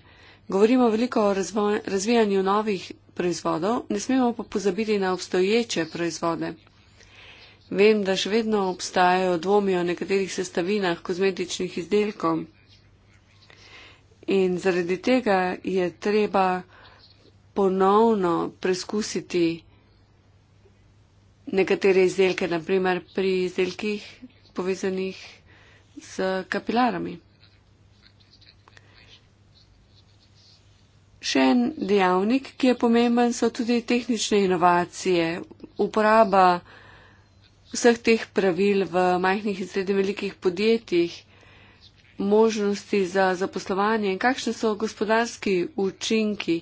Govorimo veliko o razvoj, razvijanju novih proizvodov, ne smemo pa pozabiti na obstoječe proizvode. Vem, da še vedno obstajajo dvomi o nekaterih sestavinah kozmetičnih izdelkov. In zaradi tega je treba ponovno preskusiti nekatere izdelke, naprimer pri izdelkih povezanih s kapilarami. Še en dejavnik, ki je pomemben, so tudi tehnične inovacije, uporaba vseh teh pravil v majhnih in srednje velikih podjetjih, možnosti za zaposlovanje in kakšne so gospodarski učinki,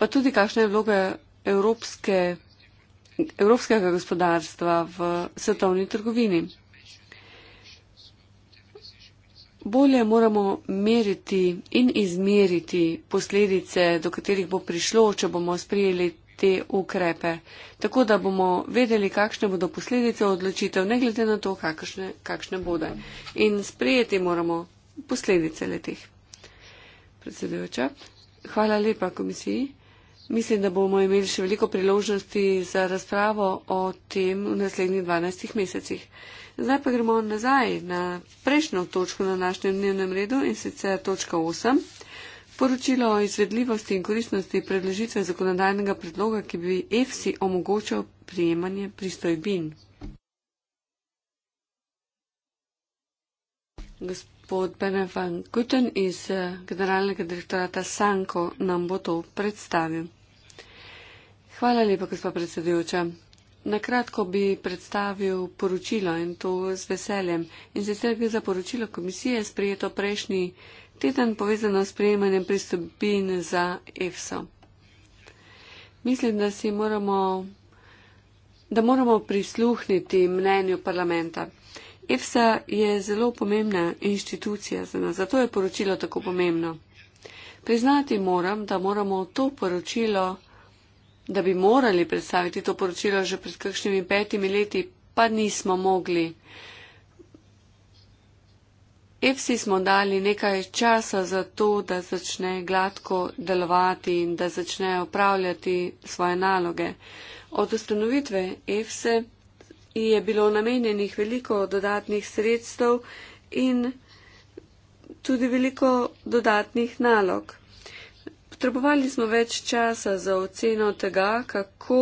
pa tudi kakšna je vloga evropske, evropskega gospodarstva v svetovni trgovini. bolje moramo meriti in izmeriti posledice, do katerih bo prišlo, če bomo sprijeli te ukrepe, tako da bomo vedeli, kakšne bodo posledice odločitev, ne glede na to, kakšne, kakšne bodo. In sprijeti moramo posledice letih. Predsedujoča, hvala lepa komisiji. Mislim, da bomo imeli še veliko priložnosti za razpravo o tem v naslednjih 12 mesecih. Zdaj pa gremo nazaj na prejšnjo točko na našem dnevnem redu in sicer točka 8. Poročilo o izvedljivosti in koristnosti predložitve zakonodajnega predloga, ki bi EFSI omogočal prijemanje pristojbin. Gospod Benefan Kuten iz eh, generalnega direktorata Sanko nam bo to predstavil. Hvala lepa, gospod predsedujoča. Nakratko bi predstavil poročilo in to z veseljem. In sicer gre za poročilo komisije, sprejeto prejšnji teden, povezano s prejemanjem pristopin za EFSO. Mislim, da, moramo, da moramo prisluhniti mnenju parlamenta. EFSA je zelo pomembna inštitucija za nas, zato je poročilo tako pomembno. Priznati moram, da moramo to poročilo da bi morali predstaviti to poročilo že pred kakšnimi petimi leti, pa nismo mogli. EFSI smo dali nekaj časa za to, da začne gladko delovati in da začne upravljati svoje naloge. Od ustanovitve EFSE je bilo namenjenih veliko dodatnih sredstev in tudi veliko dodatnih nalog. Potrebovali smo več časa za oceno tega, kako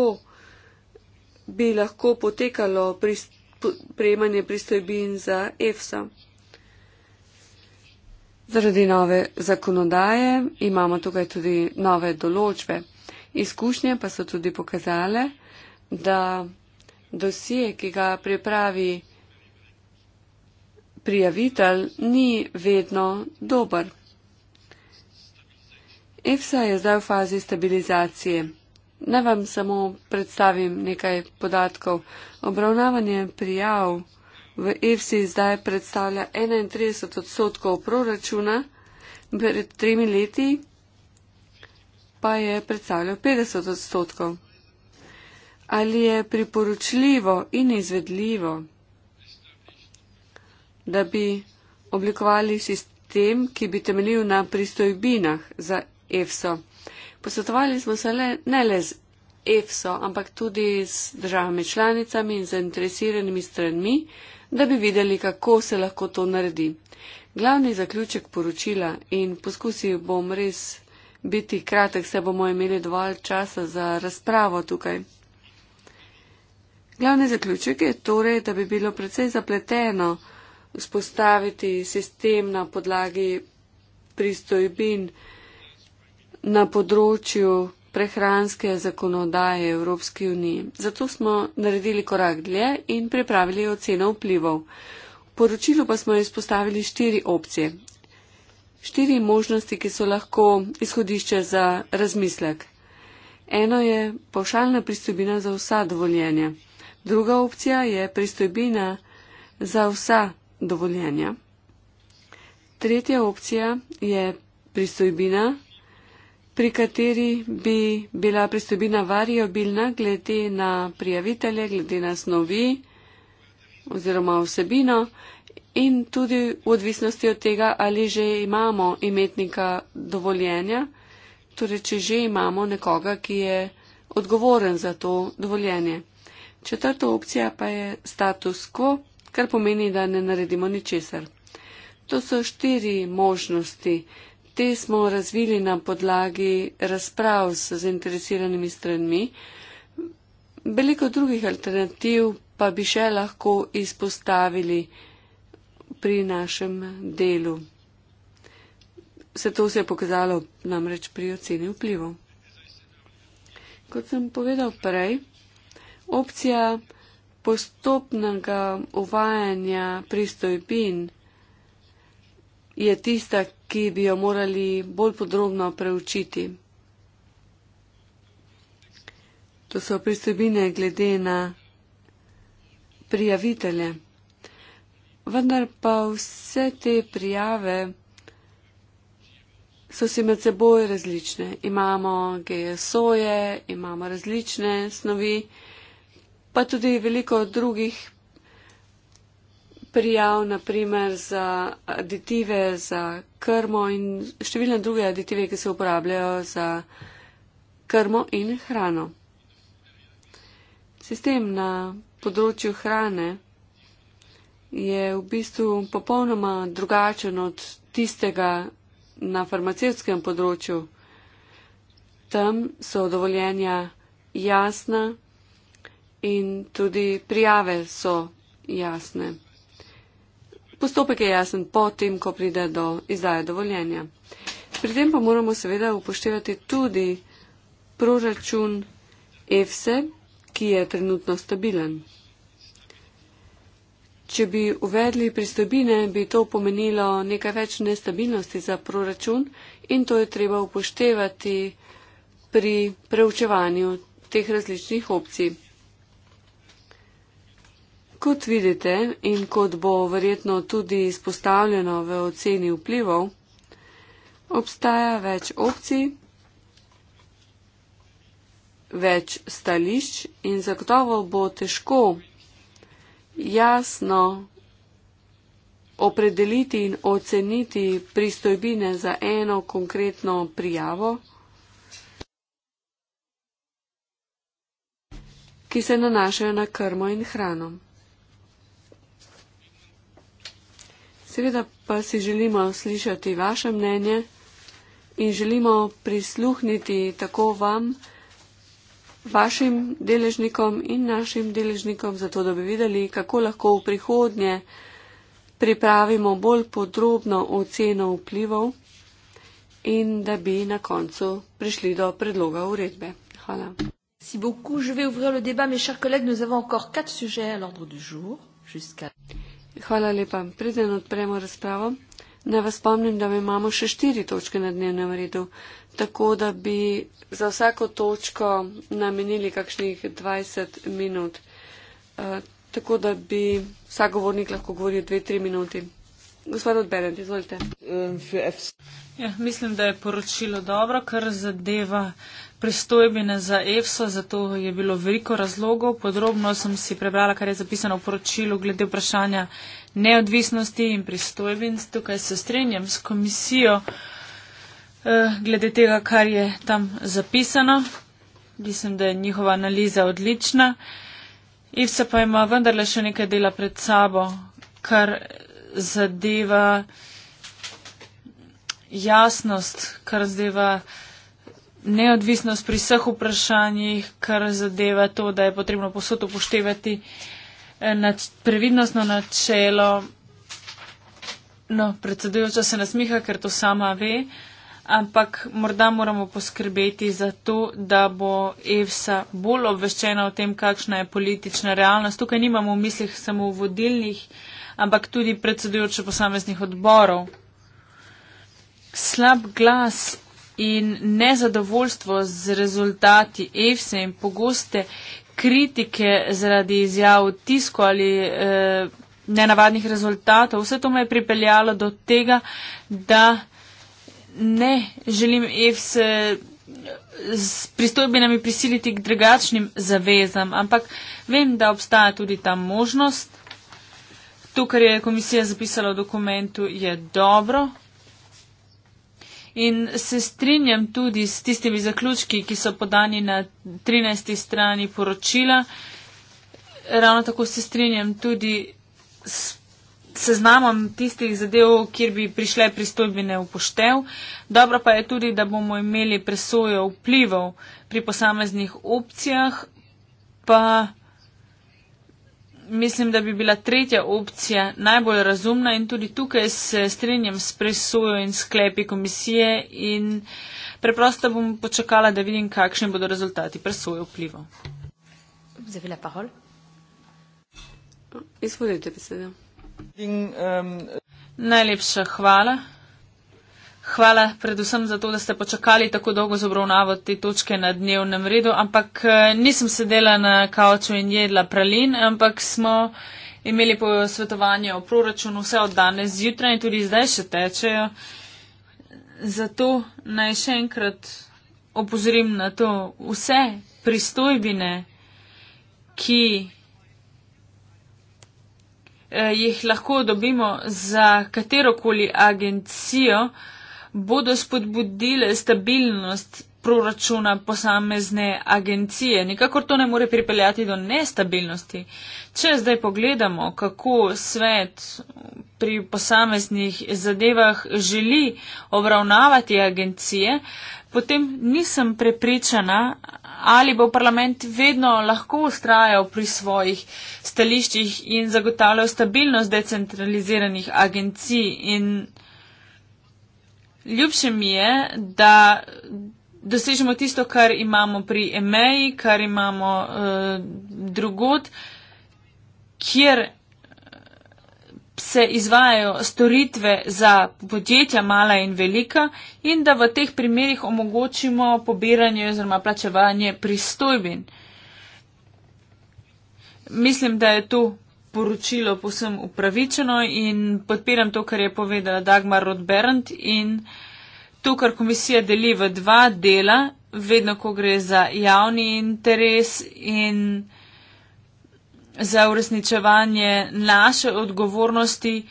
bi lahko potekalo prejemanje pristojbin za EFSA. Zaradi nove zakonodaje imamo tukaj tudi nove določbe. Izkušnje pa so tudi pokazale, da dosije, ki ga pripravi prijavitelj, ni vedno dober. EFSA je zdaj v fazi stabilizacije. Naj vam samo predstavim nekaj podatkov. Obravnavanje prijav v EFSI zdaj predstavlja 31 odstotkov proračuna, pred tremi leti pa je predstavljal 50 odstotkov. Ali je priporočljivo in izvedljivo, da bi oblikovali sistem, ki bi temeljil na pristojbinah za EFSO. Posvetovali smo se le, ne le z EFSO, ampak tudi z državami članicami in zainteresiranimi stranmi, da bi videli, kako se lahko to naredi. Glavni zaključek poročila in poskusil bom res biti kratek, se bomo imeli dovolj časa za razpravo tukaj. Glavni zaključek je torej, da bi bilo precej zapleteno vzpostaviti sistem na podlagi pristojbin, na področju prehranske zakonodaje Evropske unije. Zato smo naredili korak dlje in pripravili oceno vplivov. V poročilu pa smo izpostavili štiri opcije, štiri možnosti, ki so lahko izhodišče za razmislek. Eno je pavšalna pristojbina za vsa dovoljenja. Druga opcija je pristojbina za vsa dovoljenja. Tretja opcija je pristojbina pri kateri bi bila pristojbina variabilna glede na prijavitelje, glede na snovi oziroma vsebino in tudi v odvisnosti od tega, ali že imamo imetnika dovoljenja, torej če že imamo nekoga, ki je odgovoren za to dovoljenje. Četrta opcija pa je status quo, kar pomeni, da ne naredimo ničesar. To so štiri možnosti. Te smo razvili na podlagi razprav s zainteresiranimi stranmi. Veliko drugih alternativ pa bi še lahko izpostavili pri našem delu. Vse to se je pokazalo namreč pri oceni vplivov. Kot sem povedal prej, opcija postopnega uvajanja pristojbin je tista, ki bi jo morali bolj podrobno preučiti. To so pristojbine glede na prijavitelje. Vendar pa vse te prijave so si med seboj različne. Imamo GSO-je, imamo različne snovi, pa tudi veliko drugih prijav, naprimer za aditive, za krmo in številne druge aditive, ki se uporabljajo za krmo in hrano. Sistem na področju hrane je v bistvu popolnoma drugačen od tistega na farmacevskem področju. Tam so dovoljenja jasna in tudi prijave so jasne. Postopek je jasen potem, ko pride do izdaje dovoljenja. Pri tem pa moramo seveda upoštevati tudi proračun EFSE, ki je trenutno stabilen. Če bi uvedli pristojbine, bi to pomenilo nekaj več nestabilnosti za proračun in to je treba upoštevati pri preučevanju teh različnih opcij kot vidite in kot bo verjetno tudi izpostavljeno v oceni vplivov, obstaja več opcij, več stališč in zagotovo bo težko jasno opredeliti in oceniti pristojbine za eno konkretno prijavo, ki se nanašajo na krmo in hrano. Seveda pa si želimo slišati vaše mnenje in želimo prisluhniti tako vam, vašim deležnikom in našim deležnikom, zato da bi videli, kako lahko v prihodnje pripravimo bolj podrobno oceno vplivov in da bi na koncu prišli do predloga uredbe. Hvala. Si beaucoup, je vais ouvrir le débat, mes chers collègues, nous avons encore quatre sujets à l'ordre du jour jusqu'à. Hvala lepa. Preden odpremo razpravo, naj vas spomnim, da imamo še štiri točke na dnevnem redu, tako da bi za vsako točko namenili kakšnih 20 minut, uh, tako da bi vsak govornik lahko govoril dve, tri minuti. Gospod Odberend, izvolite. Eh, ja, mislim, da je poročilo dobro, ker zadeva. Uh, pristojbine za EFSO, zato je bilo veliko razlogov. Podrobno sem si prebrala, kar je zapisano v poročilu glede vprašanja neodvisnosti in pristojbin. Tukaj se strenjam s komisijo eh, glede tega, kar je tam zapisano. Mislim, da je njihova analiza odlična. EFSO pa ima vendarle še nekaj dela pred sabo, kar zadeva jasnost, kar zadeva neodvisnost pri vseh vprašanjih, kar zadeva to, da je potrebno posod upoštevati eh, nač previdnostno načelo. No, predsedujoča se nasmiha, ker to sama ve, ampak morda moramo poskrbeti za to, da bo EFSA bolj obveščena o tem, kakšna je politična realnost. Tukaj nimamo v mislih samo vodilnih, ampak tudi predsedujoče posameznih odborov. Slab glas in nezadovoljstvo z rezultati EFSE in pogoste kritike zaradi izjav tisko ali e, nenavadnih rezultatov. Vse to me je pripeljalo do tega, da ne želim EFSE eh, s pristojbinami prisiliti k drugačnim zavezam, ampak vem, da obstaja tudi ta možnost. To, kar je komisija zapisala v dokumentu, je dobro, In se strinjam tudi s tistimi zaključki, ki so podani na 13. strani poročila. Ravno tako se strinjam tudi s seznamom tistih zadev, kjer bi prišle pristojbine upoštev. Dobro pa je tudi, da bomo imeli presojo vplivov pri posameznih opcijah, pa mislim, da bi bila tretja opcija najbolj razumna in tudi tukaj se strinjam s presojo in sklepi komisije in preprosto bom počakala, da vidim, kakšni bodo rezultati presoje vplivov. Najlepša hvala. Hvala predvsem za to, da ste počakali tako dolgo z obravnavo te točke na dnevnem redu, ampak eh, nisem sedela na kauču in jedla pralin, ampak smo imeli posvetovanje o proračunu vse od danes zjutraj in tudi zdaj še tečejo. Zato naj še enkrat opozorim na to vse pristojbine, ki eh, jih lahko dobimo za katerokoli agencijo, bodo spodbudile stabilnost proračuna posamezne agencije. Nikakor to ne more pripeljati do nestabilnosti. Če zdaj pogledamo, kako svet pri posameznih zadevah želi obravnavati agencije, potem nisem prepričana, ali bo parlament vedno lahko ustrajal pri svojih stališčih in zagotavljal stabilnost decentraliziranih agencij in agencij ljubše mi je, da dosežemo tisto, kar imamo pri EMEI, kar imamo uh, eh, drugot, kjer se izvajajo storitve za podjetja mala in velika in da v teh primerjih omogočimo pobiranje oziroma plačevanje pristojbin. Mislim, da je tu sporočilo posem upravičeno in podpiram to, kar je povedala Dagmar Rodberndt in to, kar komisija deli v dva dela, vedno, ko gre za javni interes in za uresničevanje naše odgovornosti,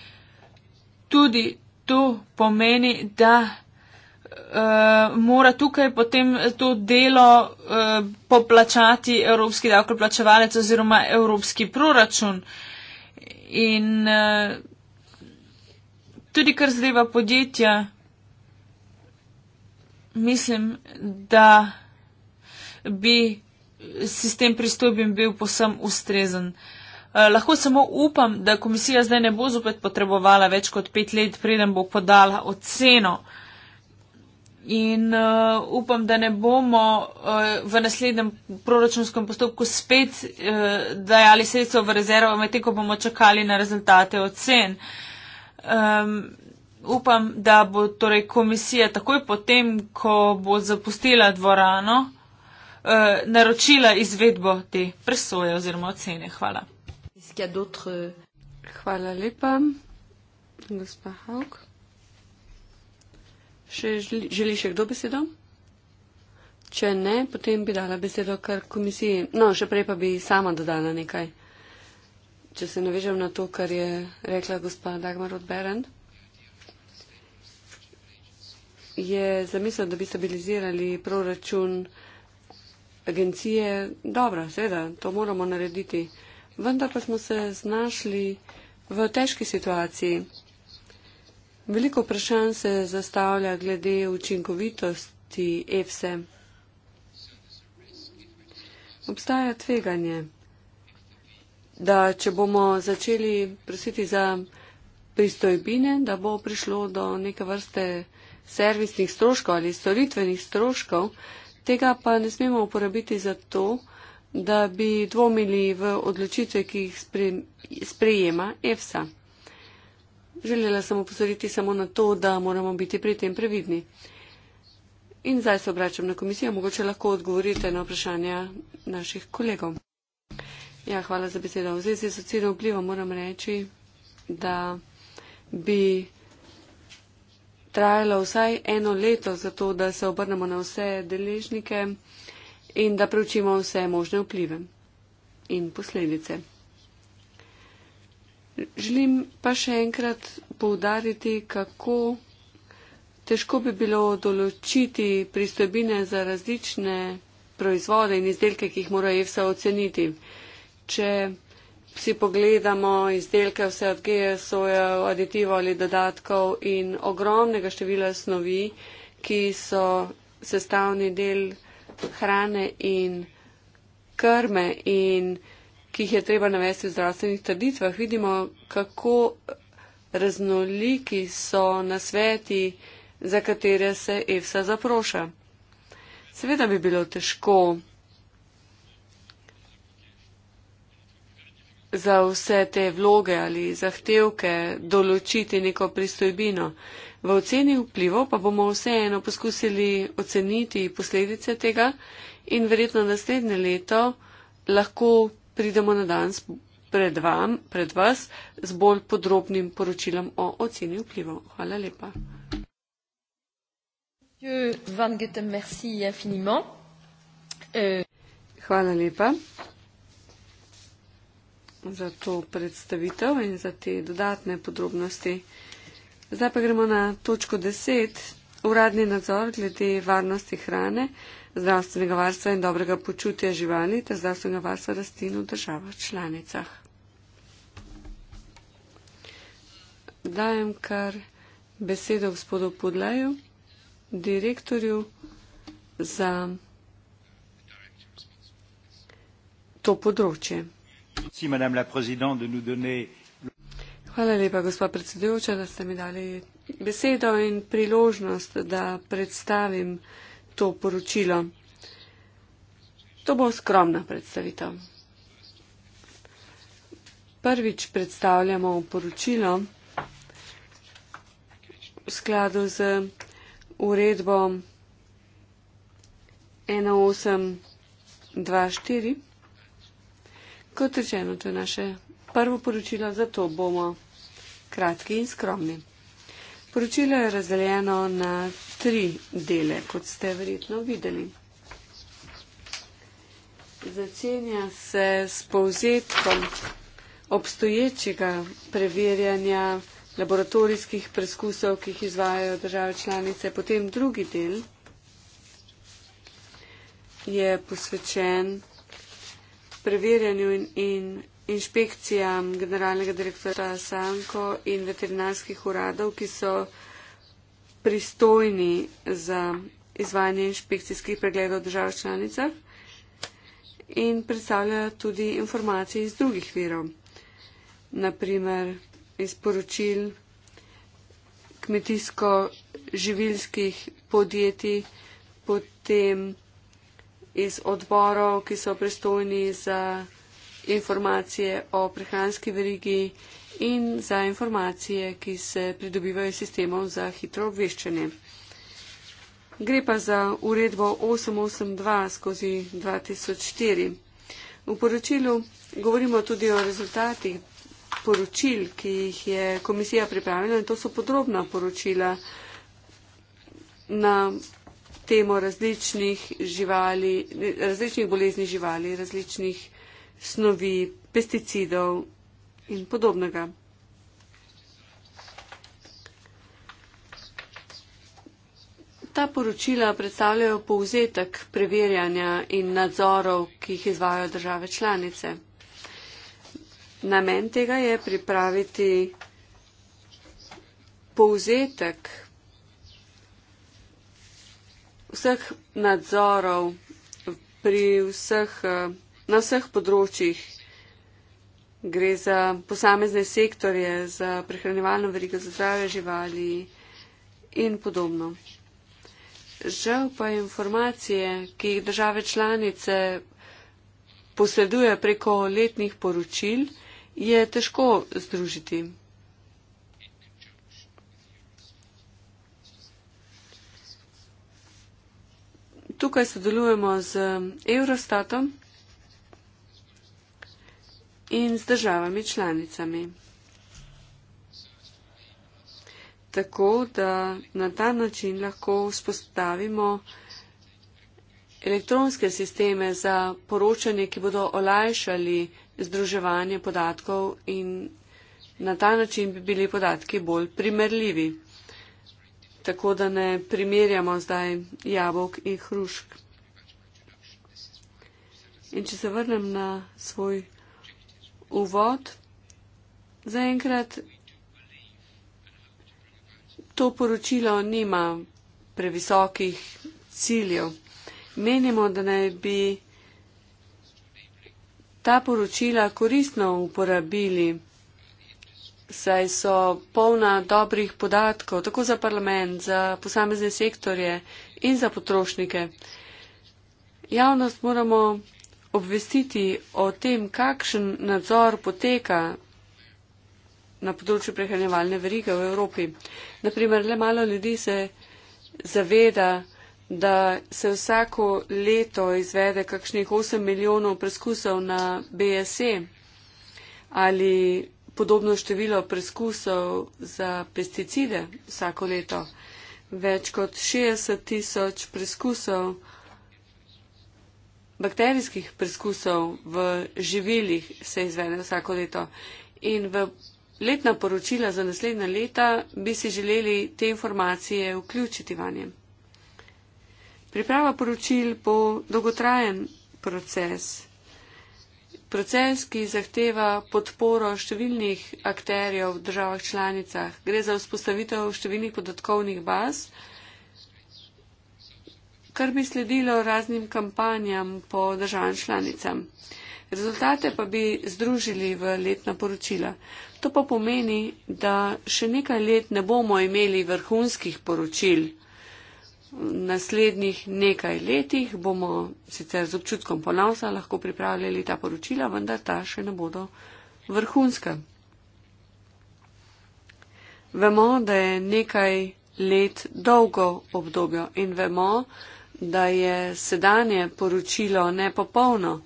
tudi to pomeni, da Uh, mora tukaj potem to delo uh, poplačati evropski davkoplačevalec oziroma evropski proračun. Uh, in uh, tudi kar zadeva podjetja, mislim, da bi sistem pristopim bil posem ustrezen. Eh, lahko samo upam, da komisija zdaj ne bo zopet potrebovala več kot pet let, preden bo podala oceno uh, in uh, upam, da ne bomo uh, v naslednjem proračunskem postopku spet uh, dajali sredstvo v rezervo, medtem ko bomo čakali na rezultate ocen. Um, upam, da bo torej komisija takoj potem, ko bo zapustila dvorano, uh, naročila izvedbo te presoje oziroma ocene. Hvala. Hvala lepa, gospa Hauk. Še želi, želi še kdo besedo? Če ne, potem bi dala besedo kar komisiji. No, še prej pa bi sama dodala nekaj. Če se navežem na to, kar je rekla gospa Dagmar Odberen, je zamisel, da bi stabilizirali proračun agencije. Dobro, seveda, to moramo narediti. Vendar pa smo se znašli v težki situaciji. Veliko vprašanj se zastavlja glede učinkovitosti EFSE. Obstaja tveganje, da če bomo začeli prositi za pristojbine, da bo prišlo do neke vrste servisnih stroškov ali storitvenih stroškov, tega pa ne smemo uporabiti za to, da bi dvomili v odločitve, ki jih sprejema EFSA. Želela sem upozoriti samo na to, da moramo biti pri tem previdni. In zdaj se obračam na komisijo, mogoče lahko odgovorite na vprašanja naših kolegov. Ja, hvala za besedo. V zvezi s oceno vpliva moram reči, da bi trajalo vsaj eno leto za to, da se obrnemo na vse deležnike in da preučimo vse možne vplive in posledice. Želim pa še enkrat povdariti, kako težko bi bilo določiti pristojbine za različne proizvode in izdelke, ki jih mora EFSA oceniti. Če si pogledamo izdelke vse od GSO-ja, aditivov ali dodatkov in ogromnega števila snovi, ki so sestavni del hrane in krme in krme, ki jih je treba navesti v zdravstvenih trditvah, vidimo, kako raznoliki so nasveti, za katere se EFSA zaproša. Seveda bi bilo težko za vse te vloge ali zahtevke določiti neko pristojbino. V oceni vplivo pa bomo vseeno poskusili oceniti posledice tega in verjetno naslednje leto lahko pridemo na dan pred, vam, pred vas z bolj podrobnim poročilom o oceni vplivov. Hvala lepa. Euh, Hvala lepa za to predstavitev in za te dodatne podrobnosti. Zdaj pa gremo na točko 10. Uradni nadzor glede varnosti hrane zdravstvenega varstva in dobrega počutja živali ter zdravstvenega varstva rastlin v državah članicah. Dajem kar besedo gospodu Podlaju, direktorju za to področje. Hvala lepa, gospod predsedujoča, da ste mi dali besedo in priložnost, da predstavim eh, to poročilo. To bo skromna predstavitev. Prvič predstavljamo poročilo v skladu z uredbo 1824. Kot rečeno, to je naše prvo poročilo, zato bomo kratki in skromni. Poročilo je razdeljeno na tri dele, kot ste verjetno videli. Začenja se s povzetkom obstoječega preverjanja laboratorijskih preskusov, ki jih izvajajo države članice. Potem drugi del je posvečen preverjanju in, in inšpekcijam generalnega direktora Sanko in veterinarskih uradov, ki so pristojni za izvajanje inšpekcijskih pregledov držav članicah in predstavljajo tudi informacije iz drugih virov, naprimer iz poročil kmetijsko-živilskih podjetij, potem iz odborov, ki so pristojni za informacije o prehranski verigi in za informacije, ki se pridobivajo iz sistemov za hitro obveščanje. Gre pa za uredbo 882 skozi 2004. V poročilu govorimo tudi o rezultatih poročil, ki jih je komisija pripravila in to so podrobna poročila na temo različnih, živali, različnih bolezni živali, različnih snovi, pesticidov in podobnega. Ta poročila predstavljajo povzetek preverjanja in nadzorov, ki jih izvajo države članice. Namen tega je pripraviti povzetek vseh nadzorov pri vseh, eh, na vseh področjih, gre za posamezne sektorje, za prehranjevalno verigo, za zdrave živali in podobno. Žal pa informacije, ki jih države članice posreduje preko letnih poročil, je težko združiti. Tukaj sodelujemo z Eurostatom, in z državami članicami. Tako, da na ta način lahko vzpostavimo elektronske sisteme za poročanje, ki bodo olajšali združevanje podatkov in na ta način bi bili podatki bolj primerljivi. Tako, da ne primerjamo zdaj jabolk in hrušk. In če se vrnem na svoj uvod. Zaenkrat to poročilo nima previsokih ciljev. Menimo, da naj bi ta poročila koristno uporabili, saj so polna dobrih podatkov tako za parlament, za posamezne sektorje in za potrošnike. Javnost moramo obvestiti o tem, kakšen nadzor poteka na področju prehranjevalne verige v Evropi. Naprimer, le malo ljudi se zaveda, da se vsako leto izvede kakšnih 8 milijonov preskusov na BSE ali podobno število preskusov za pesticide vsako leto. Več kot 60 tisoč preskusov bakterijskih preskusov v živelih se izvede vsako leto. In v letna poročila za naslednja leta bi si želeli te informacije vključiti vanje. Priprava poročil bo dolgotrajen proces. Proces, ki zahteva podporo številnih akterjev v državah članicah. Gre za vzpostavitev številnih podatkovnih baz, kar bi sledilo raznim kampanjam po državam članicam. Rezultate pa bi združili v letna poročila. To pa pomeni, da še nekaj let ne bomo imeli vrhunskih poročil. V naslednjih nekaj letih bomo sicer z občutkom ponosa lahko pripravljali ta poročila, vendar ta še ne bodo vrhunska. Vemo, da je nekaj let dolgo obdobje in vemo, da da je sedanje poročilo nepopolno,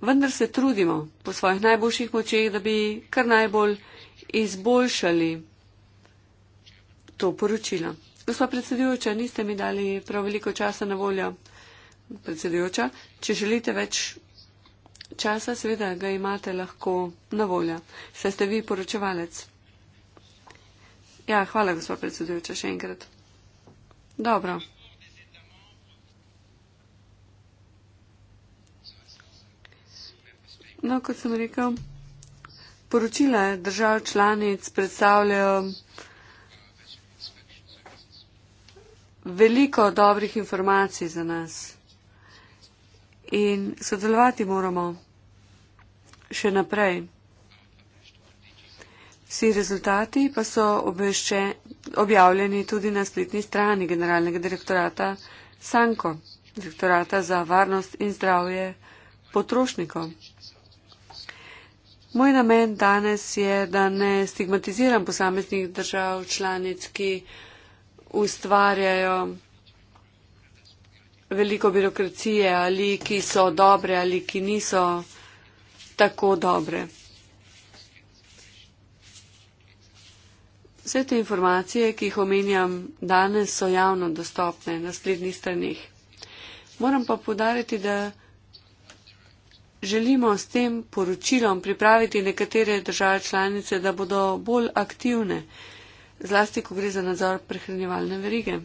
vendar se trudimo po svojih najboljših močeh, da bi kar najbolj izboljšali to poročilo. Gospa predsedujoča, niste mi dali prav veliko časa na voljo. Predsedujoča, če želite več časa, seveda ga imate lahko na voljo. Saj ste vi poročevalec. Ja, hvala, gospod predsedujoča, še enkrat. Dobro. No, kot sem rekel, poročila držav članic predstavljajo veliko dobrih informacij za nas. In sodelovati moramo še naprej. Vsi rezultati pa so obešče, objavljeni tudi na spletni strani generalnega direktorata Sanko, direktorata za varnost in zdravje potrošnikov. Moj namen danes je, da ne stigmatiziram posameznih držav članic, ki ustvarjajo veliko birokracije ali ki so dobre ali ki niso tako dobre. Vse te informacije, ki jih omenjam danes, so javno dostopne na slednjih stranih. Moram pa podariti, da želimo s tem poročilom pripraviti nekatere države članice, da bodo bolj aktivne, zlasti, ko gre za nadzor prehranjevalne verige.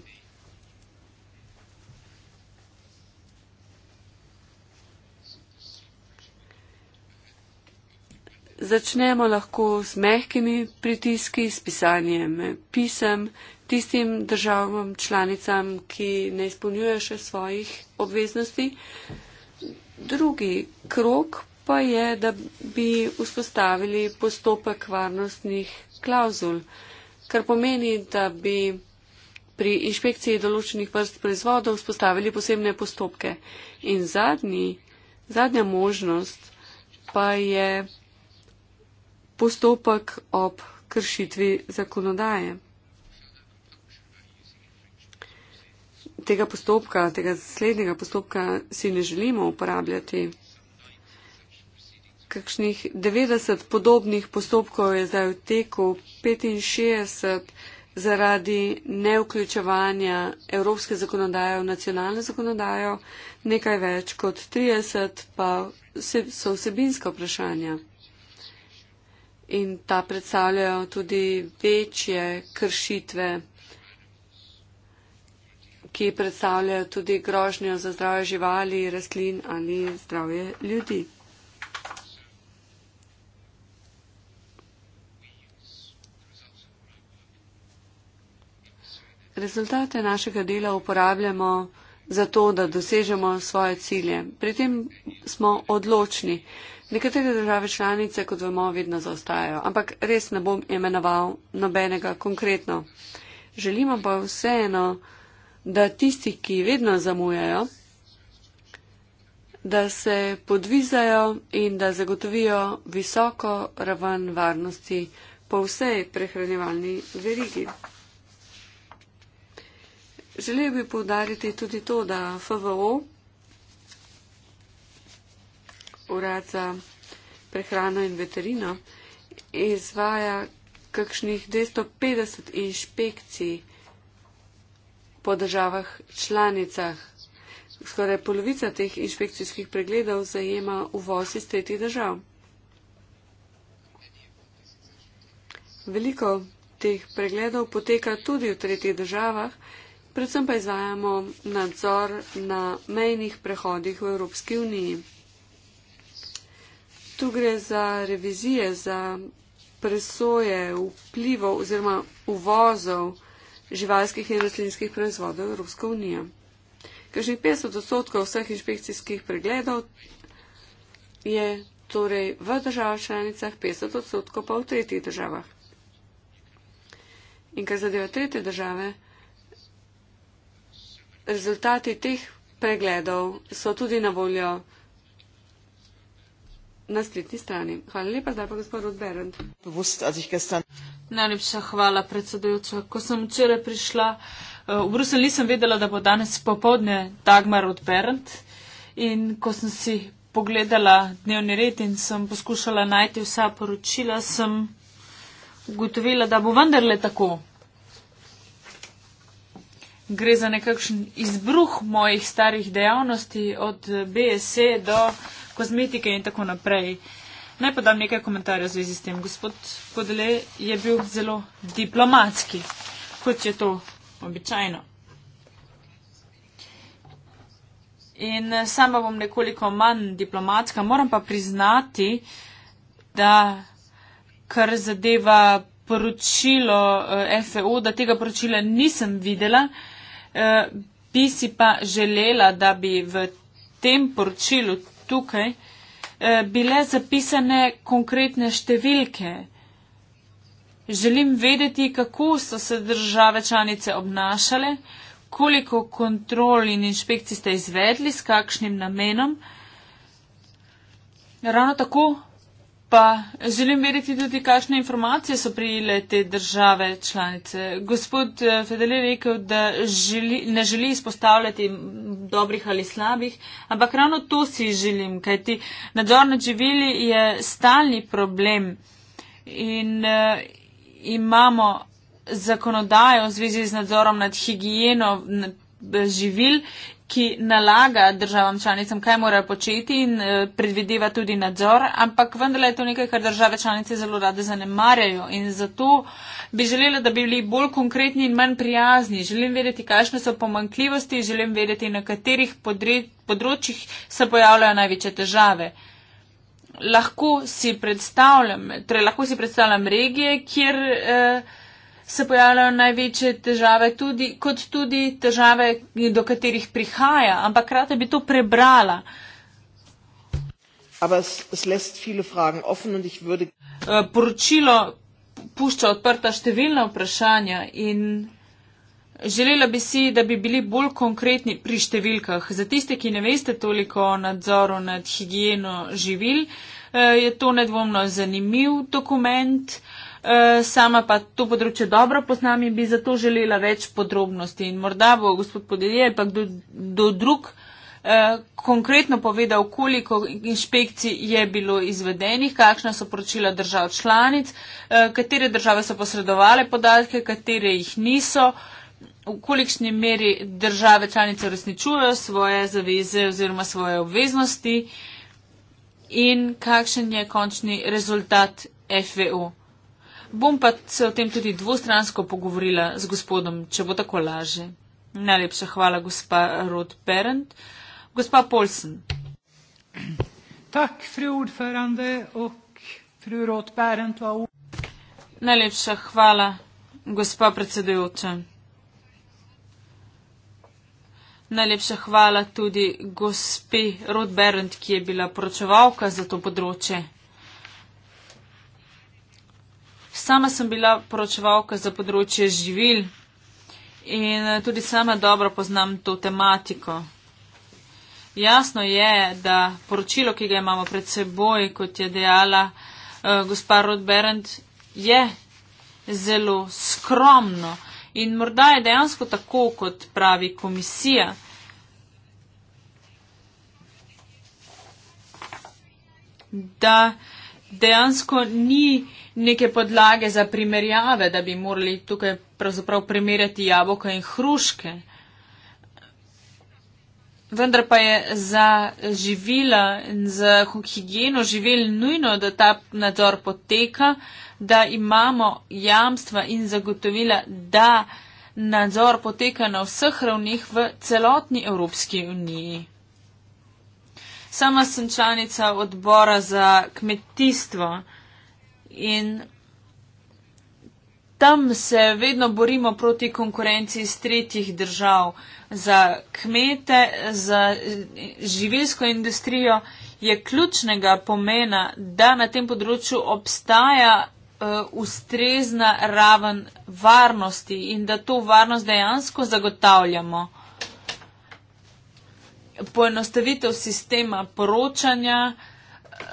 Začnemo lahko s mehkimi pritiski, s pisanjem pisem tistim državam članicam, ki ne izpolnjujejo še svojih obveznosti drugi krok pa je, da bi vzpostavili postopek varnostnih klauzul, kar pomeni, da bi pri inšpekciji določenih vrst proizvodov vzpostavili posebne postopke. In zadnji, zadnja možnost pa je postopek ob kršitvi zakonodaje. tega postopka, tega slednjega postopka si ne želimo uporabljati. Kakšnih 90 podobnih postopkov je zdaj v teku, 65 zaradi neuključevanja evropske zakonodaje v nacionalno zakonodajo, nekaj več kot 30 pa so vsebinska vprašanja. In ta predstavljajo tudi večje kršitve ki predstavljajo tudi grožnjo za zdravje živali, rastlin ali zdravje ljudi. Rezultate našega dela uporabljamo za to, da dosežemo svoje cilje. Pri tem smo odločni. Nekatere države članice, kot vemo, vedno zaostajajo, ampak res ne bom imenoval nobenega konkretno. Želimo pa vseeno da tisti, ki vedno zamujajo, da se podvizajo in da zagotovijo visoko raven varnosti po vsej prehranjevalni verigi. Želel bi povdariti tudi to, da FVO, Urad za prehrano in veterino, izvaja kakšnih 250 inšpekcij po državah članicah. Skoraj polovica teh inšpekcijskih pregledov zajema uvoz iz tretjih držav. Veliko teh pregledov poteka tudi v tretjih državah, predvsem pa izvajamo nadzor na mejnih prehodih v Evropski uniji. Tu gre za revizije, za presoje vplivov oziroma uvozov živalskih in rastlinskih proizvodov Evropska unija. Kažnih 50 odstotkov vseh inšpekcijskih pregledov je torej v državah članicah, 50 odstotkov pa v tretjih državah. In kar zadeva tretje države, rezultati teh pregledov so tudi na voljo na spletni strani. Hvala lepa, zdaj pa gospod Rodberend. Najlepša hvala, predsedujoča. Ko sem včeraj prišla eh, v Bruselj, nisem vedela, da bo danes popovdne Dagmar Rodberend. In ko sem si pogledala dnevni red in sem poskušala najti vsa poročila, sem ugotovila, da bo vendarle tako. Gre za nekakšen izbruh mojih starih dejavnosti od BSE do kozmetike in tako naprej. Naj podam nekaj komentarjev v zvezi s tem. Gospod Podele je bil zelo diplomatski, kot je to običajno. In eh, sama bom nekoliko manj diplomatska, moram pa priznati, da kar zadeva poročilo eh, FEO, da tega poročila nisem videla, eh, bi si pa želela, da bi v tem poročilu tukaj, eh, bile zapisane konkretne številke. Želim vedeti, kako so se države članice obnašale, koliko kontrol in inšpekcij ste izvedli, s kakšnim namenom. Ravno tako pa želim veriti tudi, kakšne informacije so prijele te države članice. Gospod eh, Fedeli je rekel, da želi, ne želi izpostavljati dobrih ali slabih, ampak ravno to si želim, kajti nadzor nad živili je stalni problem in uh, imamo zakonodajo v zvezi z nadzorom nad higieno. Nad, eh, živil ki nalaga državam članicam, kaj morajo početi in eh, predvideva tudi nadzor, ampak vendarle je to nekaj, kar države članice zelo rade zanemarjajo in zato bi želela, da bi bili bolj konkretni in manj prijazni. Želim vedeti, kakšne so pomankljivosti, želim vedeti, na katerih področjih se pojavljajo največje težave. Lahko si predstavljam, torej lahko si predstavljam regije, kjer. Eh, se pojavljajo največje težave, tudi, kot tudi težave, do katerih prihaja, ampak rada bi to prebrala. Es, es würde... Eh, poročilo pušča odprta številna vprašanja in želela bi si, da bi bili bolj konkretni pri številkah. Za tiste, ki ne veste toliko o nadzoru nad higieno živil, eh, je to nedvomno zanimiv dokument. E, sama pa to področje dobro poznam in bi zato želela več podrobnosti. In morda bo gospod podelje, pa do, do drug e, konkretno povedal, koliko inšpekcij je bilo izvedenih, kakšna so poročila držav članic, e, katere države so posredovale podatke, katere jih niso, v kolikšni meri države članice resničujejo svoje zaveze oziroma svoje obveznosti in kakšen je končni rezultat FVO. Bom pa se o tem tudi dvostransko pogovorila z gospodom, če bo tako laže. Najlepša hvala, gospa Rod Perent. Gospa Polsen. Tak, Najlepša hvala, gospa predsedujoča. Najlepša hvala tudi gospe Rod Berend, ki je bila poročevalka za to področje. Sama sem bila poročevalka za področje živil in eh, tudi sama dobro poznam to tematiko. Jasno je, da poročilo, ki ga imamo pred seboj, kot je dejala uh, gospa Rodberend, je zelo skromno in morda je dejansko tako, kot pravi komisija. Da dejansko ni neke podlage za primerjave, da bi morali tukaj pravzaprav primerjati jabolka in hruške. Vendar pa je za živila in za higieno živel nujno, da ta nadzor poteka, da imamo jamstva in zagotovila, da nadzor poteka na vseh ravnih v celotni Evropski uniji. Sama sem članica odbora za kmetijstvo in tam se vedno borimo proti konkurenci iz tretjih držav. Za kmete, za eh, živilsko industrijo je ključnega pomena, da na tem področju obstaja eh, ustrezna raven varnosti in da to varnost dejansko zagotavljamo. Poenostavitev sistema poročanja,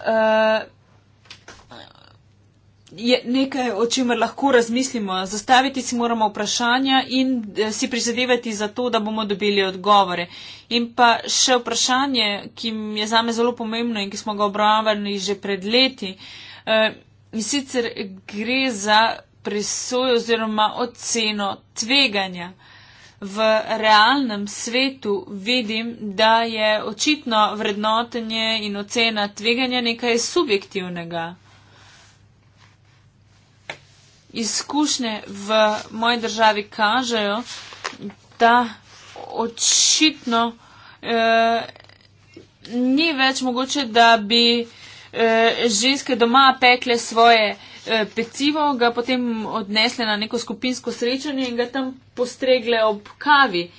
eh, je nekaj, o čemer lahko razmislimo. Zastaviti si moramo vprašanja in eh, si prizadevati za to, da bomo dobili odgovore. In pa še vprašanje, ki je za me zelo pomembno in ki smo ga obravnavali že pred leti. Eh, in sicer gre za presojo oziroma oceno tveganja. V realnem svetu vidim, da je očitno vrednotenje in ocena tveganja nekaj subjektivnega izkušnje v moji državi kažejo, da očitno eh, ni več mogoče, da bi eh, ženske doma pekle svoje eh, pecivo, ga potem odnesle na neko skupinsko srečanje in ga tam postregle ob kavi.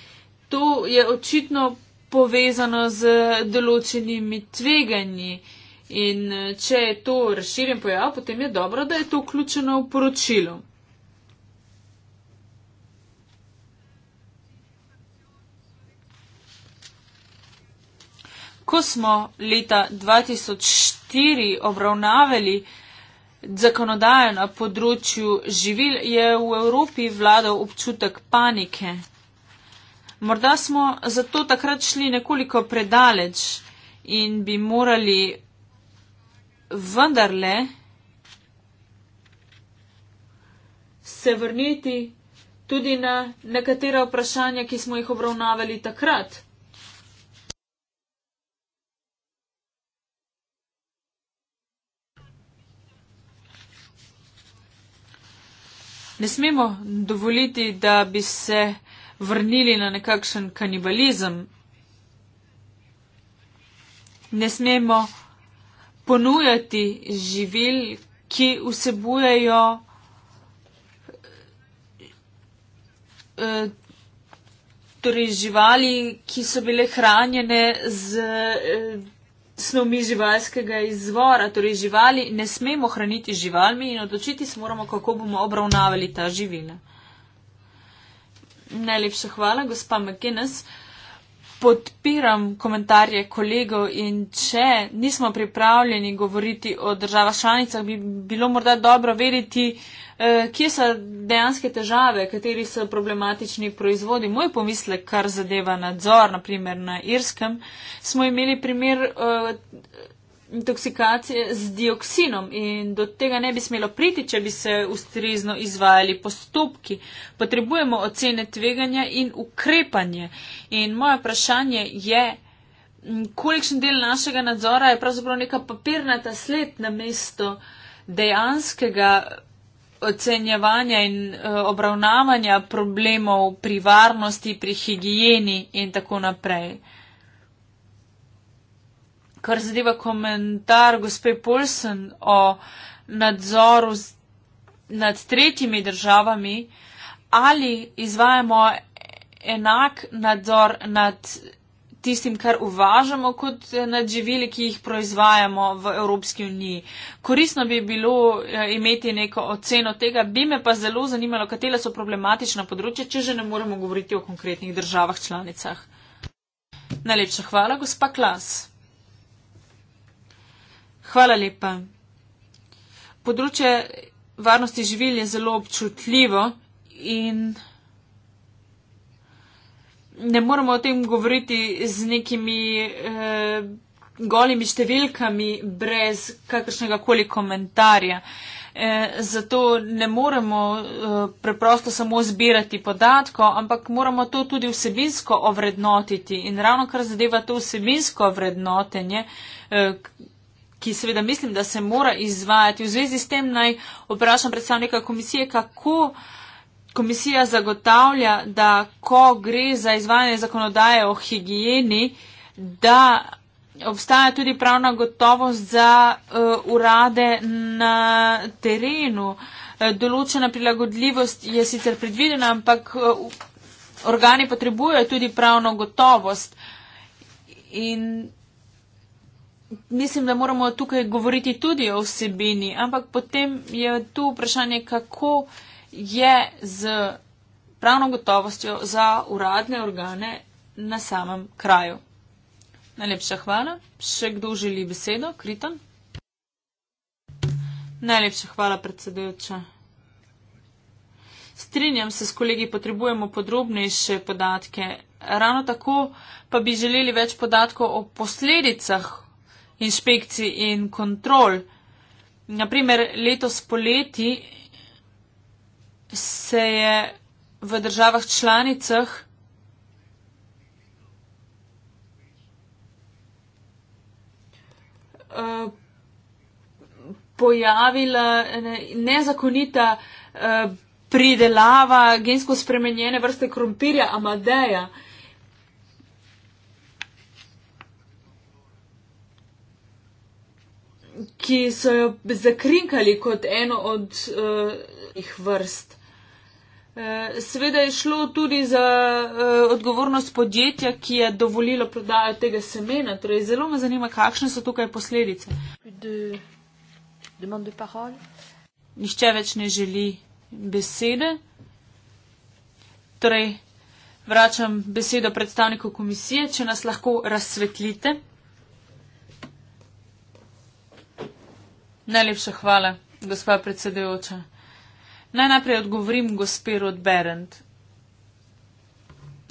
To je očitno povezano z določenimi tveganji. Eh, In eh, če je to razširjen pojav, potem je dobro, da je to vključeno v poročilo. Ko smo leta 2004 obravnavali zakonodajo na področju živil, je v Evropi vladal občutek panike. Morda smo zato takrat šli nekoliko predaleč in bi morali vendarle se vrniti tudi na nekatera vprašanja, ki smo jih obravnavali takrat. Ne smemo dovoliti, da bi se vrnili na nekakšen kanibalizem. Ne smemo ponujati živil, ki vsebujejo eh, torej živali, ki so bile hranjene z eh, snovmi živalskega izvora. Torej živali ne smemo hraniti živalmi in odločiti se moramo, kako bomo obravnavali ta živila. Najlepša hvala, gospa McGinnis podpiram komentarje kolegov in če nismo pripravljeni govoriti o državah članicah, bi bilo morda dobro vedeti, eh, kje so dejanske težave, kateri so problematični proizvodi. Moj pomislek, kar zadeva nadzor, naprimer na Irskem, smo imeli primer. Eh, intoksikacije z dioksinom in do tega ne bi smelo priti, če bi se ustrezno izvajali postopki. Potrebujemo ocene tveganja in ukrepanje. In moje vprašanje je, kolikšen del našega nadzora je pravzaprav neka papirnata sled na mesto dejanskega ocenjevanja in e, obravnavanja problemov pri varnosti, pri higieni in tako naprej kar zadeva komentar gospe Polsen o nadzoru nad tretjimi državami, ali izvajamo enak nadzor nad tistim, kar uvažamo, kot nad živili, ki jih proizvajamo v Evropski uniji. Korisno bi bilo eh, imeti neko oceno tega, bi me pa zelo zanimalo, katela so problematična področja, če že ne moremo govoriti o konkretnih državah članicah. Najlepša hvala, gospa Klas. Hvala lepa. Področje varnosti živil je zelo občutljivo in ne moramo o tem govoriti z nekimi eh, golimi številkami, brez kakršnega koli komentarja. Eh, zato ne moremo eh, preprosto samo zbirati podatko, ampak moramo to tudi vsebinsko ovrednotiti. In ravno kar zadeva to vsebinsko ovrednotenje, eh, ki seveda mislim, da se mora izvajati. V zvezi s tem naj vprašam predstavnika komisije, kako komisija zagotavlja, da ko gre za izvajanje zakonodaje o higieni, da obstaja tudi pravna gotovost za uh, urade na terenu. Eh, določena prilagodljivost je sicer predvidena, ampak eh, organi potrebujejo tudi pravno gotovost. In mislim, da moramo tukaj govoriti tudi o vsebini, ampak potem je tu vprašanje, kako je z pravno gotovostjo za uradne organe na samem kraju. Najlepša hvala. Še kdo želi besedo? Kriton? Najlepša hvala, predsedujoča. Strinjam se s kolegi, potrebujemo podrobnejše podatke. Ravno tako pa bi želeli več podatkov o posledicah inšpekcij in kontrol. Naprimer, letos poleti se je v državah članicah eh, pojavila nezakonita eh, pridelava gensko spremenjene vrste krompirja Amadeja. ki so jo zakrinkali kot eno od njih eh, uh, vrst. E, eh, Sveda je šlo tudi za uh, odgovornost podjetja, ki je dovolilo prodajo tega semena. Torej, zelo me zanima, kakšne so tukaj posledice. De, de Nihče več ne želi besede. Torej, vračam besedo predstavniku komisije, če nas lahko razsvetlite. Najlepša hvala, gospa predsedujoča. Naj najprej odgovorim gospe Rodberend.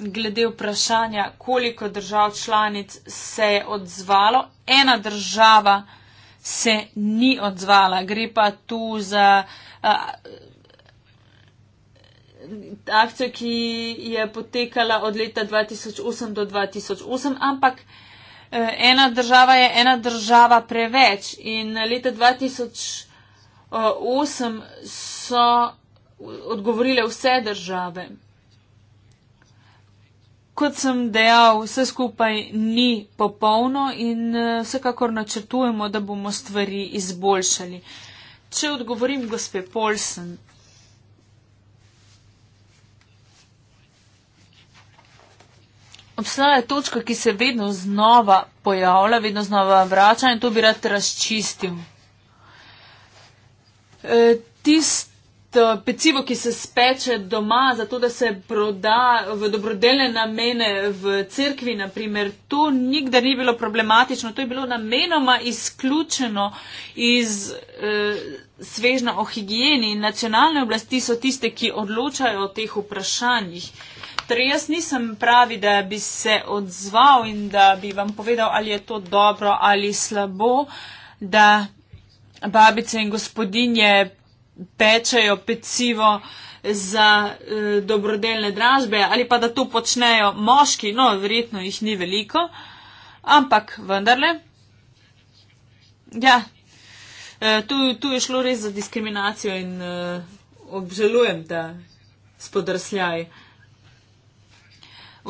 Glede vprašanja, koliko držav članic se je odzvalo, ena država se ni odzvala. Gre pa tu za a, akcijo, ki je potekala od leta 2008 do 2008, ampak. Eh, ena država je ena država preveč in leta 2008 eh, so odgovorile vse države. Kot sem dejal, vse skupaj ni popolno in eh, vsekakor načrtujemo, da bomo stvari izboljšali. Če odgovorim gospe Polsen, obstaja točka, ki se vedno znova pojavlja, vedno znova vrača in to bi rad razčistil. E, tisto pecivo, ki se speče doma, zato da se proda v dobrodelne namene v cerkvi, naprimer, to nikdar ni bilo problematično, to je bilo namenoma izključeno iz e, svežna o higieni. Nacionalne oblasti so tiste, ki odločajo o teh vprašanjih. E, Torej, jaz nisem pravi, da bi se odzval in da bi vam povedal, ali je to dobro ali slabo, da babice in gospodinje pečajo pecivo za e, dobrodelne dražbe ali pa da to počnejo moški, no, verjetno jih ni veliko, ampak vendarle. Ja, e, tu, tu je šlo res za diskriminacijo in e, obžalujem, da spodrsljaj.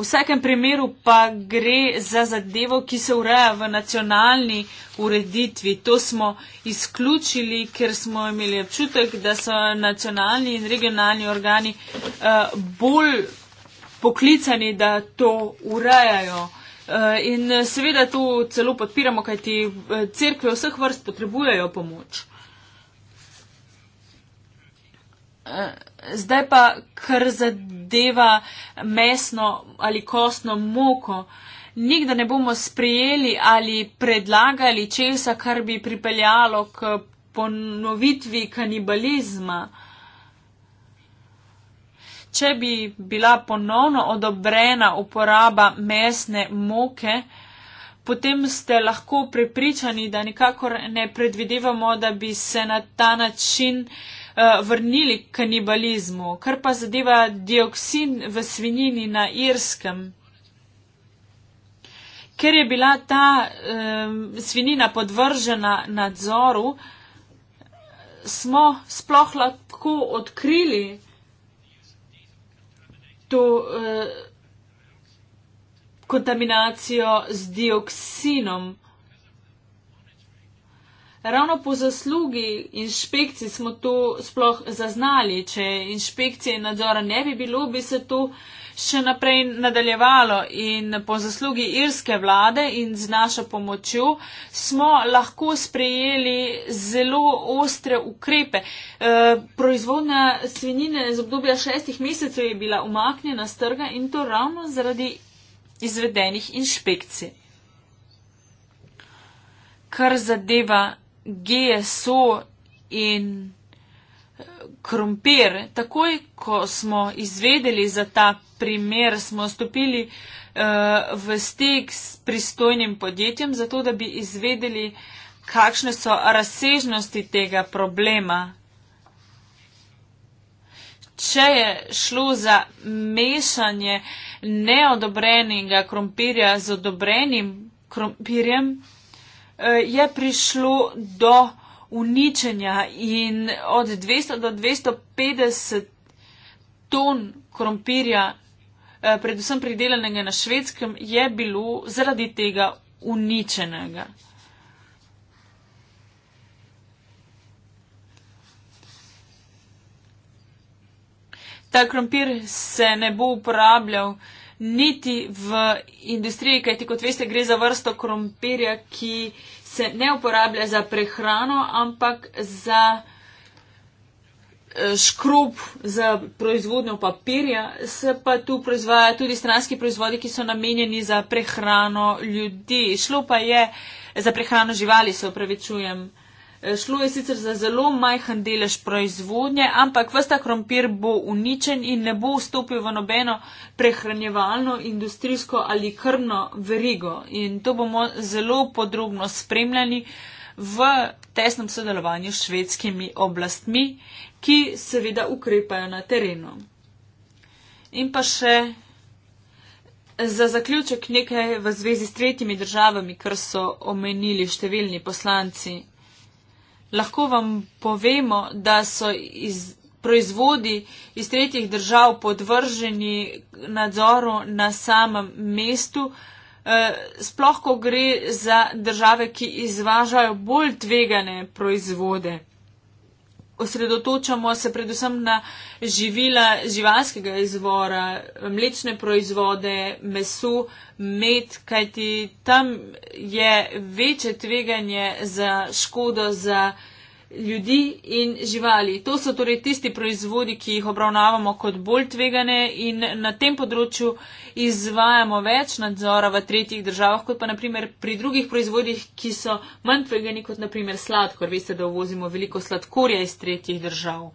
V vsakem primeru pa gre za zadevo, ki se ureja v nacionalni ureditvi. To smo izključili, ker smo imeli občutek, da so nacionalni in regionalni organi eh, bolj poklicani, da to urejajo. Eh, in seveda to celo podpiramo, kajti eh, crkve vseh vrst potrebujejo pomoč. Eh, zdaj pa, kar zadeva mesno ali kostno moko, nikdar ne bomo sprejeli ali predlagali česa, kar bi pripeljalo k ponovitvi kanibalizma. Če bi bila ponovno odobrena uporaba mesne moke, potem ste lahko prepričani, da nikakor ne predvidevamo, da bi se na ta način uh, Eh, vrnili k kanibalizmu. Kar pa zadeva dioksin v svinini na Irskem. Ker je bila ta uh, svinina podvržena nadzoru, smo sploh lahko odkrili to uh, kontaminacijo z dioksinom ravno po zaslugi inšpekcij smo to sploh zaznali. Če inšpekcije in nadzora ne bi bilo, bi se to še naprej nadaljevalo in po zaslugi irske vlade in z našo pomočjo smo lahko sprejeli zelo ostre ukrepe. E, proizvodnja svinjine z obdobja šestih mesecev je bila umaknjena z trga in to ravno zaradi izvedenih inšpekcij. Kar zadeva GSO in eh, krompir. Takoj, ko smo izvedeli za ta primer, smo stopili uh, v stik s pristojnim podjetjem, zato da bi izvedeli, kakšne so razsežnosti tega problema. Če je šlo za mešanje neodobrenega krompirja z odobrenim krompirjem, Eh, je prišlo do uničenja in od 200 do 250 ton krompirja, eh, predvsem pridelanega na švedskem, je bilo zaradi tega uničenega. Ta krompir se ne bo uporabljal uh, niti v industriji, kaj ti kot veste, gre za vrsto krompirja, ki se ne uporablja za prehrano, ampak za eh, škrob za proizvodnjo papirja, se pa tu proizvaja tudi stranski proizvodi, ki so namenjeni za prehrano ljudi. Šlo pa je za prehrano živali, se upravičujem. Eh, šlo je sicer za zelo majhen delež proizvodnje, ampak vsta krompir bo uničen in ne bo vstopil v nobeno prehranjevalno, industrijsko ali krmno verigo. In to bomo zelo podrobno spremljali v tesnem sodelovanju s švedskimi oblastmi, ki seveda ukrepajo na terenu. In pa še eh, za zaključek nekaj v zvezi s tretjimi državami, kar so omenili številni poslanci lahko vam povemo, da so iz, proizvodi iz tretjih držav podvrženi nadzoru na samem mestu, eh, sploh ko gre za države, ki izvažajo bolj tvegane proizvode osredotočamo se predvsem na živila živalskega izvora, mlečne proizvode, meso, med, kajti tam je večje tveganje za škodo, za škodo ljudi in živali. To so torej tisti proizvodi, ki jih obravnavamo kot bolj tvegane in na tem področju izvajamo več nadzora v tretjih državah, kot pa naprimer pri drugih proizvodih, ki so manj tvegani kot naprimer sladkor. Veste, da uvozimo veliko sladkorja iz tretjih držav.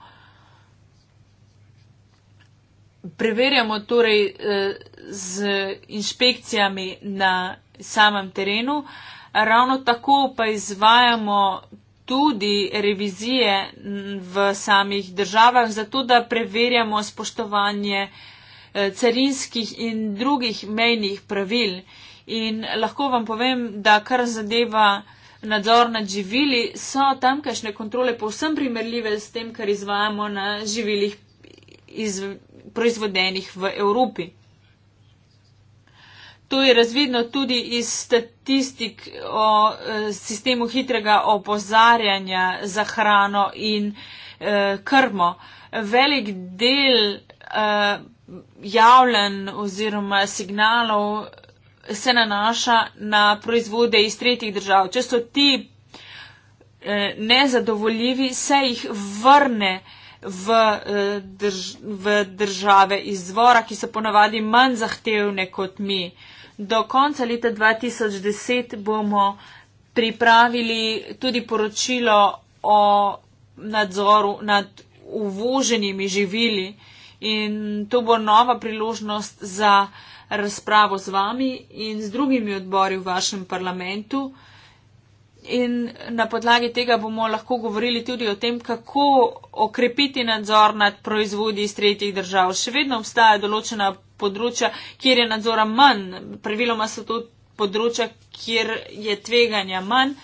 Preverjamo torej eh, z inšpekcijami na samem terenu, ravno tako pa izvajamo tudi revizije v samih državah, zato da preverjamo spoštovanje eh, carinskih in drugih mejnih pravil. In lahko vam povem, da kar zadeva nadzor nad živili, so tamkajšnje kontrole povsem primerljive s tem, kar izvajamo na živilih iz, proizvodenih v Evropi. To je razvidno tudi iz statistik o eh, sistemu hitrega opozarjanja za hrano in eh, krmo. Velik del eh, javljen oziroma signalov se nanaša na proizvode iz tretjih držav. Če so ti eh, nezadovoljivi, se jih vrne. V, eh, drž, v države izvora, ki so ponavadi manj zahtevne kot mi. Uh, Do konca leta 2010 bomo pripravili tudi poročilo o nadzoru nad uvoženimi živili in to bo nova priložnost za razpravo z vami in z drugimi odbori v vašem parlamentu in na podlagi tega bomo lahko govorili tudi o tem, kako okrepiti nadzor nad proizvodi iz tretjih držav. Še vedno obstaja določena področja, kjer je nadzora manj. Praviloma so to področja, kjer je tveganja manj.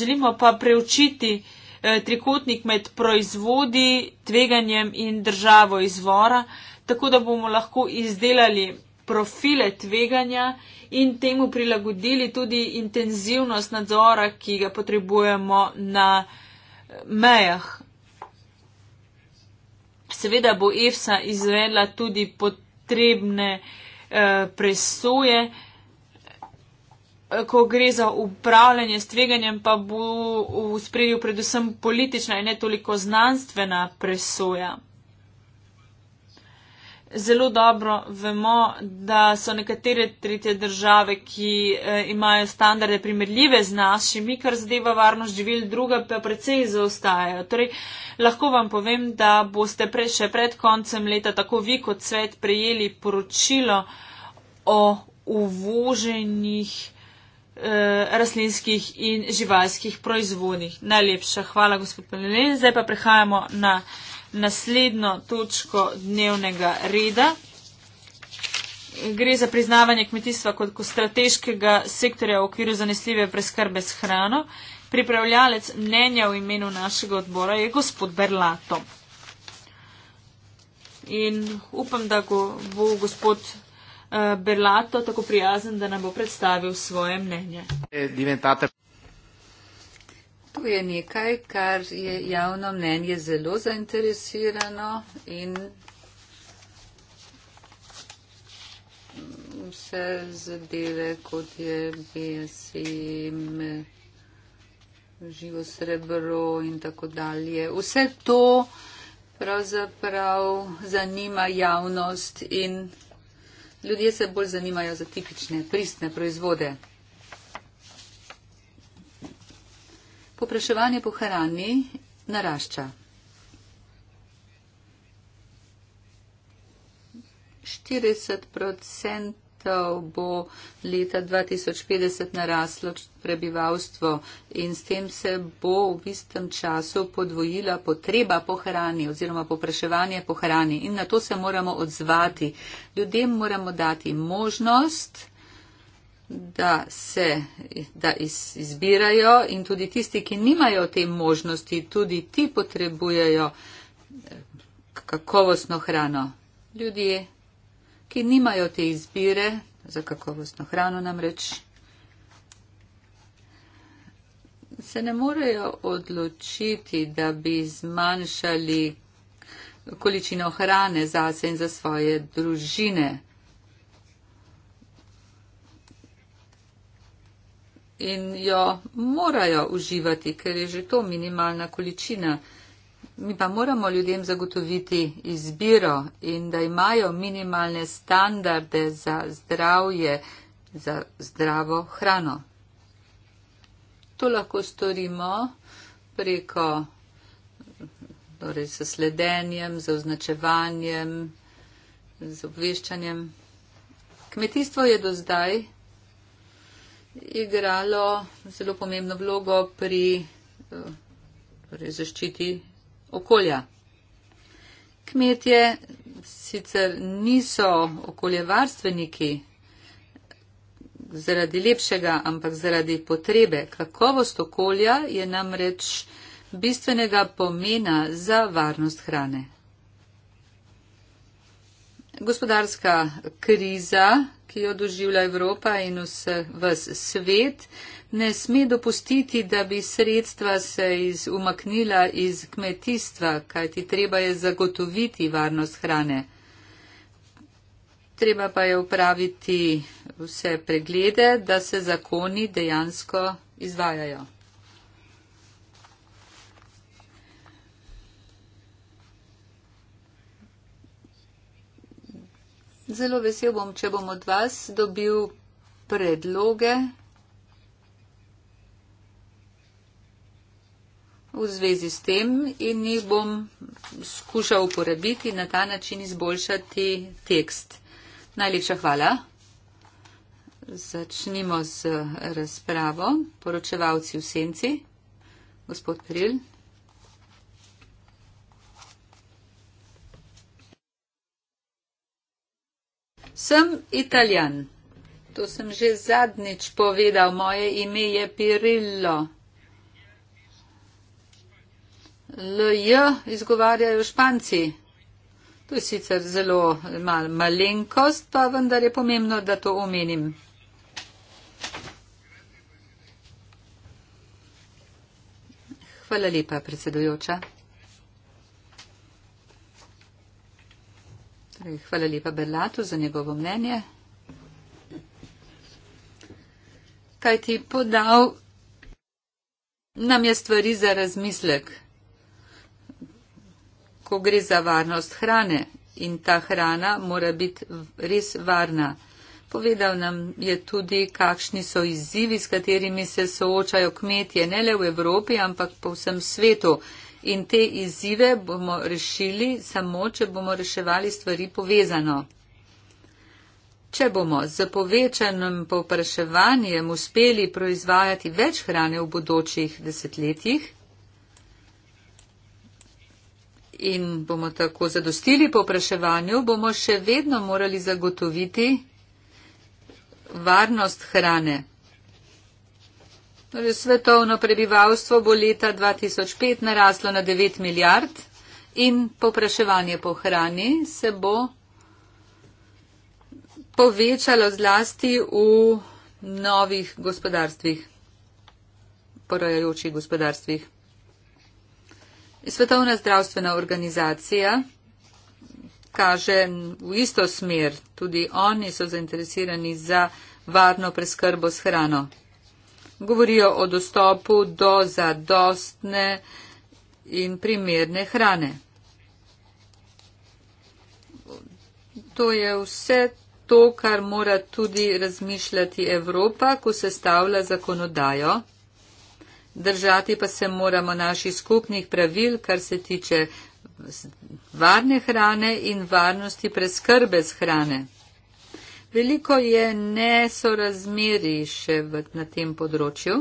Želimo pa preučiti eh, trikotnik med proizvodi, tveganjem in državo izvora, tako da bomo lahko izdelali profile tveganja in temu prilagodili tudi intenzivnost nadzora, ki ga potrebujemo na eh, mejah. Seveda bo EFSA izvedla tudi potrebne eh, presoje, eh, ko gre za upravljanje s tveganjem, pa bo v spredju predvsem politična in ne toliko znanstvena presoja zelo dobro vemo, da so nekatere tretje države, ki eh, imajo standarde primerljive z našimi, kar zadeva varnost živil, druge pa precej zaostajajo. Torej, lahko vam povem, da boste pre, še pred koncem leta tako vi kot svet prejeli poročilo o uvoženih eh, rastlinskih in živalskih proizvodih. Najlepša hvala, gospod Pelin. Zdaj pa prehajamo na naslednjo točko dnevnega reda. Gre za priznavanje kmetijstva kot strateškega sektorja v okviru zanesljive preskrbe s hrano. Pripravljalec mnenja v imenu našega odbora je gospod Berlato. In upam, da go bo gospod eh, Berlato tako prijazen, da nam bo predstavil svoje mnenje. E, to je nekaj, kar je javno mnenje zelo zainteresirano in vse zadeve, kot je BSM, živo srebro in tako dalje. Vse to pravzaprav zanima javnost in ljudje se bolj zanimajo za tipične pristne proizvode. Popraševanje po hrani narašča. 40 odstotkov bo leta 2050 naraslo prebivalstvo in s tem se bo v istem času podvojila potreba po hrani oziroma popraševanje po hrani in na to se moramo odzvati. Ljudem moramo dati možnost, da se da iz, izbirajo in tudi tisti, ki nimajo te možnosti, tudi ti potrebujejo eh, kakovostno hrano. Ljudje, ki nimajo te izbire za kakovostno hrano namreč, se ne morejo odločiti, da bi zmanjšali količino hrane zase in za svoje družine. in jo morajo uživati, ker je že to minimalna količina. Mi pa moramo ljudem zagotoviti izbiro in da imajo minimalne standarde za zdravje, za zdravo hrano. To lahko storimo preko torej, sledenjem, z označevanjem, z obveščanjem. Kmetijstvo je do zdaj igralo zelo pomembno vlogo pri, eh, pri zaščiti okolja. Kmetje sicer niso okoljevarstveniki zaradi lepšega, ampak zaradi potrebe. Kakovost okolja je namreč bistvenega pomena za varnost hrane. Gospodarska kriza, ki jo doživlja Evropa in vse, vse svet, ne sme dopustiti, da bi sredstva se iz, umaknila iz kmetijstva, kajti treba je zagotoviti varnost hrane. Treba pa je upraviti vse preglede, da se zakoni dejansko izvajajo. Zelo vesel bom, če bom od vas dobil predloge v zvezi s tem in jih bom skušal uporabiti na ta način izboljšati tekst. Najlepša hvala. Začnimo z razpravo. Poročevalci v senci. Gospod Pril. Sem italijan. To sem že zadnjič povedal. Moje ime je Pirillo. LJ izgovarjajo španci. To je sicer zelo mal, malenkost, pa vendar je pomembno, da to omenim. Hvala lepa, predsedujoča. Torej, hvala lepa Berlatu za njegovo mnenje. Kaj ti podal? Nam je stvari za razmislek, ko gre za varnost hrane in ta hrana mora biti res varna. Povedal nam je tudi, kakšni so izzivi, s katerimi se soočajo kmetje, ne le v Evropi, ampak po vsem svetu in te izzive bomo rešili samo, če bomo reševali stvari povezano. Če bomo z povečanim povpraševanjem uspeli proizvajati več hrane v bodočih desetletjih in bomo tako zadostili povpraševanju, bomo še vedno morali zagotoviti varnost hrane. Torej, svetovno prebivalstvo bo leta 2005 naraslo na 9 milijard in popraševanje po hrani se bo povečalo zlasti v novih gospodarstvih, porajajočih gospodarstvih. Svetovna zdravstvena organizacija kaže v isto smer, tudi oni so zainteresirani za varno preskrbo s hrano govorijo o dostopu do zadostne in primerne hrane. To je vse to, kar mora tudi razmišljati Evropa, ko se stavlja zakonodajo. Držati pa se moramo naših skupnih pravil, kar se tiče varne hrane in varnosti preskrbe z hrane. Veliko je nesorazmeri še v, na tem področju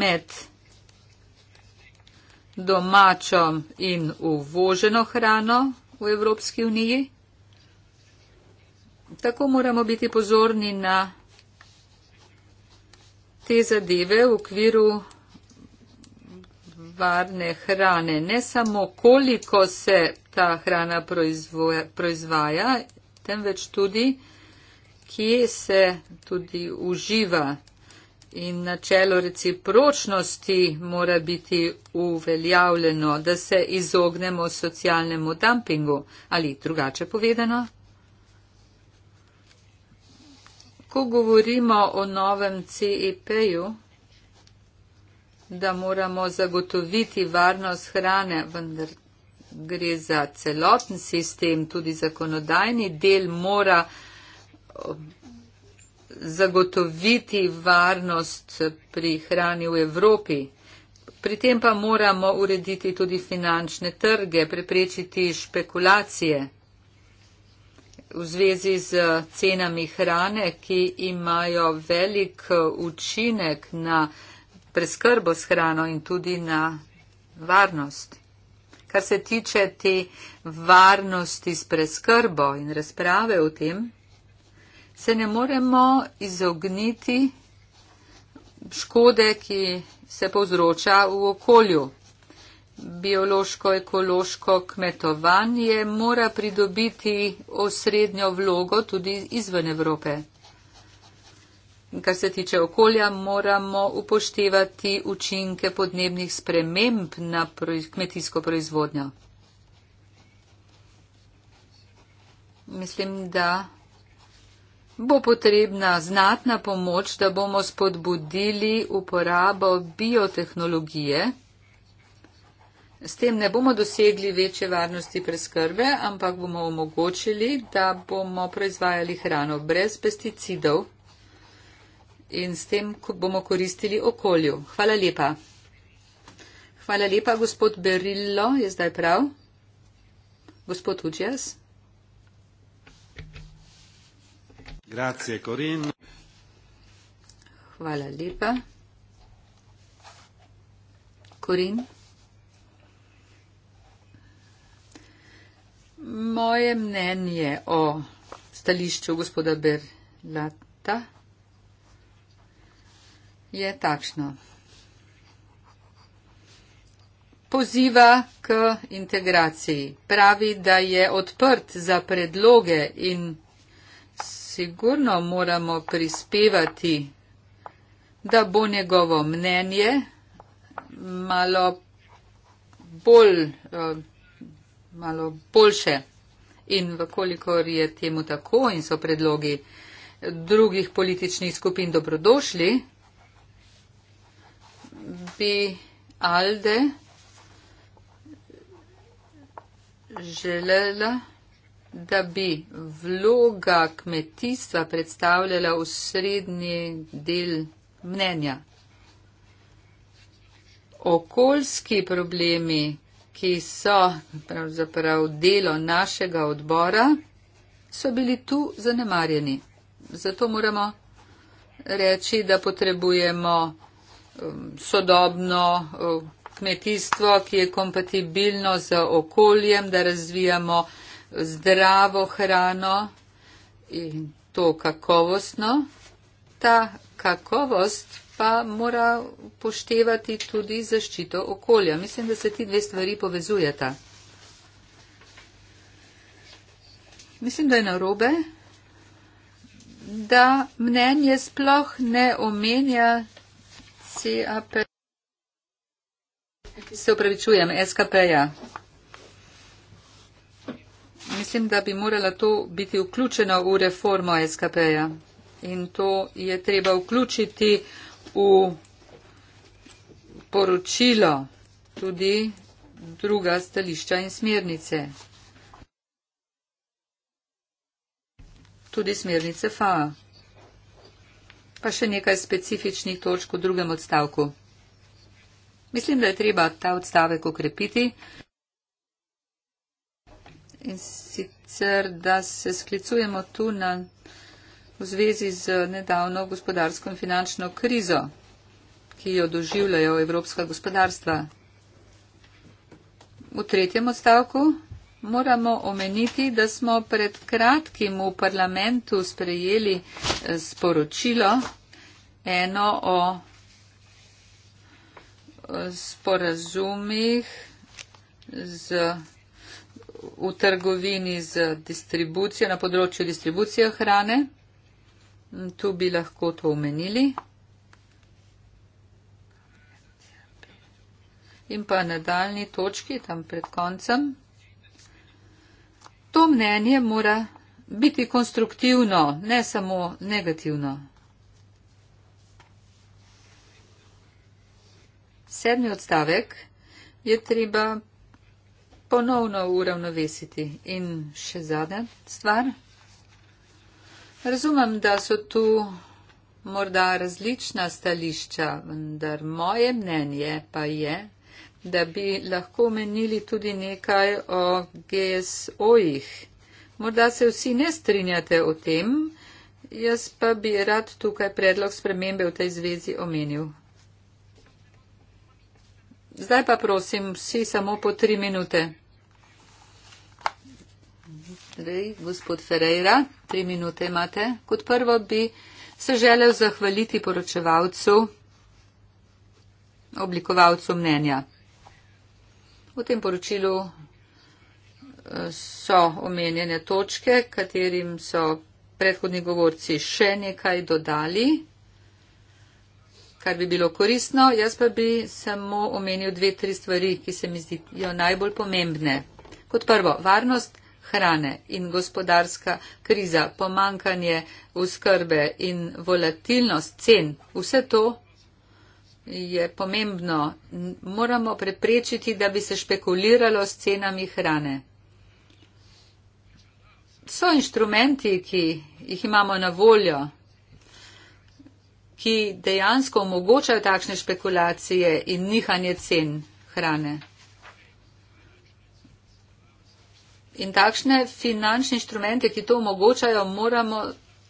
med domačo in uvoženo hrano v Evropski uniji. Tako moramo biti pozorni na te zadeve v okviru varne hrane. Ne samo koliko se ta hrana proizvoja, proizvaja temveč tudi, kje se tudi uživa. In načelo recipročnosti mora biti uveljavljeno, da se izognemo socialnemu dumpingu ali drugače povedano. Ko govorimo o novem CEP-ju, da moramo zagotoviti varnost hrane, vendar gre za celoten sistem, tudi zakonodajni del mora um, zagotoviti varnost pri hrani v Evropi. Pri tem pa moramo urediti tudi finančne trge, preprečiti špekulacije v zvezi z cenami hrane, ki imajo velik uh, učinek na preskrbo s hrano in tudi na varnost kar se tiče te varnosti s preskrbo in razprave o tem, se ne moremo izogniti škode, ki se povzroča v okolju. Biološko-ekološko kmetovanje mora pridobiti osrednjo vlogo tudi izven Evrope. In kar se tiče okolja, moramo upoštevati učinke podnebnih sprememb na kmetijsko proizvodnjo. Mislim, da bo potrebna znatna pomoč, da bomo spodbudili uporabo biotehnologije. S tem ne bomo dosegli večje varnosti preskrbe, ampak bomo omogočili, da bomo proizvajali hrano brez pesticidov in s tem bomo koristili okolju. Hvala lepa. Hvala lepa, gospod Berillo, je zdaj prav. Gospod Učjas. Grazie, Korin. Hvala lepa. Korin. Moje mnenje o stališču gospoda Berlata je takšno. Poziva k integraciji. Pravi, da je odprt za predloge in sigurno moramo prispevati, da bo njegovo mnenje malo, bolj, eh, malo boljše. In vkolikor je temu tako in so predlogi drugih političnih skupin dobrodošli, B. Alde želela, da bi vloga kmetijstva predstavljala osrednji del mnenja. Okoljski problemi, ki so pravzaprav delo našega odbora, so bili tu zanemarjeni. Zato moramo reči, da potrebujemo Um, sodobno um, kmetijstvo, ki je kompatibilno z okoljem, da razvijamo zdravo hrano in to kakovostno. Ta kakovost pa mora poštevati tudi zaščito okolja. Mislim, da se ti dve stvari povezujeta. Mislim, da je narobe, da mnenje sploh ne omenja si apel. Se upravičujem, SKP-ja. Mislim, da bi morala to biti vključeno v reformo SKP-ja in to je treba vključiti v poročilo tudi druga stališča in smernice. Tudi smernice FAA. Pa še nekaj specifičnih točk v drugem odstavku. Mislim, da je treba ta odstavek ukrepiti in sicer, da se sklicujemo tu na v zvezi z nedavno gospodarsko in finančno krizo, ki jo doživljajo evropska gospodarstva. V tretjem odstavku Moramo omeniti, da smo pred kratkim v parlamentu sprejeli eh, sporočilo, eno o eh, sporazumih z, v trgovini z distribucijo, na področju distribucije hrane. Tu bi lahko to omenili. In pa na daljni točki, tam pred koncem to mnenje mora biti konstruktivno, ne samo negativno. Sedmi odstavek je treba ponovno uravnovesiti. In še zadnja stvar. Razumem, da so tu morda različna stališča, vendar moje mnenje pa je, da bi lahko menili tudi nekaj o GSO-jih. Morda se vsi ne strinjate o tem, jaz pa bi rad tukaj predlog spremembe v tej zvezi omenil. Zdaj pa prosim, vsi samo po tri minute. Rej, gospod Ferreira, tri minute imate. Kot prvo bi se želel zahvaliti poročevalcu, oblikovalcu mnenja. V tem poročilu eh, so omenjene točke, katerim so predhodni govorci še nekaj dodali, kar bi bilo koristno. Jaz pa bi samo omenil dve, tri stvari, ki se mi zdijo najbolj pomembne. Kot prvo, varnost hrane in gospodarska kriza, pomankanje uskrbe in volatilnost cen, vse to je pomembno. Moramo preprečiti, da bi se špekuliralo s cenami hrane. So inštrumenti, ki jih imamo na voljo, ki dejansko omogočajo takšne špekulacije in nihanje cen hrane. In takšne finančne inštrumente, ki to omogočajo, moramo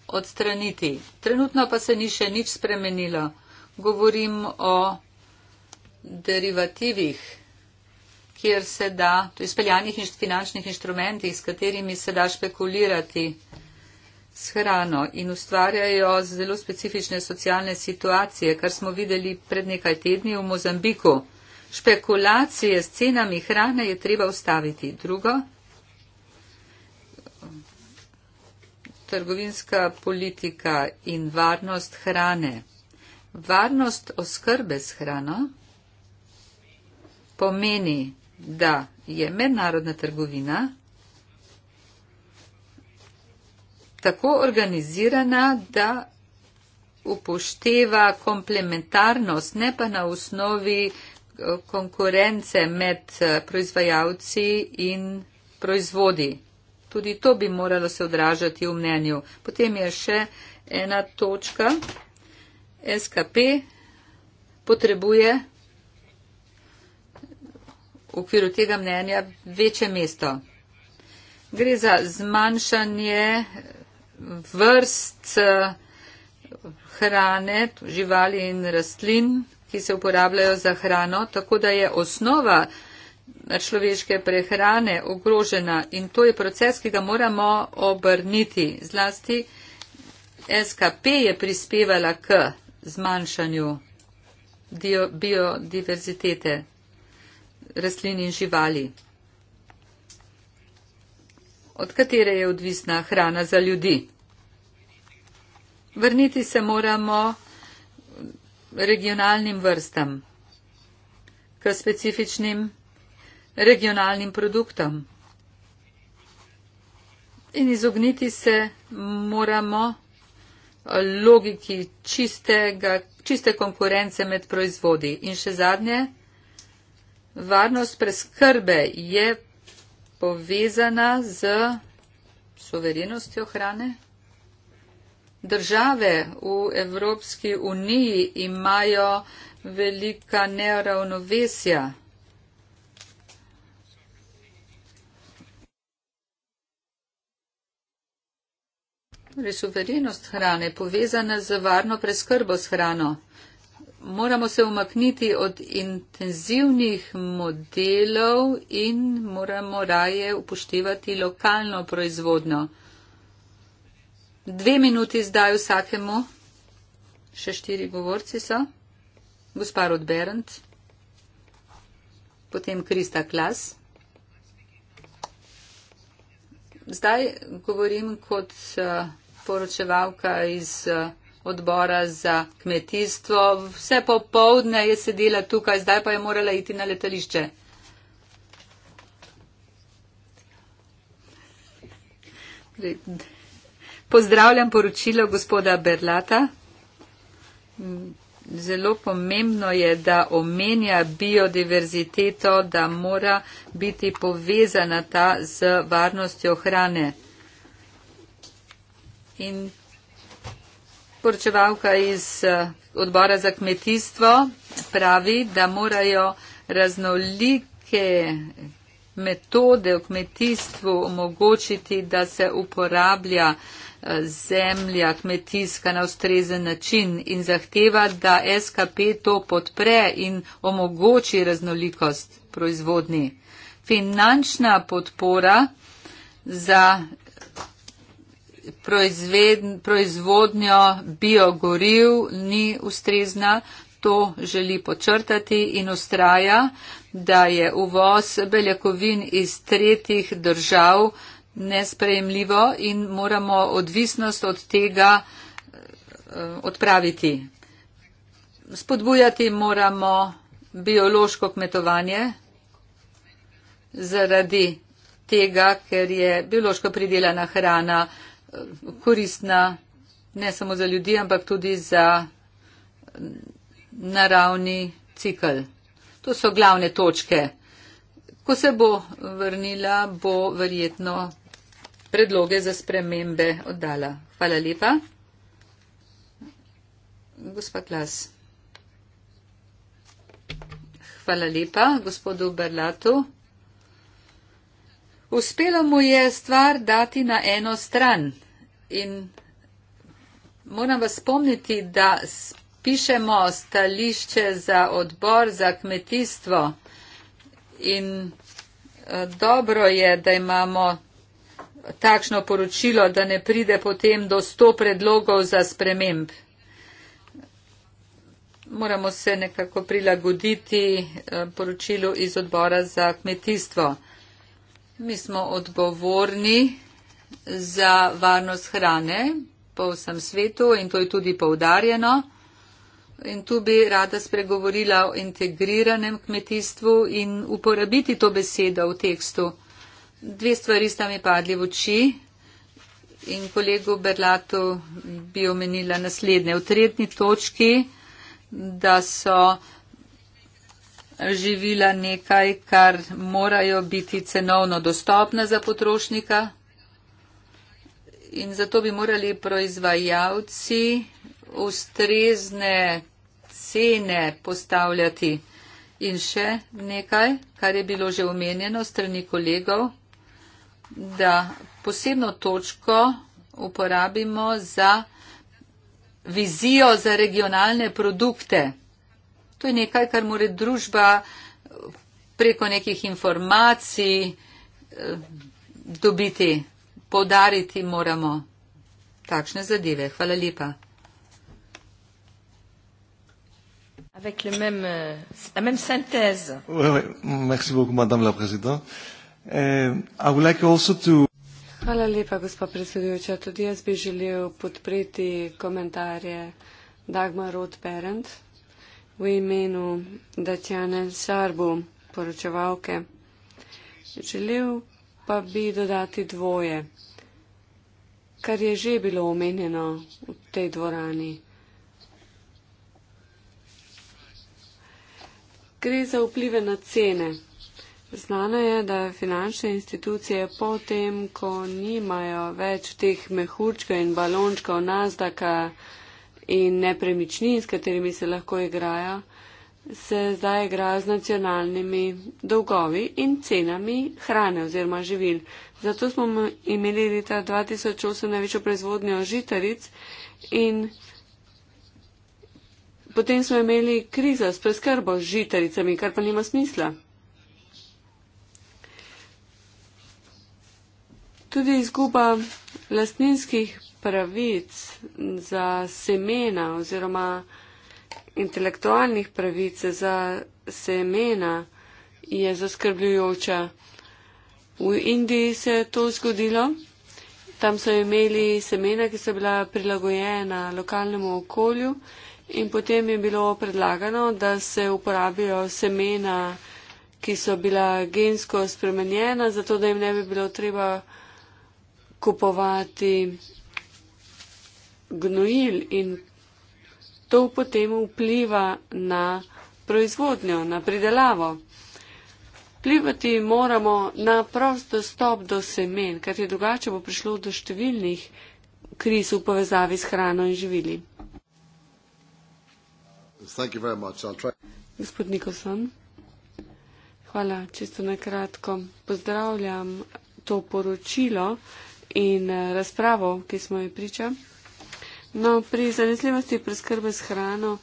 odstraniti. Trenutno pa se ni še nič spremenilo govorim o derivativih, kjer se da, to je speljanih finančnih inštrumentih, s katerimi se da špekulirati s hrano in ustvarjajo zelo specifične socialne situacije, kar smo videli pred nekaj tedni v Mozambiku. Špekulacije s cenami hrane je treba ustaviti. Drugo, trgovinska politika in varnost hrane. Varnost oskrbe s hrano pomeni, da je mednarodna trgovina tako organizirana, da upošteva komplementarnost, ne pa na osnovi eh, konkurence med eh, proizvajalci in proizvodi. Tudi to bi moralo se odražati v mnenju. Potem je še ena točka. SKP potrebuje v okviru tega mnenja večje mesto. Gre za zmanjšanje vrst eh, hrane, živali in rastlin, ki se uporabljajo za hrano, tako da je osnova človeške prehrane ogrožena in to je proces, ki ga moramo obrniti. Zlasti SKP je prispevala k zmanjšanju biodiverzitete rastlin in živali, od katere je odvisna hrana za ljudi. Vrniti se moramo regionalnim vrstam, k specifičnim regionalnim produktom. In izogniti se moramo logiki čistega, čiste konkurence med proizvodi. In še zadnje, varnost preskrbe je povezana z soverenostjo hrane. Države v Evropski uniji imajo velika neravnovesja. Torej, suverenost hrane povezana z varno preskrbo s hrano. Moramo se umakniti od intenzivnih modelov in moramo raje upoštevati lokalno proizvodno. Dve minuti zdaj vsakemu, še štiri govorci so, gospar od Berend, potem Krista Klas. Zdaj govorim kot eh, poročevalka iz eh, odbora za kmetijstvo. Vse popovdne je sedela tukaj, zdaj pa je morala iti na letališče. Pozdravljam poročilo gospoda Berlata. Mm, zelo pomembno je, da omenja biodiverziteto, da mora biti povezana ta z varnostjo hrane in poročevalka iz eh, odbora za kmetijstvo pravi, da morajo raznolike metode v kmetijstvu omogočiti, da se uporablja eh, zemlja kmetijska na ustrezen način in zahteva, da SKP to podpre in omogoči raznolikost proizvodni. Finančna podpora za proizveden, proizvodnjo biogoriv ni ustrezna. To želi počrtati in ustraja, da je uvoz beljakovin iz tretjih držav nesprejemljivo in moramo odvisnost od tega eh, odpraviti. Spodbujati moramo biološko kmetovanje zaradi tega, ker je biološko pridelana hrana koristna ne samo za ljudi, ampak tudi za naravni cikl. To so glavne točke. Ko se bo vrnila, bo verjetno predloge za spremembe oddala. Hvala lepa. Gospa Klas. Hvala lepa gospodu Berlatu. Uspelo mu je stvar dati na eno stran in moram vas spomniti, da pišemo stališče za odbor za kmetijstvo in eh, dobro je, da imamo takšno poročilo, da ne pride potem do sto predlogov za sprememb. Moramo se nekako prilagoditi eh, poročilu iz odbora za kmetijstvo. Mi smo odgovorni za varnost hrane po vsem svetu in to je tudi povdarjeno. In tu bi rada spregovorila o integriranem kmetijstvu in uporabiti to besedo v tekstu. Dve stvari sta mi padli v oči in kolegu Berlatu bi omenila naslednje. V tretji točki, da so živila nekaj, kar morajo biti cenovno dostopna za potrošnika. In zato bi morali proizvajalci ustrezne cene postavljati. In še nekaj, kar je bilo že omenjeno strani kolegov, da posebno točko uporabimo za vizijo za regionalne produkte. To je nekaj, kar more družba preko nekih informacij eh, dobiti. Povdariti moramo takšne zadeve. Hvala lepa. Avec le même, euh, la même synthèse. Oui, oui. Merci beaucoup, Madame la Présidente. Uh, I would like also to... Hvala lepa, gospa predsedujoča. Tudi jaz bi želel podpreti komentarje Dagmar Roth-Perent v imenu Dacjane Sarbu, poročevalke. Želel pa bi dodati dvoje, kar je že bilo omenjeno v tej dvorani. Gre za vplive na cene. Znano je, da finančne institucije potem, ko nimajo več teh mehurčkov in balončkov nazdaka, in nepremičnin, s katerimi se lahko igrajo, se zdaj igra z nacionalnimi dolgovi in cenami hrane oziroma živil. Zato smo imeli leta 2008 največjo proizvodnjo žitaric in potem smo imeli krizo s preskrbo z žitaricami, kar pa nima smisla. Tudi izguba lastninskih pravic, za semena oziroma intelektualnih pravic, za semena je zaskrbljujoča. V Indiji se je to zgodilo. Tam so imeli semena, ki so bila prilagojena lokalnemu okolju in potem je bilo predlagano, da se uporabijo semena, ki so bila gensko spremenjena, zato da jim ne bi bilo treba kupovati gnojil in to potem vpliva na proizvodnjo, na pridelavo. Vplivati moramo na prost dostop do semen, ker je drugače bo prišlo do številnih kriz v povezavi s hrano in živili. Gospod Nikoson, hvala čisto na kratko. Pozdravljam to poročilo in eh, razpravo, ki smo jo pričali. No, pri zanesljivosti preskrbe s hrano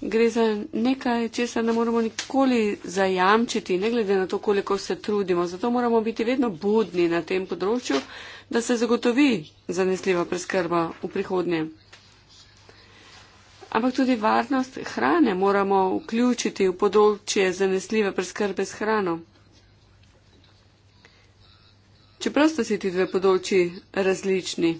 gre za nekaj, česar ne moramo nikoli zajamčiti, ne glede na to, koliko se trudimo. Zato moramo biti vedno budni na tem področju, da se zagotovi zanesljiva preskrba v prihodnje. Ampak tudi varnost hrane moramo vključiti v področje zanesljive preskrbe s hrano. Čeprav sta si ti dve področji različni.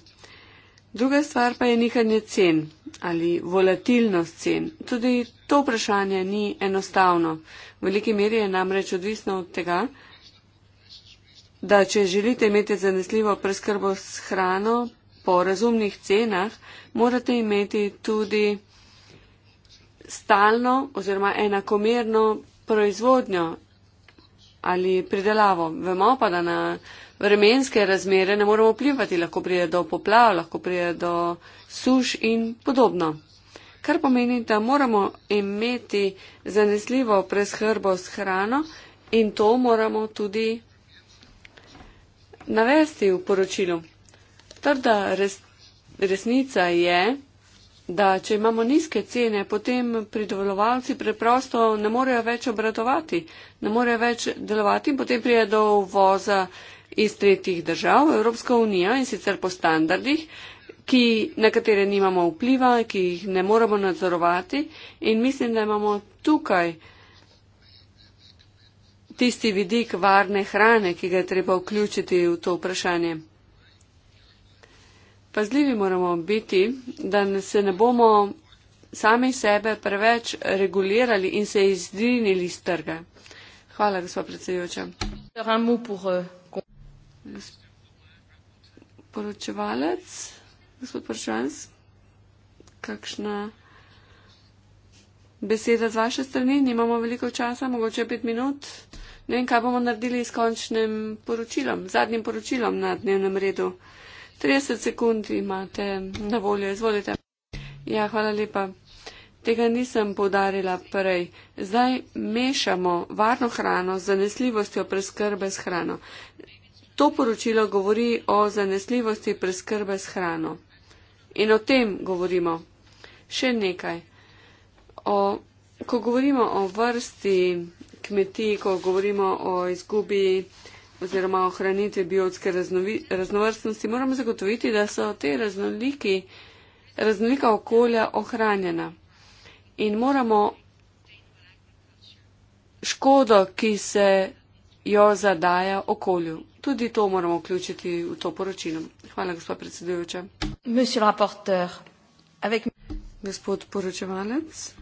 Druga stvar pa je nihanje cen ali volatilnost cen. Tudi to vprašanje ni enostavno. V veliki meri je namreč odvisno od tega, da če želite imeti zanesljivo preskrbo s hrano po razumnih cenah, morate imeti tudi stalno oziroma enakomerno proizvodnjo ali pridelavo. Vemo pa, da na vremenske razmere ne moremo vplivati, lahko pride do poplav, lahko pride do suš in podobno. Kar pomeni, da moramo imeti zanesljivo preskrbo s hrano in to moramo tudi navesti v poročilu. Trda res, resnica je, da če imamo nizke cene, potem pridelovalci preprosto ne morejo več obratovati, ne morejo več delovati in potem prije do uvoza iz tretjih držav, Evropska unija in sicer po standardih, ki, na katere nimamo vpliva, ki jih ne moramo nadzorovati in mislim, da imamo tukaj tisti vidik varne hrane, ki ga je treba vključiti v to vprašanje. Pazljivi moramo biti, da se ne bomo sami sebe preveč regulirali in se izdrinili iz trga. Hvala, gospod predsedujoča. Eh, poročevalec, gospod Pršans, kakšna beseda z vaše strani, nimamo veliko časa, mogoče pet minut. Ne vem, kaj bomo naredili s končnim poročilom, zadnjim poročilom na dnevnem redu. 30 sekund imate na voljo, izvolite. Ja, hvala lepa. Tega nisem podarila prej. Zdaj mešamo varno hrano z zanesljivostjo preskrbe s hrano. To poročilo govori o zanesljivosti preskrbe s hrano. In o tem govorimo. Še nekaj. O, ko govorimo o vrsti kmetij, ko govorimo o izgubi oziroma ohranitvi biotske raznovrstnosti, moramo zagotoviti, da so te raznoliki, raznolika okolja ohranjena. In moramo škodo, ki se jo zadaja okolju, Tudi to moramo vključiti v to poročilo. Hvala, gospod predsedujoča. Avec... Gospod poročevalec.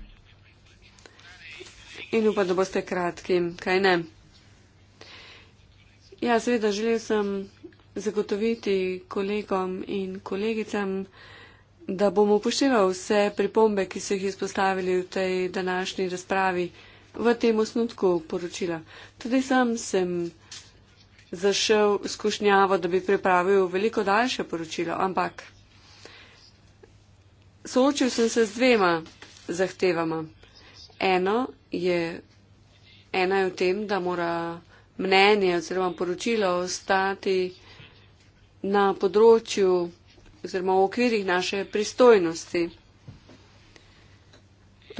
In upam, da boste kratki, kaj ne. Ja, seveda želel sem zagotoviti kolegom in kolegicam, da bom upošteval vse pripombe, ki so jih izpostavili v tej današnji razpravi v tem osnutku poročila. Tudi sam sem zašel v skušnjavo, da bi pripravil veliko daljše poročilo, ampak soočil sem se z dvema zahtevama. Eno je, ena je v tem, da mora mnenje oziroma poročilo ostati na področju oziroma v okvirih naše pristojnosti,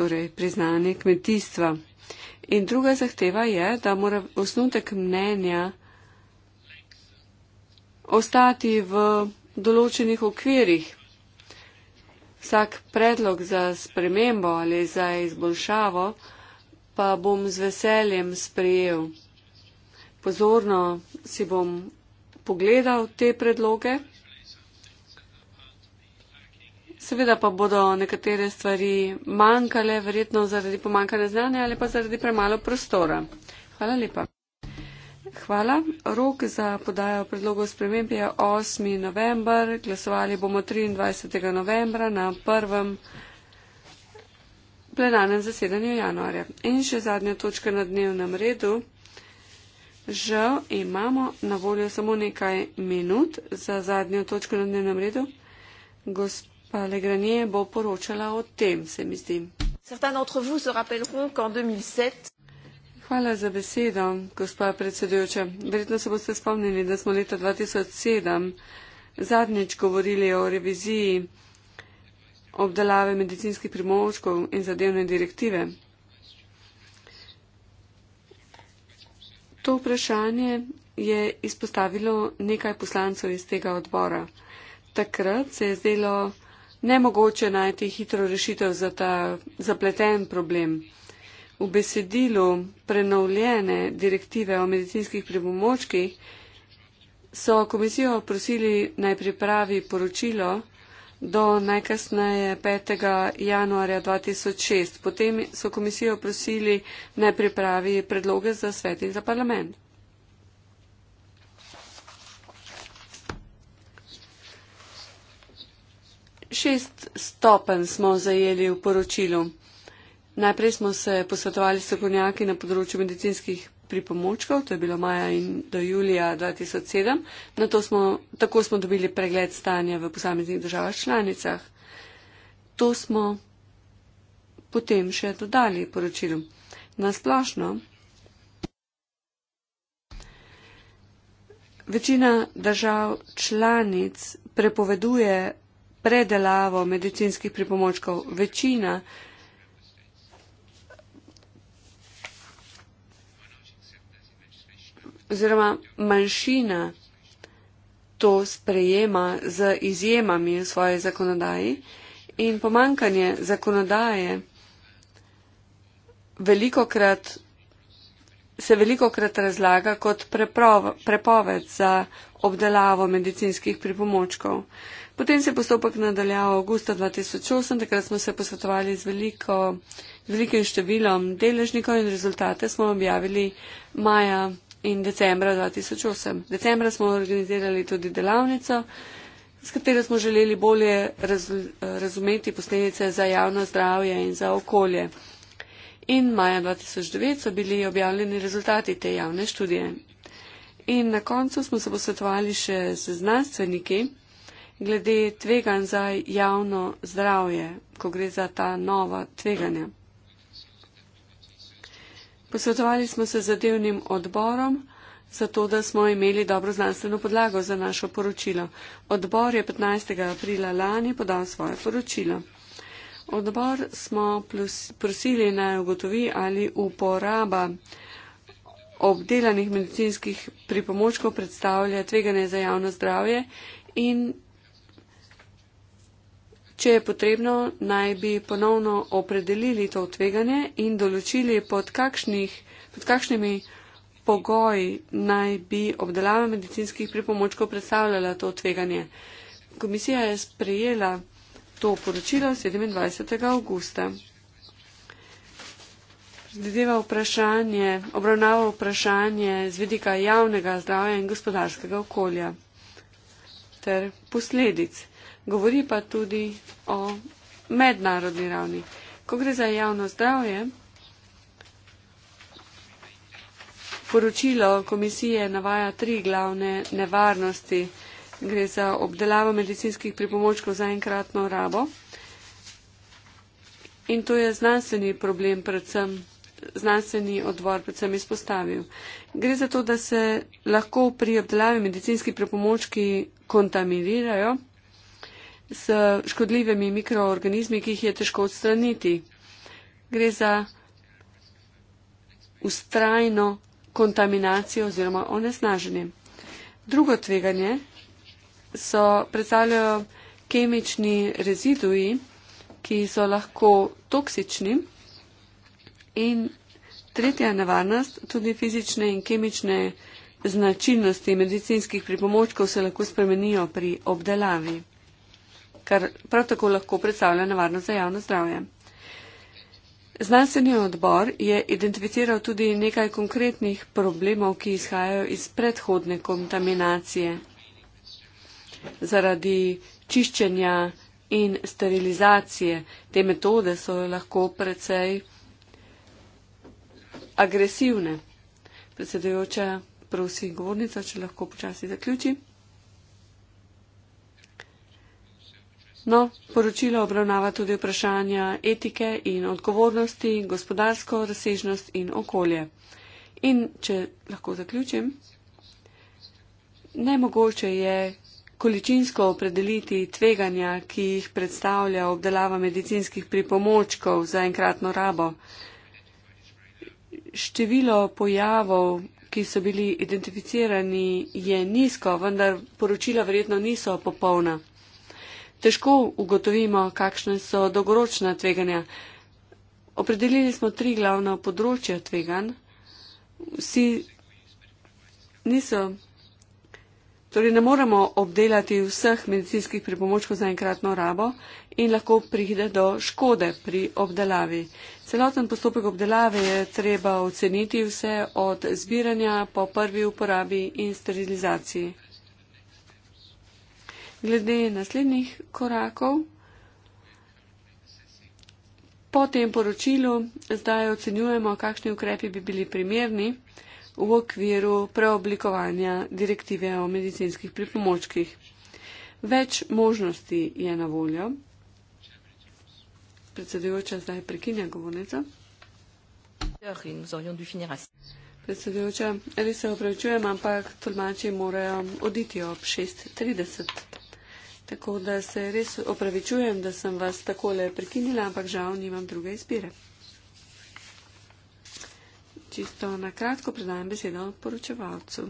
torej priznanje kmetijstva. In druga zahteva je, da mora osnutek mnenja ostati v določenih okvirih. Vsak predlog za spremembo ali za izboljšavo pa bom z veseljem sprejel. Pozorno si bom pogledal te predloge. Seveda pa bodo nekatere stvari manjkale, verjetno zaradi pomankanja znanja ali pa zaradi premalo prostora. Hvala lepa. Hvala. Rok za podajo predlogov sprememb je 8. november. Glasovali bomo 23. novembra na prvem plenarnem zasedanju januarja. In še zadnja točka na dnevnem redu. Žal imamo na voljo samo nekaj minut za zadnjo točko na dnevnem redu. Gospa Legranije bo poročala o tem, se mi zdi. 2007... Hvala za besedo, gospa predsedujoča. Verjetno se boste spomnili, da smo leta 2007 zadnjič govorili o reviziji obdelave medicinskih primovškov in zadevne direktive. To vprašanje je izpostavilo nekaj poslancev iz tega odbora. Takrat se je zdelo nemogoče najti hitro rešitev za ta zapleten problem v besedilu prenovljene direktive o medicinskih pripomočkih, so komisijo prosili naj pripravi poročilo do najkasneje 5. januarja 2006. Potem so komisijo prosili naj pripravi predloge za svet in za parlament. Šest stopen smo zajeli v poročilu. Najprej smo se posvetovali s strokovnjaki na področju medicinskih pripomočkov, to je bilo maja in do julija 2007. Smo, tako smo dobili pregled stanja v posameznih državah članicah. To smo potem še dodali poročilu. Nasplošno. Večina držav članic prepoveduje predelavo medicinskih pripomočkov. Večina oziroma manjšina to sprejema z izjemami v svoji zakonodaji in pomankanje zakonodaje veliko krat se veliko krat razlaga kot preprov, prepoved za obdelavo medicinskih pripomočkov. Potem se je postopek nadaljal v augusta 2008, takrat smo se posvetovali z veliko, velikim številom deležnikov in rezultate smo objavili maja in decembra 2008. Decembra smo organizirali tudi delavnico, s katero smo želeli bolje raz, razumeti posledice za javno zdravje in za okolje. In maja 2009 so bili objavljeni rezultati te javne študije. In na koncu smo se posvetovali še z znanstveniki glede tveganj za javno zdravje, ko gre za ta nova tveganja. Posvetovali smo se zadevnim odborom, zato da smo imeli dobro znanstveno podlago za našo poročilo. Odbor je 15. aprila lani podal svoje poročilo. Odbor smo prosili naj ugotovi, ali uporaba obdelanih medicinskih pripomočkov predstavlja tveganje za javno zdravje in Če je potrebno, naj bi ponovno opredelili to tveganje in določili, pod, kakšnih, pod kakšnimi pogoji naj bi obdelava medicinskih pripomočkov predstavljala to tveganje. Komisija je sprejela to poročilo 27. augusta. Zdedeva vprašanje, obravnava vprašanje z vidika javnega zdravja in gospodarskega okolja ter posledic govori pa tudi o mednarodni ravni. Ko gre za javno zdravje, poročilo komisije navaja tri glavne nevarnosti. Gre za obdelavo medicinskih pripomočkov za enkratno rabo. In to je znanstveni problem, predvsem znanstveni odbor, predvsem izpostavil. Gre za to, da se lahko pri obdelavi medicinski pripomočki kontaminirajo s škodljivimi mikroorganizmi, ki jih je težko odstraniti. Gre za ustrajno kontaminacijo oziroma onesnaženje. Drugo tveganje so predstavljajo kemični reziduji, ki so lahko toksični in tretja nevarnost, tudi fizične in kemične značilnosti medicinskih pripomočkov se lahko spremenijo pri obdelavi kar prav tako lahko predstavlja nevarno za javno zdravje. Znanstveni odbor je identificiral tudi nekaj konkretnih problemov, ki izhajajo iz predhodne kontaminacije zaradi čiščenja in sterilizacije. Te metode so lahko precej agresivne. Predsedujoča, prosim, govornica, če lahko počasi zaključi. No, poročilo obravnava tudi vprašanja etike in odgovornosti, gospodarsko razsežnost in okolje. In če lahko zaključim, nemogoče je količinsko opredeliti tveganja, ki jih predstavlja obdelava medicinskih pripomočkov za enkratno rabo. Število pojavov, ki so bili identificirani, je nizko, vendar poročila verjetno niso popolna težko ugotovimo, kakšne so dolgoročna tveganja. Opredelili smo tri glavna področja tvegan. Vsi niso. Torej, ne moremo obdelati vseh medicinskih pripomočkov za enkratno rabo in lahko pride do škode pri obdelavi. Celoten postopek obdelave je treba oceniti vse od zbiranja po prvi uporabi in sterilizaciji glede naslednjih korakov. Po tem poročilu zdaj ocenjujemo, kakšni ukrepi bi bili primerni v okviru preoblikovanja direktive o medicinskih pripomočkih. Več možnosti je na voljo. Predsedujoča zdaj prekinja govornico. Predsedujoča, res se opravičujem, ampak tolmači morajo oditi ob 6.30. Tako da se res opravičujem, da sem vas takole prekinila, ampak žal nimam druge izbire. Čisto na kratko predajam besedo poročevalcu.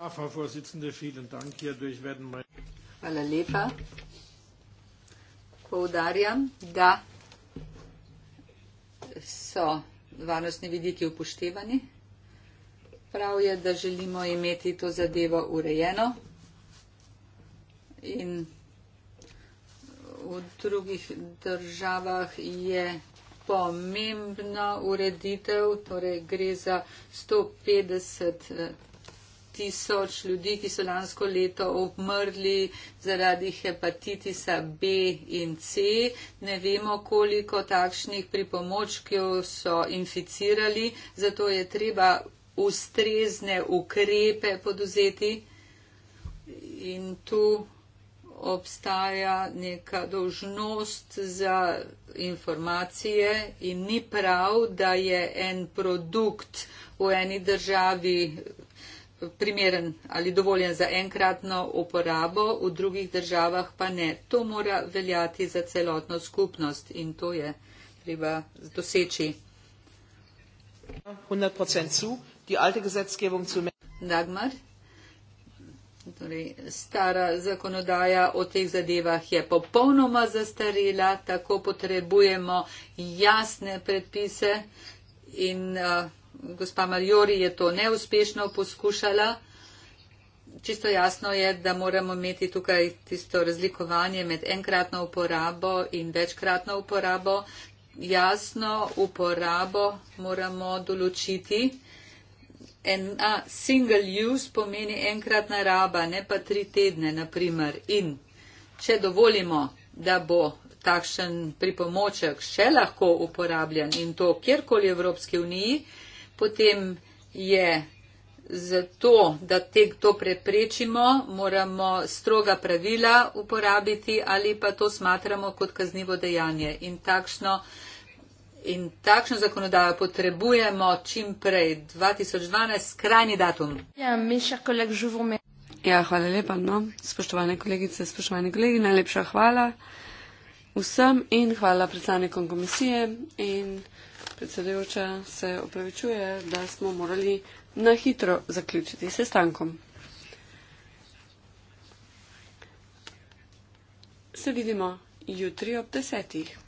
Ja, Hvala lepa. Poudarjam, da so varnostni vidiki upoštevani. Prav je, da želimo imeti to zadevo urejeno, in v drugih državah je pomembna ureditev, torej gre za 150 eh, tisoč ljudi, ki so lansko leto umrli zaradi hepatitisa B in C. Ne vemo, koliko takšnih pripomočkov so inficirali, zato je treba ustrezne ukrepe poduzeti. In tu obstaja neka dožnost za informacije in ni prav, da je en produkt v eni državi primeren ali dovoljen za enkratno uporabo, v drugih državah pa ne. To mora veljati za celotno skupnost in to je treba doseči. Dagmar torej, stara zakonodaja o teh zadevah je popolnoma zastarela, tako potrebujemo jasne predpise in uh, gospa Marjori je to neuspešno poskušala. Čisto jasno je, da moramo imeti tukaj tisto razlikovanje med enkratno uporabo in večkratno uporabo. Jasno uporabo moramo določiti en, a, single use pomeni enkratna raba, ne pa tri tedne, naprimer. In če dovolimo, da bo takšen pripomoček še lahko uporabljen in to kjerkoli v Evropski uniji, potem je zato, da te, to preprečimo, moramo stroga pravila uporabiti ali pa to smatramo kot kaznivo dejanje. In takšno. In takšno zakonodajo potrebujemo čim prej, 2012, skrajni datum. Ja, mi še koleg živome. Ja, hvala lepa, no, spoštovane kolegice, spoštovane kolegi, najlepša hvala vsem in hvala predstavnikom komisije in predsedujoča se opravičuje, da smo morali na hitro zaključiti s sestankom. Se vidimo jutri ob desetih.